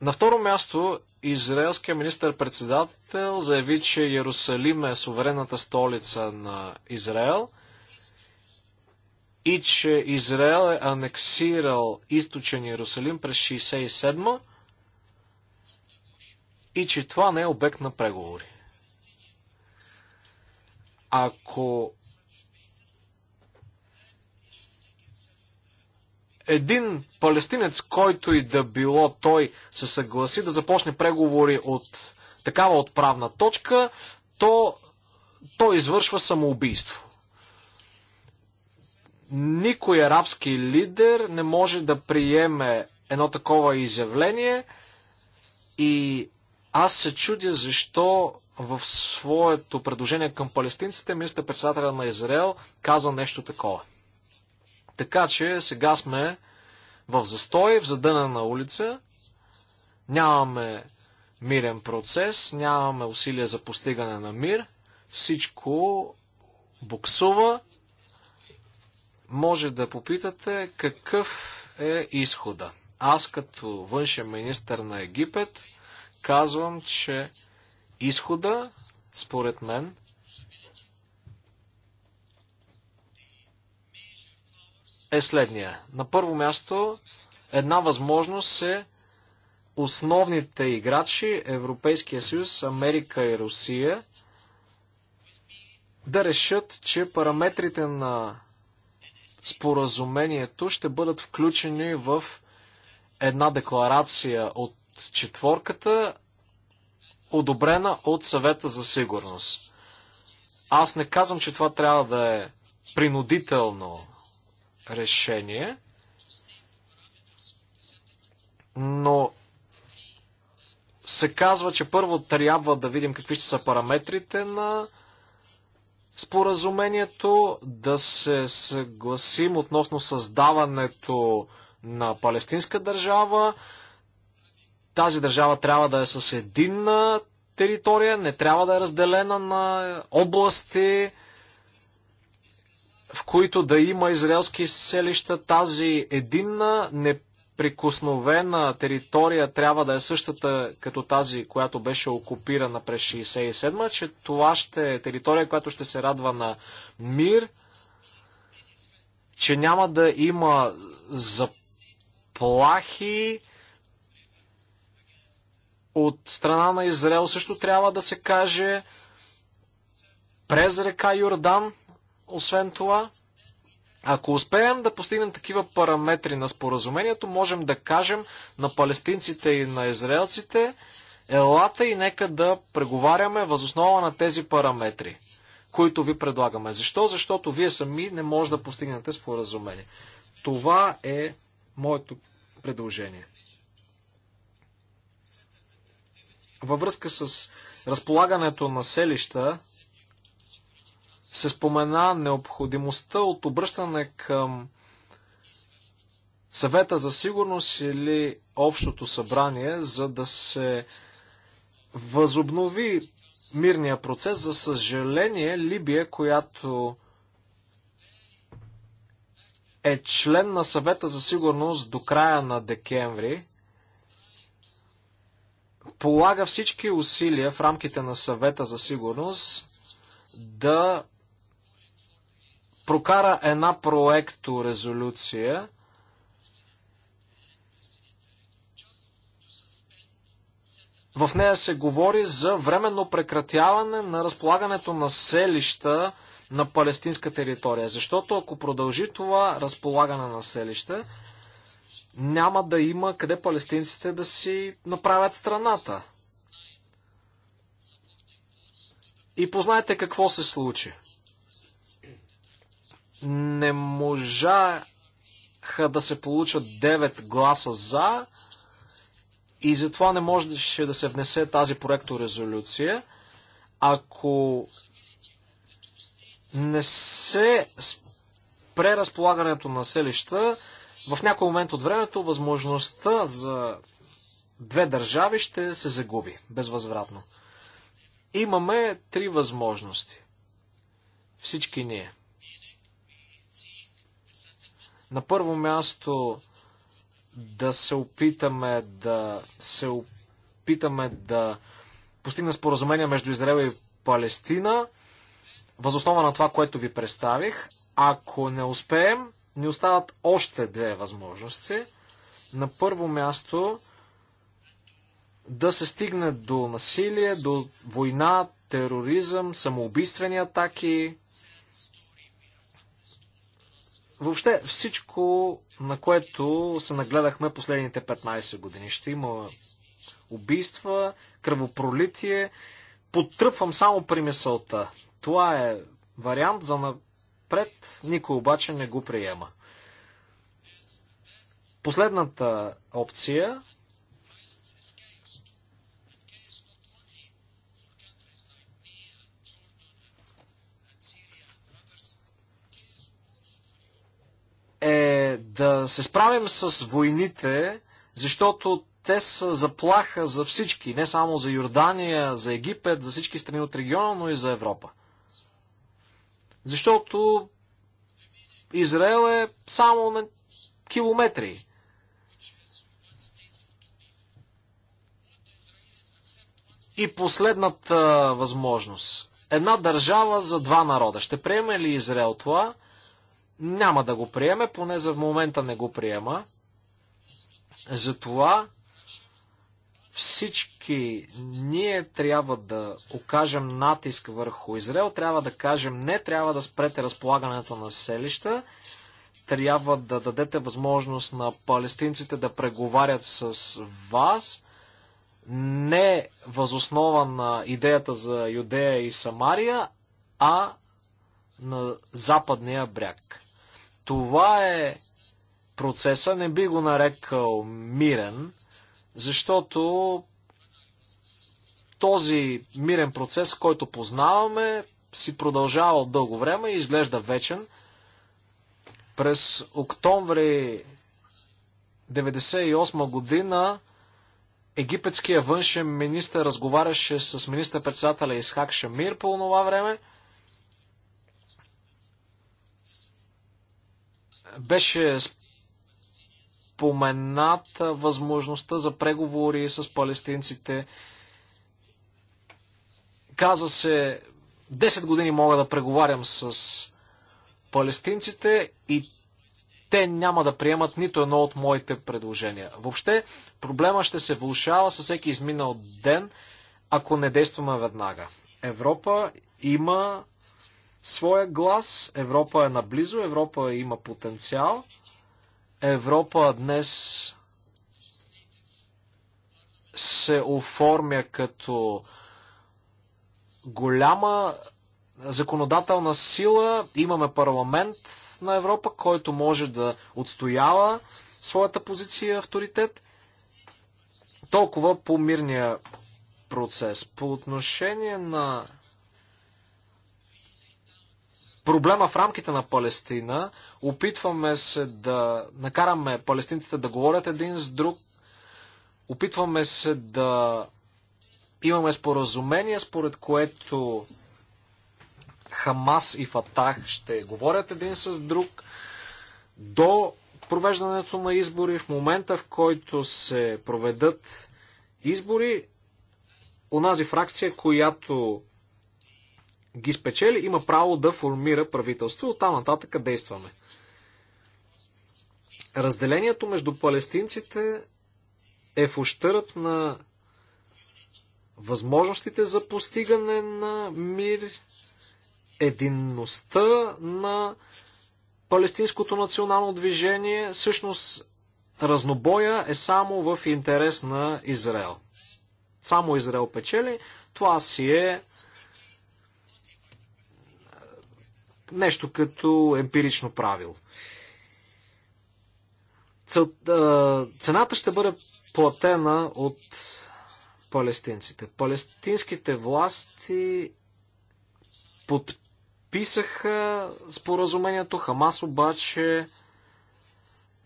На второ място, израелският министър-председател заяви, че Иерусалим е суверенната столица на Израел – и че Израел е анексирал източен Иерусалим през 67 и че това не е обект на преговори. Ако един палестинец, който и да било той, се съгласи да започне преговори от такава отправна точка, то той извършва самоубийство. Никой арабски лидер не може да приеме едно такова изявление и аз се чудя защо в своето предложение към палестинците министър председателя на Израел каза нещо такова. Така че сега сме в застой, в задънена улица, нямаме мирен процес, нямаме усилия за постигане на мир, всичко буксува, може да попитате какъв е изхода. Аз като външен министр на Египет казвам, че изхода, според мен, е следния. На първо място, една възможност е основните играчи, Европейския съюз, Америка и Русия, да решат, че параметрите на споразумението ще бъдат включени в една декларация от четворката, одобрена от съвета за сигурност. Аз не казвам, че това трябва да е принудително решение, но се казва, че първо трябва да видим какви ще са параметрите на споразумението, да се съгласим относно създаването на палестинска държава. Тази държава трябва да е с единна територия, не трябва да е разделена на области, в които да има израелски селища. Тази единна, не Прикосновена територия трябва да е същата като тази, която беше окупирана през 67-ма, че това ще е територия, която ще се радва на мир, че няма да има заплахи от страна на Израел също трябва да се каже през река Йордан, освен това. Ако успеем да постигнем такива параметри на споразумението, можем да кажем на палестинците и на израелците, елата и нека да преговаряме възоснова на тези параметри, които ви предлагаме. Защо? Защото вие сами не може да постигнете споразумение. Това е моето предложение. Във връзка с разполагането на селища, се спомена необходимостта от обръщане към съвета за сигурност или общото събрание, за да се възобнови мирния процес. За съжаление, Либия, която е член на съвета за сигурност до края на декември, полага всички усилия в рамките на съвета за сигурност да прокара една проекто резолюция, В нея се говори за временно прекратяване на разполагането на селища на палестинска територия. Защото ако продължи това разполагане на селища, няма да има къде палестинците да си направят страната. И познайте какво се случи не можаха да се получат 9 гласа за и затова не можеше да се внесе тази проекторезолюция. Ако не се преразполагането на селища, в някой момент от времето възможността за две държави ще се загуби безвъзвратно. Имаме три възможности. Всички ние. На първо място да се опитаме да се опитаме да постигнем споразумение между Израел и Палестина, възоснова на това, което ви представих. Ако не успеем, ни остават още две възможности. На първо място да се стигне до насилие, до война, тероризъм, самоубийствени атаки, Въобще всичко, на което се нагледахме последните 15 години. Ще има убийства, кръвопролитие. Подтръпвам само при мисълта. Това е вариант за напред, никой обаче не го приема. Последната опция е да се справим с войните, защото те са заплаха за всички, не само за Йордания, за Египет, за всички страни от региона, но и за Европа. Защото Израел е само на километри. И последната възможност. Една държава за два народа. Ще приеме ли Израел това? няма да го приеме, поне за момента не го приема. Затова всички ние трябва да окажем натиск върху Израел, трябва да кажем не, трябва да спрете разполагането на селища, трябва да дадете възможност на палестинците да преговарят с вас, не възоснова на идеята за Юдея и Самария, а на западния бряг. Това е процеса, не би го нарекал мирен, защото този мирен процес, който познаваме, си продължава от дълго време и изглежда вечен. През октомври 1998 година египетския външен министр разговаряше с министър-председателя Исхак Шамир по това време – Беше спомената възможността за преговори с палестинците. Каза се, 10 години мога да преговарям с палестинците и те няма да приемат нито едно от моите предложения. Въобще, проблема ще се влушава със всеки изминал ден, ако не действаме веднага. Европа има своя глас. Европа е наблизо, Европа има потенциал. Европа днес се оформя като голяма законодателна сила. Имаме парламент на Европа, който може да отстоява своята позиция и авторитет. Толкова по мирния процес. По отношение на проблема в рамките на Палестина. Опитваме се да накараме палестинците да говорят един с друг. Опитваме се да имаме споразумение, според което Хамас и Фатах ще говорят един с друг до провеждането на избори, в момента в който се проведат избори, онази фракция, която ги спечели, има право да формира правителство. От там нататък действаме. Разделението между палестинците е в ущърп на възможностите за постигане на мир, единността на палестинското национално движение. Всъщност, разнобоя е само в интерес на Израел. Само Израел печели. Това си е нещо като емпирично правило. Цената ще бъде платена от палестинците. Палестинските власти подписаха споразумението, Хамас обаче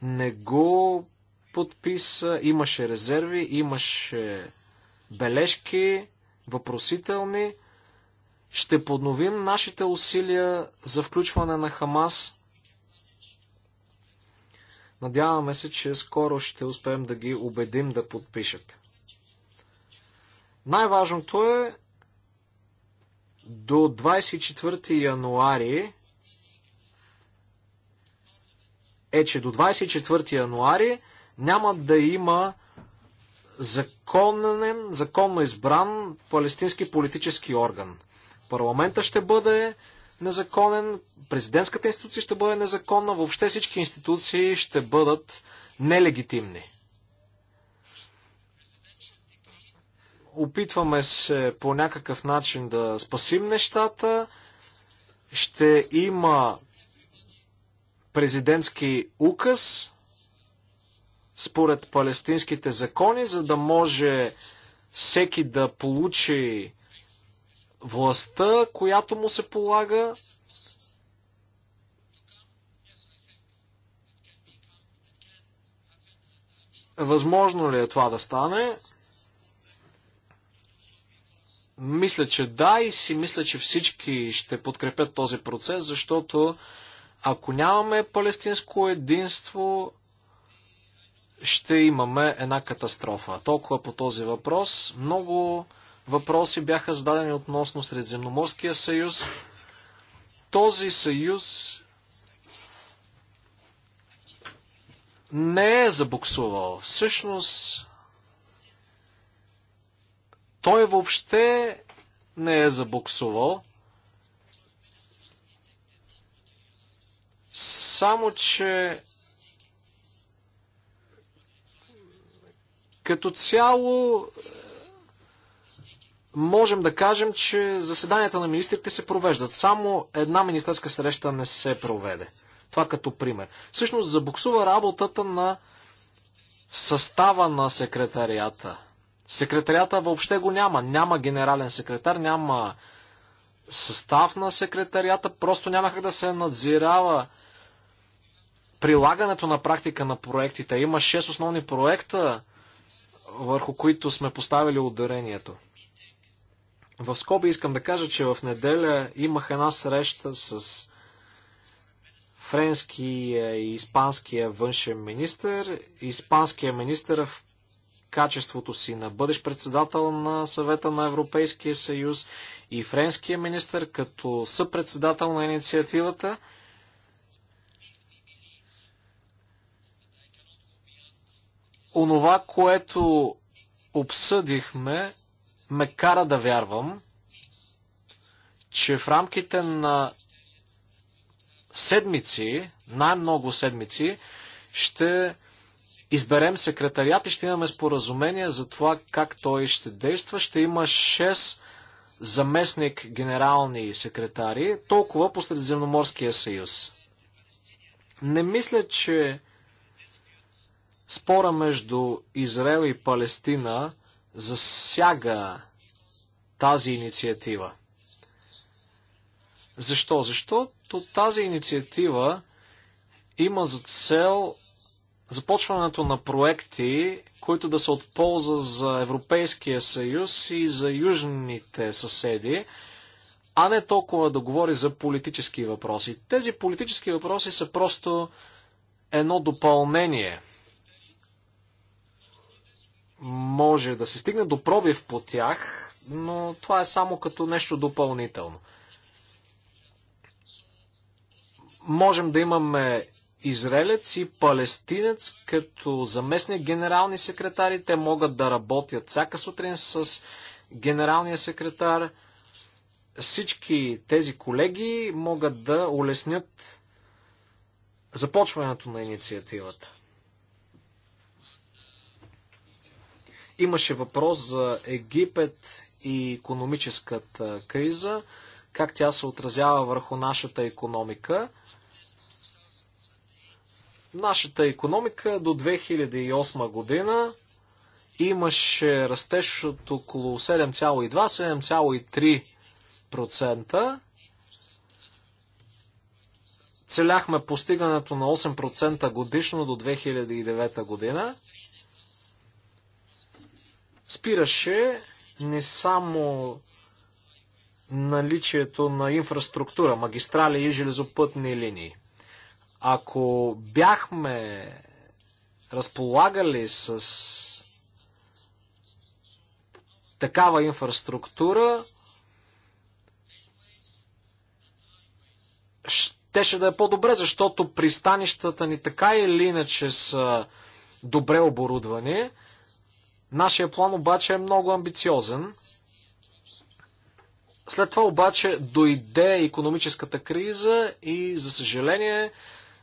не го подписа, имаше резерви, имаше бележки, въпросителни. Ще подновим нашите усилия за включване на Хамас. Надяваме се, че скоро ще успеем да ги убедим да подпишат. Най-важното е до 24 януари е, че до 24 януари няма да има законен, законно избран палестински политически орган. Парламента ще бъде незаконен, президентската институция ще бъде незаконна, въобще всички институции ще бъдат нелегитимни. Опитваме се по някакъв начин да спасим нещата. Ще има президентски указ според палестинските закони, за да може всеки да получи властта, която му се полага. Възможно ли е това да стане? Мисля, че да и си мисля, че всички ще подкрепят този процес, защото ако нямаме палестинско единство, ще имаме една катастрофа. Толкова по този въпрос. Много въпроси бяха зададени относно Средземноморския съюз. Този съюз не е забуксувал. Всъщност, той въобще не е забуксувал. Само, че като цяло можем да кажем, че заседанията на министрите се провеждат. Само една министерска среща не се проведе. Това като пример. Всъщност забуксува работата на състава на секретарията. Секретарията въобще го няма. Няма генерален секретар, няма състав на секретарията. Просто няма как да се надзирава прилагането на практика на проектите. Има 6 основни проекта, върху които сме поставили ударението. В скоби искам да кажа, че в неделя имах една среща с френския е, и испанския външен министр. Испанския министр в качеството си на бъдещ председател на съвета на Европейския съюз и френския министр като съпредседател на инициативата. Онова, което обсъдихме ме кара да вярвам, че в рамките на седмици, най-много седмици, ще изберем секретарият и ще имаме споразумение за това как той ще действа. Ще има 6 заместник генерални секретари, толкова по Средиземноморския съюз. Не мисля, че спора между Израел и Палестина засяга тази инициатива. Защо? Защото тази инициатива има за цел започването на проекти, които да са от полза за Европейския съюз и за южните съседи, а не толкова да говори за политически въпроси. Тези политически въпроси са просто едно допълнение може да се стигне до пробив по тях, но това е само като нещо допълнително. Можем да имаме израелец и палестинец като заместни генерални секретари. Те могат да работят всяка сутрин с генералния секретар. Всички тези колеги могат да улеснят започването на инициативата. Имаше въпрос за Египет и економическата криза, как тя се отразява върху нашата економика. Нашата економика до 2008 година имаше растеж от около 7,2-7,3%. Целяхме постигането на 8% годишно до 2009 година спираше не само наличието на инфраструктура, магистрали и железопътни линии. Ако бяхме разполагали с такава инфраструктура, щеше да е по-добре, защото пристанищата ни така или иначе са добре оборудвани. Нашия план обаче е много амбициозен. След това обаче дойде економическата криза и, за съжаление,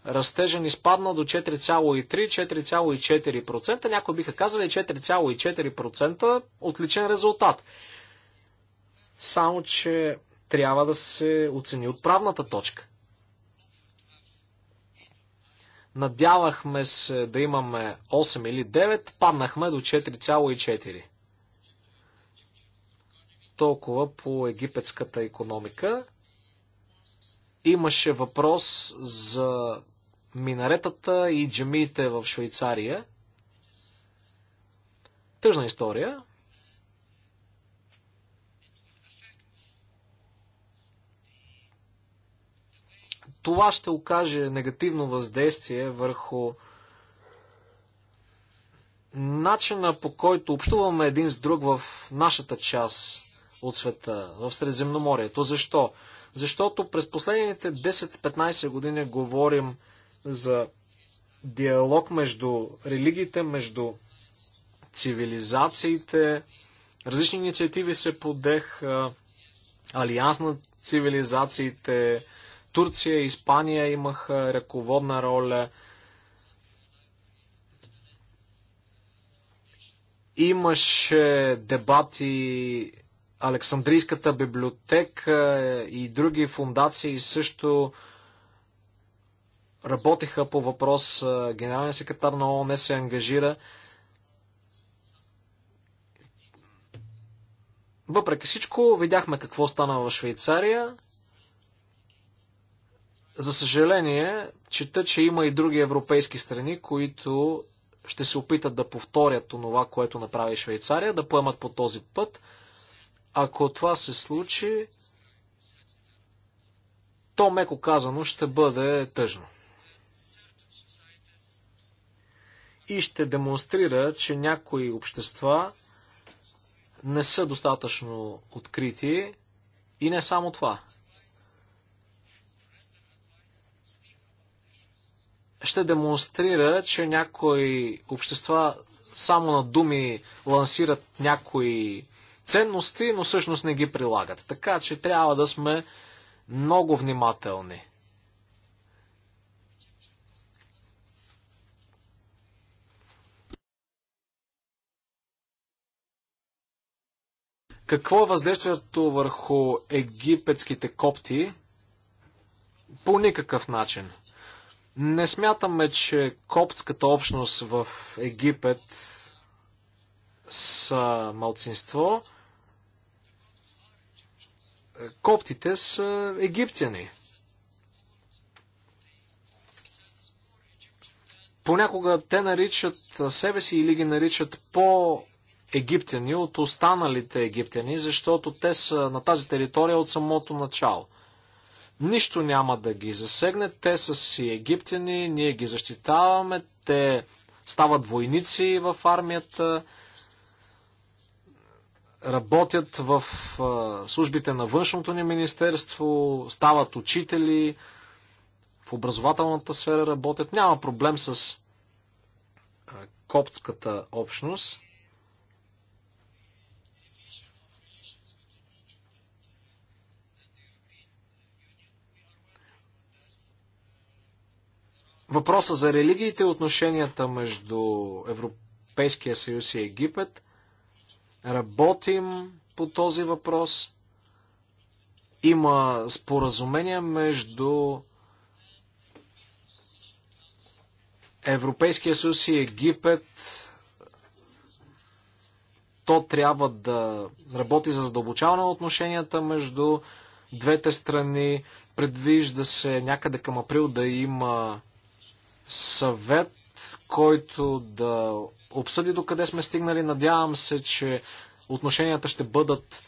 растежа ни спадна до 4,3-4,4%. Някои биха казали 4,4% отличен резултат. Само, че трябва да се оцени от правната точка. Надявахме се да имаме 8 или 9, паднахме до 4,4. Толкова по египетската економика. Имаше въпрос за минаретата и джамиите в Швейцария. Тъжна история. това ще окаже негативно въздействие върху начина по който общуваме един с друг в нашата част от света, в Средземноморието. Защо? Защото през последните 10-15 години говорим за диалог между религиите, между цивилизациите. Различни инициативи се подех. Алианс на цивилизациите, Турция и Испания имаха ръководна роля. Имаше дебати Александрийската библиотека е, и други фундации също работеха по въпрос. Е, генералния секретар на ООН се ангажира. Въпреки всичко, видяхме какво стана в Швейцария. За съжаление, чета, че има и други европейски страни, които ще се опитат да повторят това, което направи Швейцария, да поемат по този път. Ако това се случи, то, меко казано, ще бъде тъжно. И ще демонстрира, че някои общества не са достатъчно открити и не само това. ще демонстрира, че някои общества само на думи лансират някои ценности, но всъщност не ги прилагат. Така че трябва да сме много внимателни. Какво е въздействието върху египетските копти? По никакъв начин. Не смятаме, че коптската общност в Египет са малцинство. Коптите са египтяни. Понякога те наричат себе си или ги наричат по египтяни от останалите египтяни, защото те са на тази територия от самото начало – Нищо няма да ги засегне. Те са си египтяни, ние ги защитаваме, те стават войници в армията, работят в службите на външното ни министерство, стават учители, в образователната сфера работят. Няма проблем с коптската общност. въпроса за религиите, отношенията между Европейския съюз и Египет. Работим по този въпрос. Има споразумения между Европейския съюз и Египет. То трябва да работи за задълбочаване на отношенията между двете страни. Предвижда се някъде към април да има съвет, който да обсъди докъде сме стигнали. Надявам се, че отношенията ще бъдат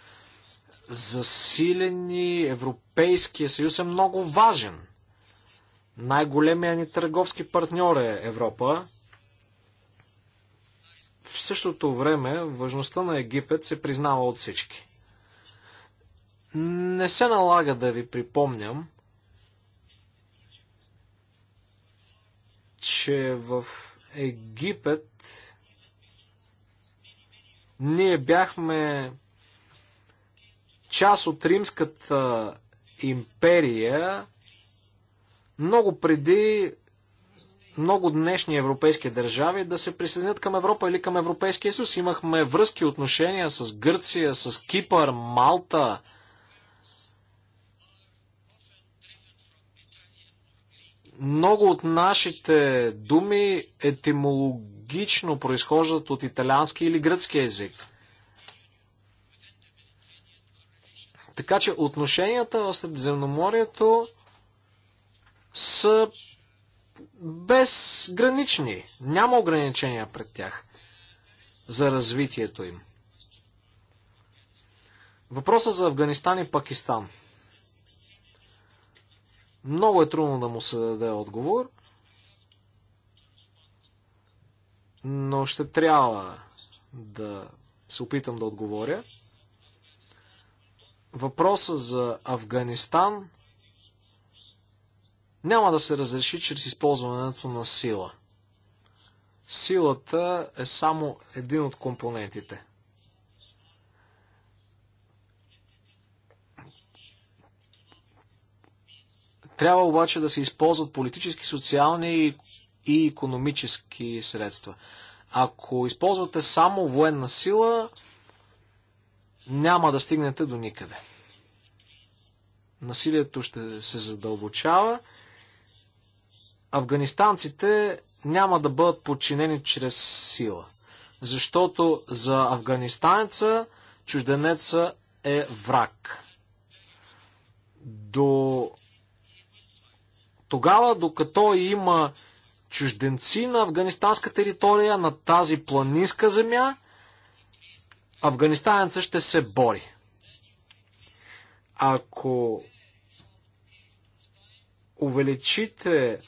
засилени. Европейския съюз е много важен. Най-големия ни търговски партньор е Европа. В същото време важността на Египет се признава от всички. Не се налага да ви припомням, че в Египет ние бяхме част от Римската империя много преди много днешни европейски държави да се присъединят към Европа или към Европейския съюз. Имахме връзки отношения с Гърция, с Кипър, Малта, Много от нашите думи етимологично произхождат от италиански или гръцки език. Така че отношенията в Средиземноморието са безгранични. Няма ограничения пред тях за развитието им. Въпросът за Афганистан и Пакистан. Много е трудно да му се даде отговор, но ще трябва да се опитам да отговоря. Въпроса за Афганистан няма да се разреши чрез използването на сила. Силата е само един от компонентите. Трябва обаче да се използват политически, социални и економически средства. Ако използвате само военна сила, няма да стигнете до никъде. Насилието ще се задълбочава. Афганистанците няма да бъдат подчинени чрез сила. Защото за афганистанеца чужденеца е враг. До тогава, докато има чужденци на афганистанска територия, на тази планинска земя, афганистанеца ще се бори. Ако увеличите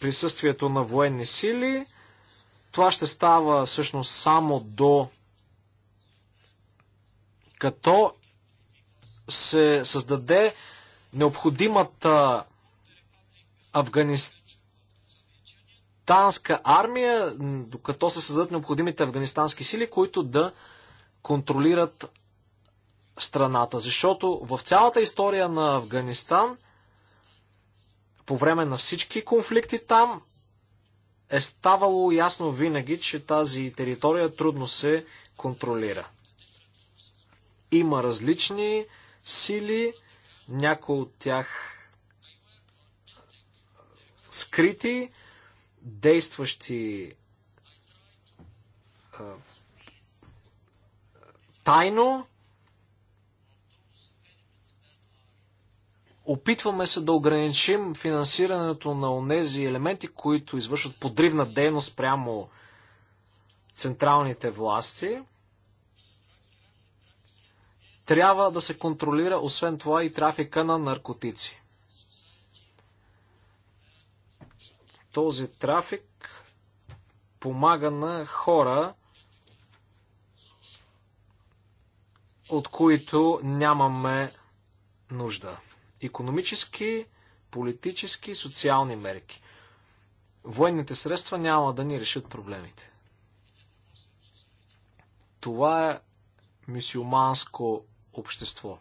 присъствието на военни сили, това ще става всъщност само до като се създаде необходимата афганистанска армия, докато се създадат необходимите афганистански сили, които да контролират страната. Защото в цялата история на Афганистан, по време на всички конфликти там, е ставало ясно винаги, че тази територия трудно се контролира. Има различни сили, някои от тях скрити, действащи а, тайно. Опитваме се да ограничим финансирането на онези елементи, които извършват подривна дейност прямо централните власти. Трябва да се контролира, освен това, и трафика на наркотици. Този трафик помага на хора, от които нямаме нужда. Економически, политически социални мерки. Военните средства няма да ни решат проблемите. Това е мюсюлманско общество.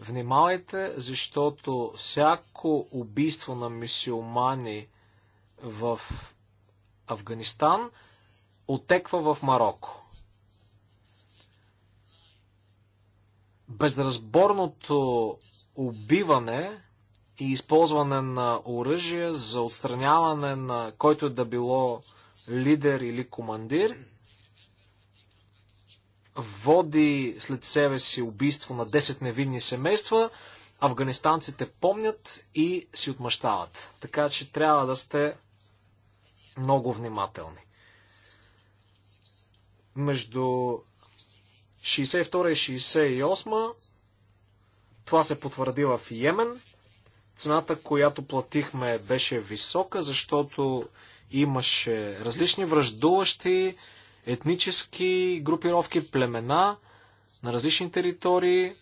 Внимавайте, защото всяко убийство на мисиомани в Афганистан отеква в Марокко. Безразборното убиване и използване на оръжие за отстраняване на който е да било лидер или командир – води след себе си убийство на 10 невинни семейства, афганистанците помнят и си отмъщават. Така че трябва да сте много внимателни. Между 62 и 68 това се потвърди в Йемен. Цената, която платихме, беше висока, защото имаше различни връждуващи етнически групировки, племена на различни територии.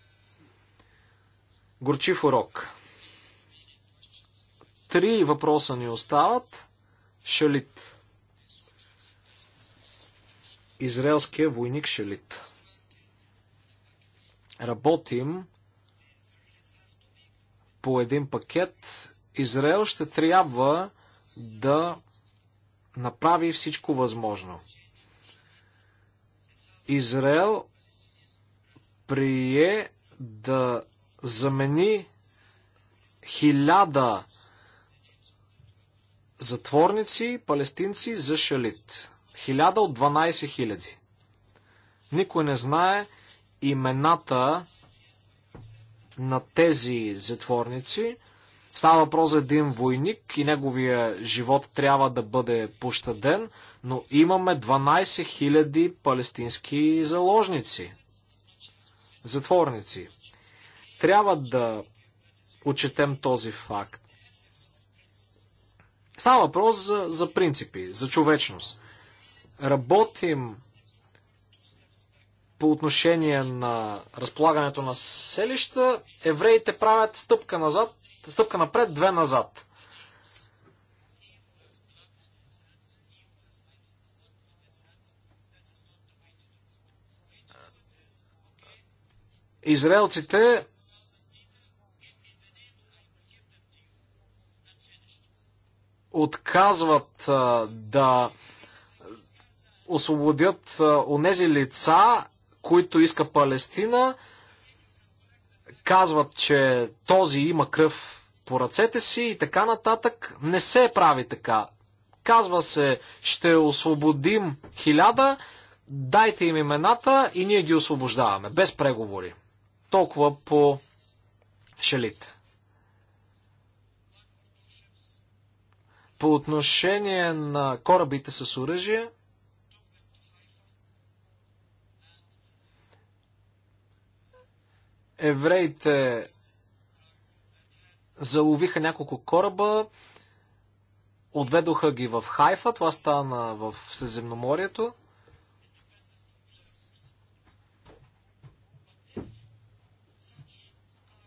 Горчив урок. Три въпроса ни остават. Шалит. Израелския войник Шалит. Работим по един пакет. Израел ще трябва да направи всичко възможно. Израел прие да замени хиляда затворници, палестинци за шалит. Хиляда от 12 хиляди. Никой не знае имената на тези затворници. Става въпрос за един войник и неговия живот трябва да бъде пощаден – но имаме 12 000 палестински заложници, затворници. Трябва да отчетем този факт. Става въпрос за, за принципи, за човечност. Работим по отношение на разполагането на селища. Евреите правят стъпка назад, стъпка напред, две назад. Израелците отказват да освободят онези лица, които иска Палестина, казват, че този има кръв по ръцете си и така нататък. Не се прави така. Казва се, ще освободим хиляда, дайте им имената и ние ги освобождаваме, без преговори. Толкова по шалите. По отношение на корабите с оръжие, евреите заловиха няколко кораба, отведоха ги в Хайфа, това стана в Средиземноморието.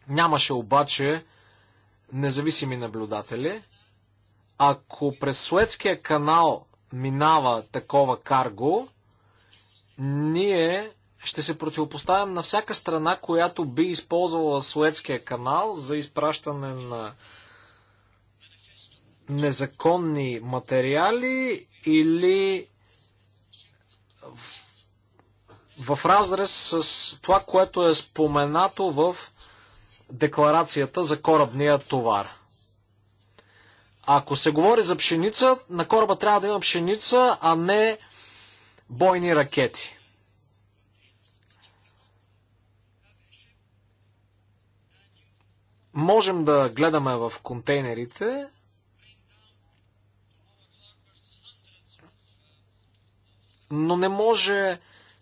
Нямаше обаче независими наблюдатели. Ако през Суецкия канал минава такова карго, ние ще се противопоставям на всяка страна, която би използвала Суецкия канал за изпращане на незаконни материали или в, в разрез с това, което е споменато в декларацията за корабния товар. Ако се говори за пшеница, на кораба трябва да има пшеница, а не бойни ракети. Можем да гледаме в контейнерите, но не може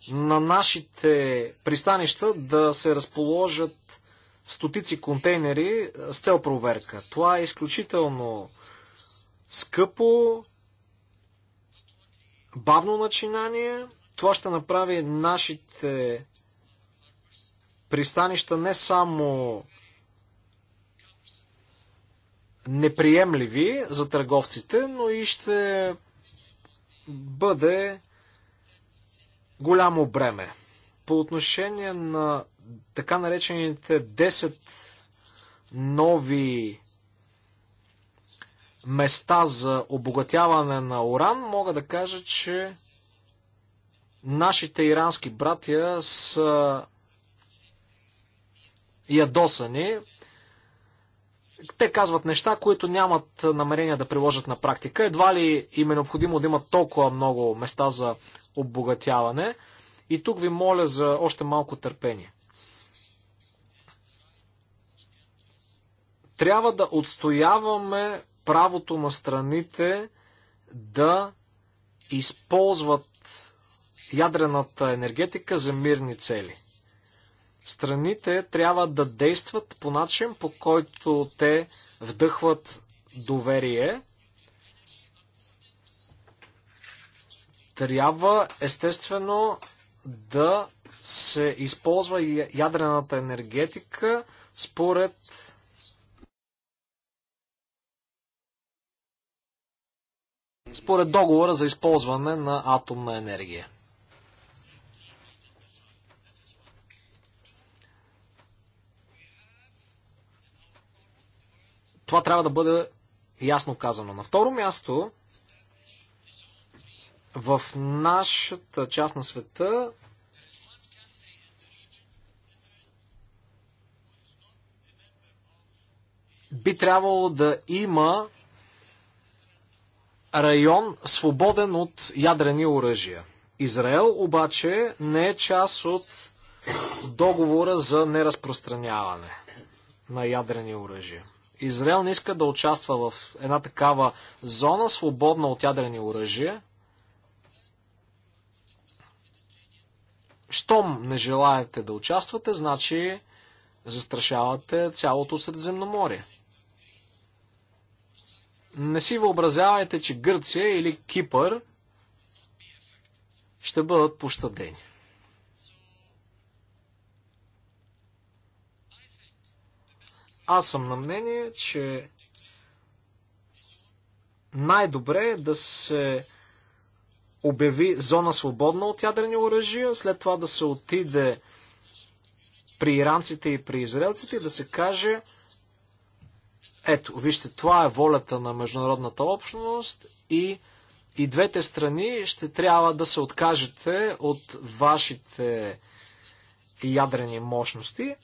на нашите пристанища да се разположат в стотици контейнери с цел проверка. Това е изключително скъпо, бавно начинание. Това ще направи нашите пристанища не само неприемливи за търговците, но и ще бъде голямо бреме. По отношение на така наречените 10 нови места за обогатяване на уран, мога да кажа, че нашите ирански братия са ядосани. Те казват неща, които нямат намерение да приложат на практика. Едва ли им е необходимо да имат толкова много места за обогатяване. И тук ви моля за още малко търпение. Трябва да отстояваме правото на страните да използват ядрената енергетика за мирни цели. Страните трябва да действат по начин, по който те вдъхват доверие. Трябва, естествено, да се използва ядрената енергетика според според договора за използване на атомна енергия. Това трябва да бъде ясно казано. На второ място, в нашата част на света би трябвало да има район свободен от ядрени оръжия. Израел обаче не е част от договора за неразпространяване на ядрени оръжия. Израел не иска да участва в една такава зона, свободна от ядрени оръжия. Щом не желаете да участвате, значи застрашавате цялото Средиземноморие. Не си въобразявайте, че Гърция или Кипър ще бъдат пощадени. Аз съм на мнение, че най-добре е да се обяви зона свободна от ядрени оръжия, след това да се отиде при иранците и при израелците и да се каже – ето, вижте, това е волята на международната общност и и двете страни ще трябва да се откажете от вашите ядрени мощности.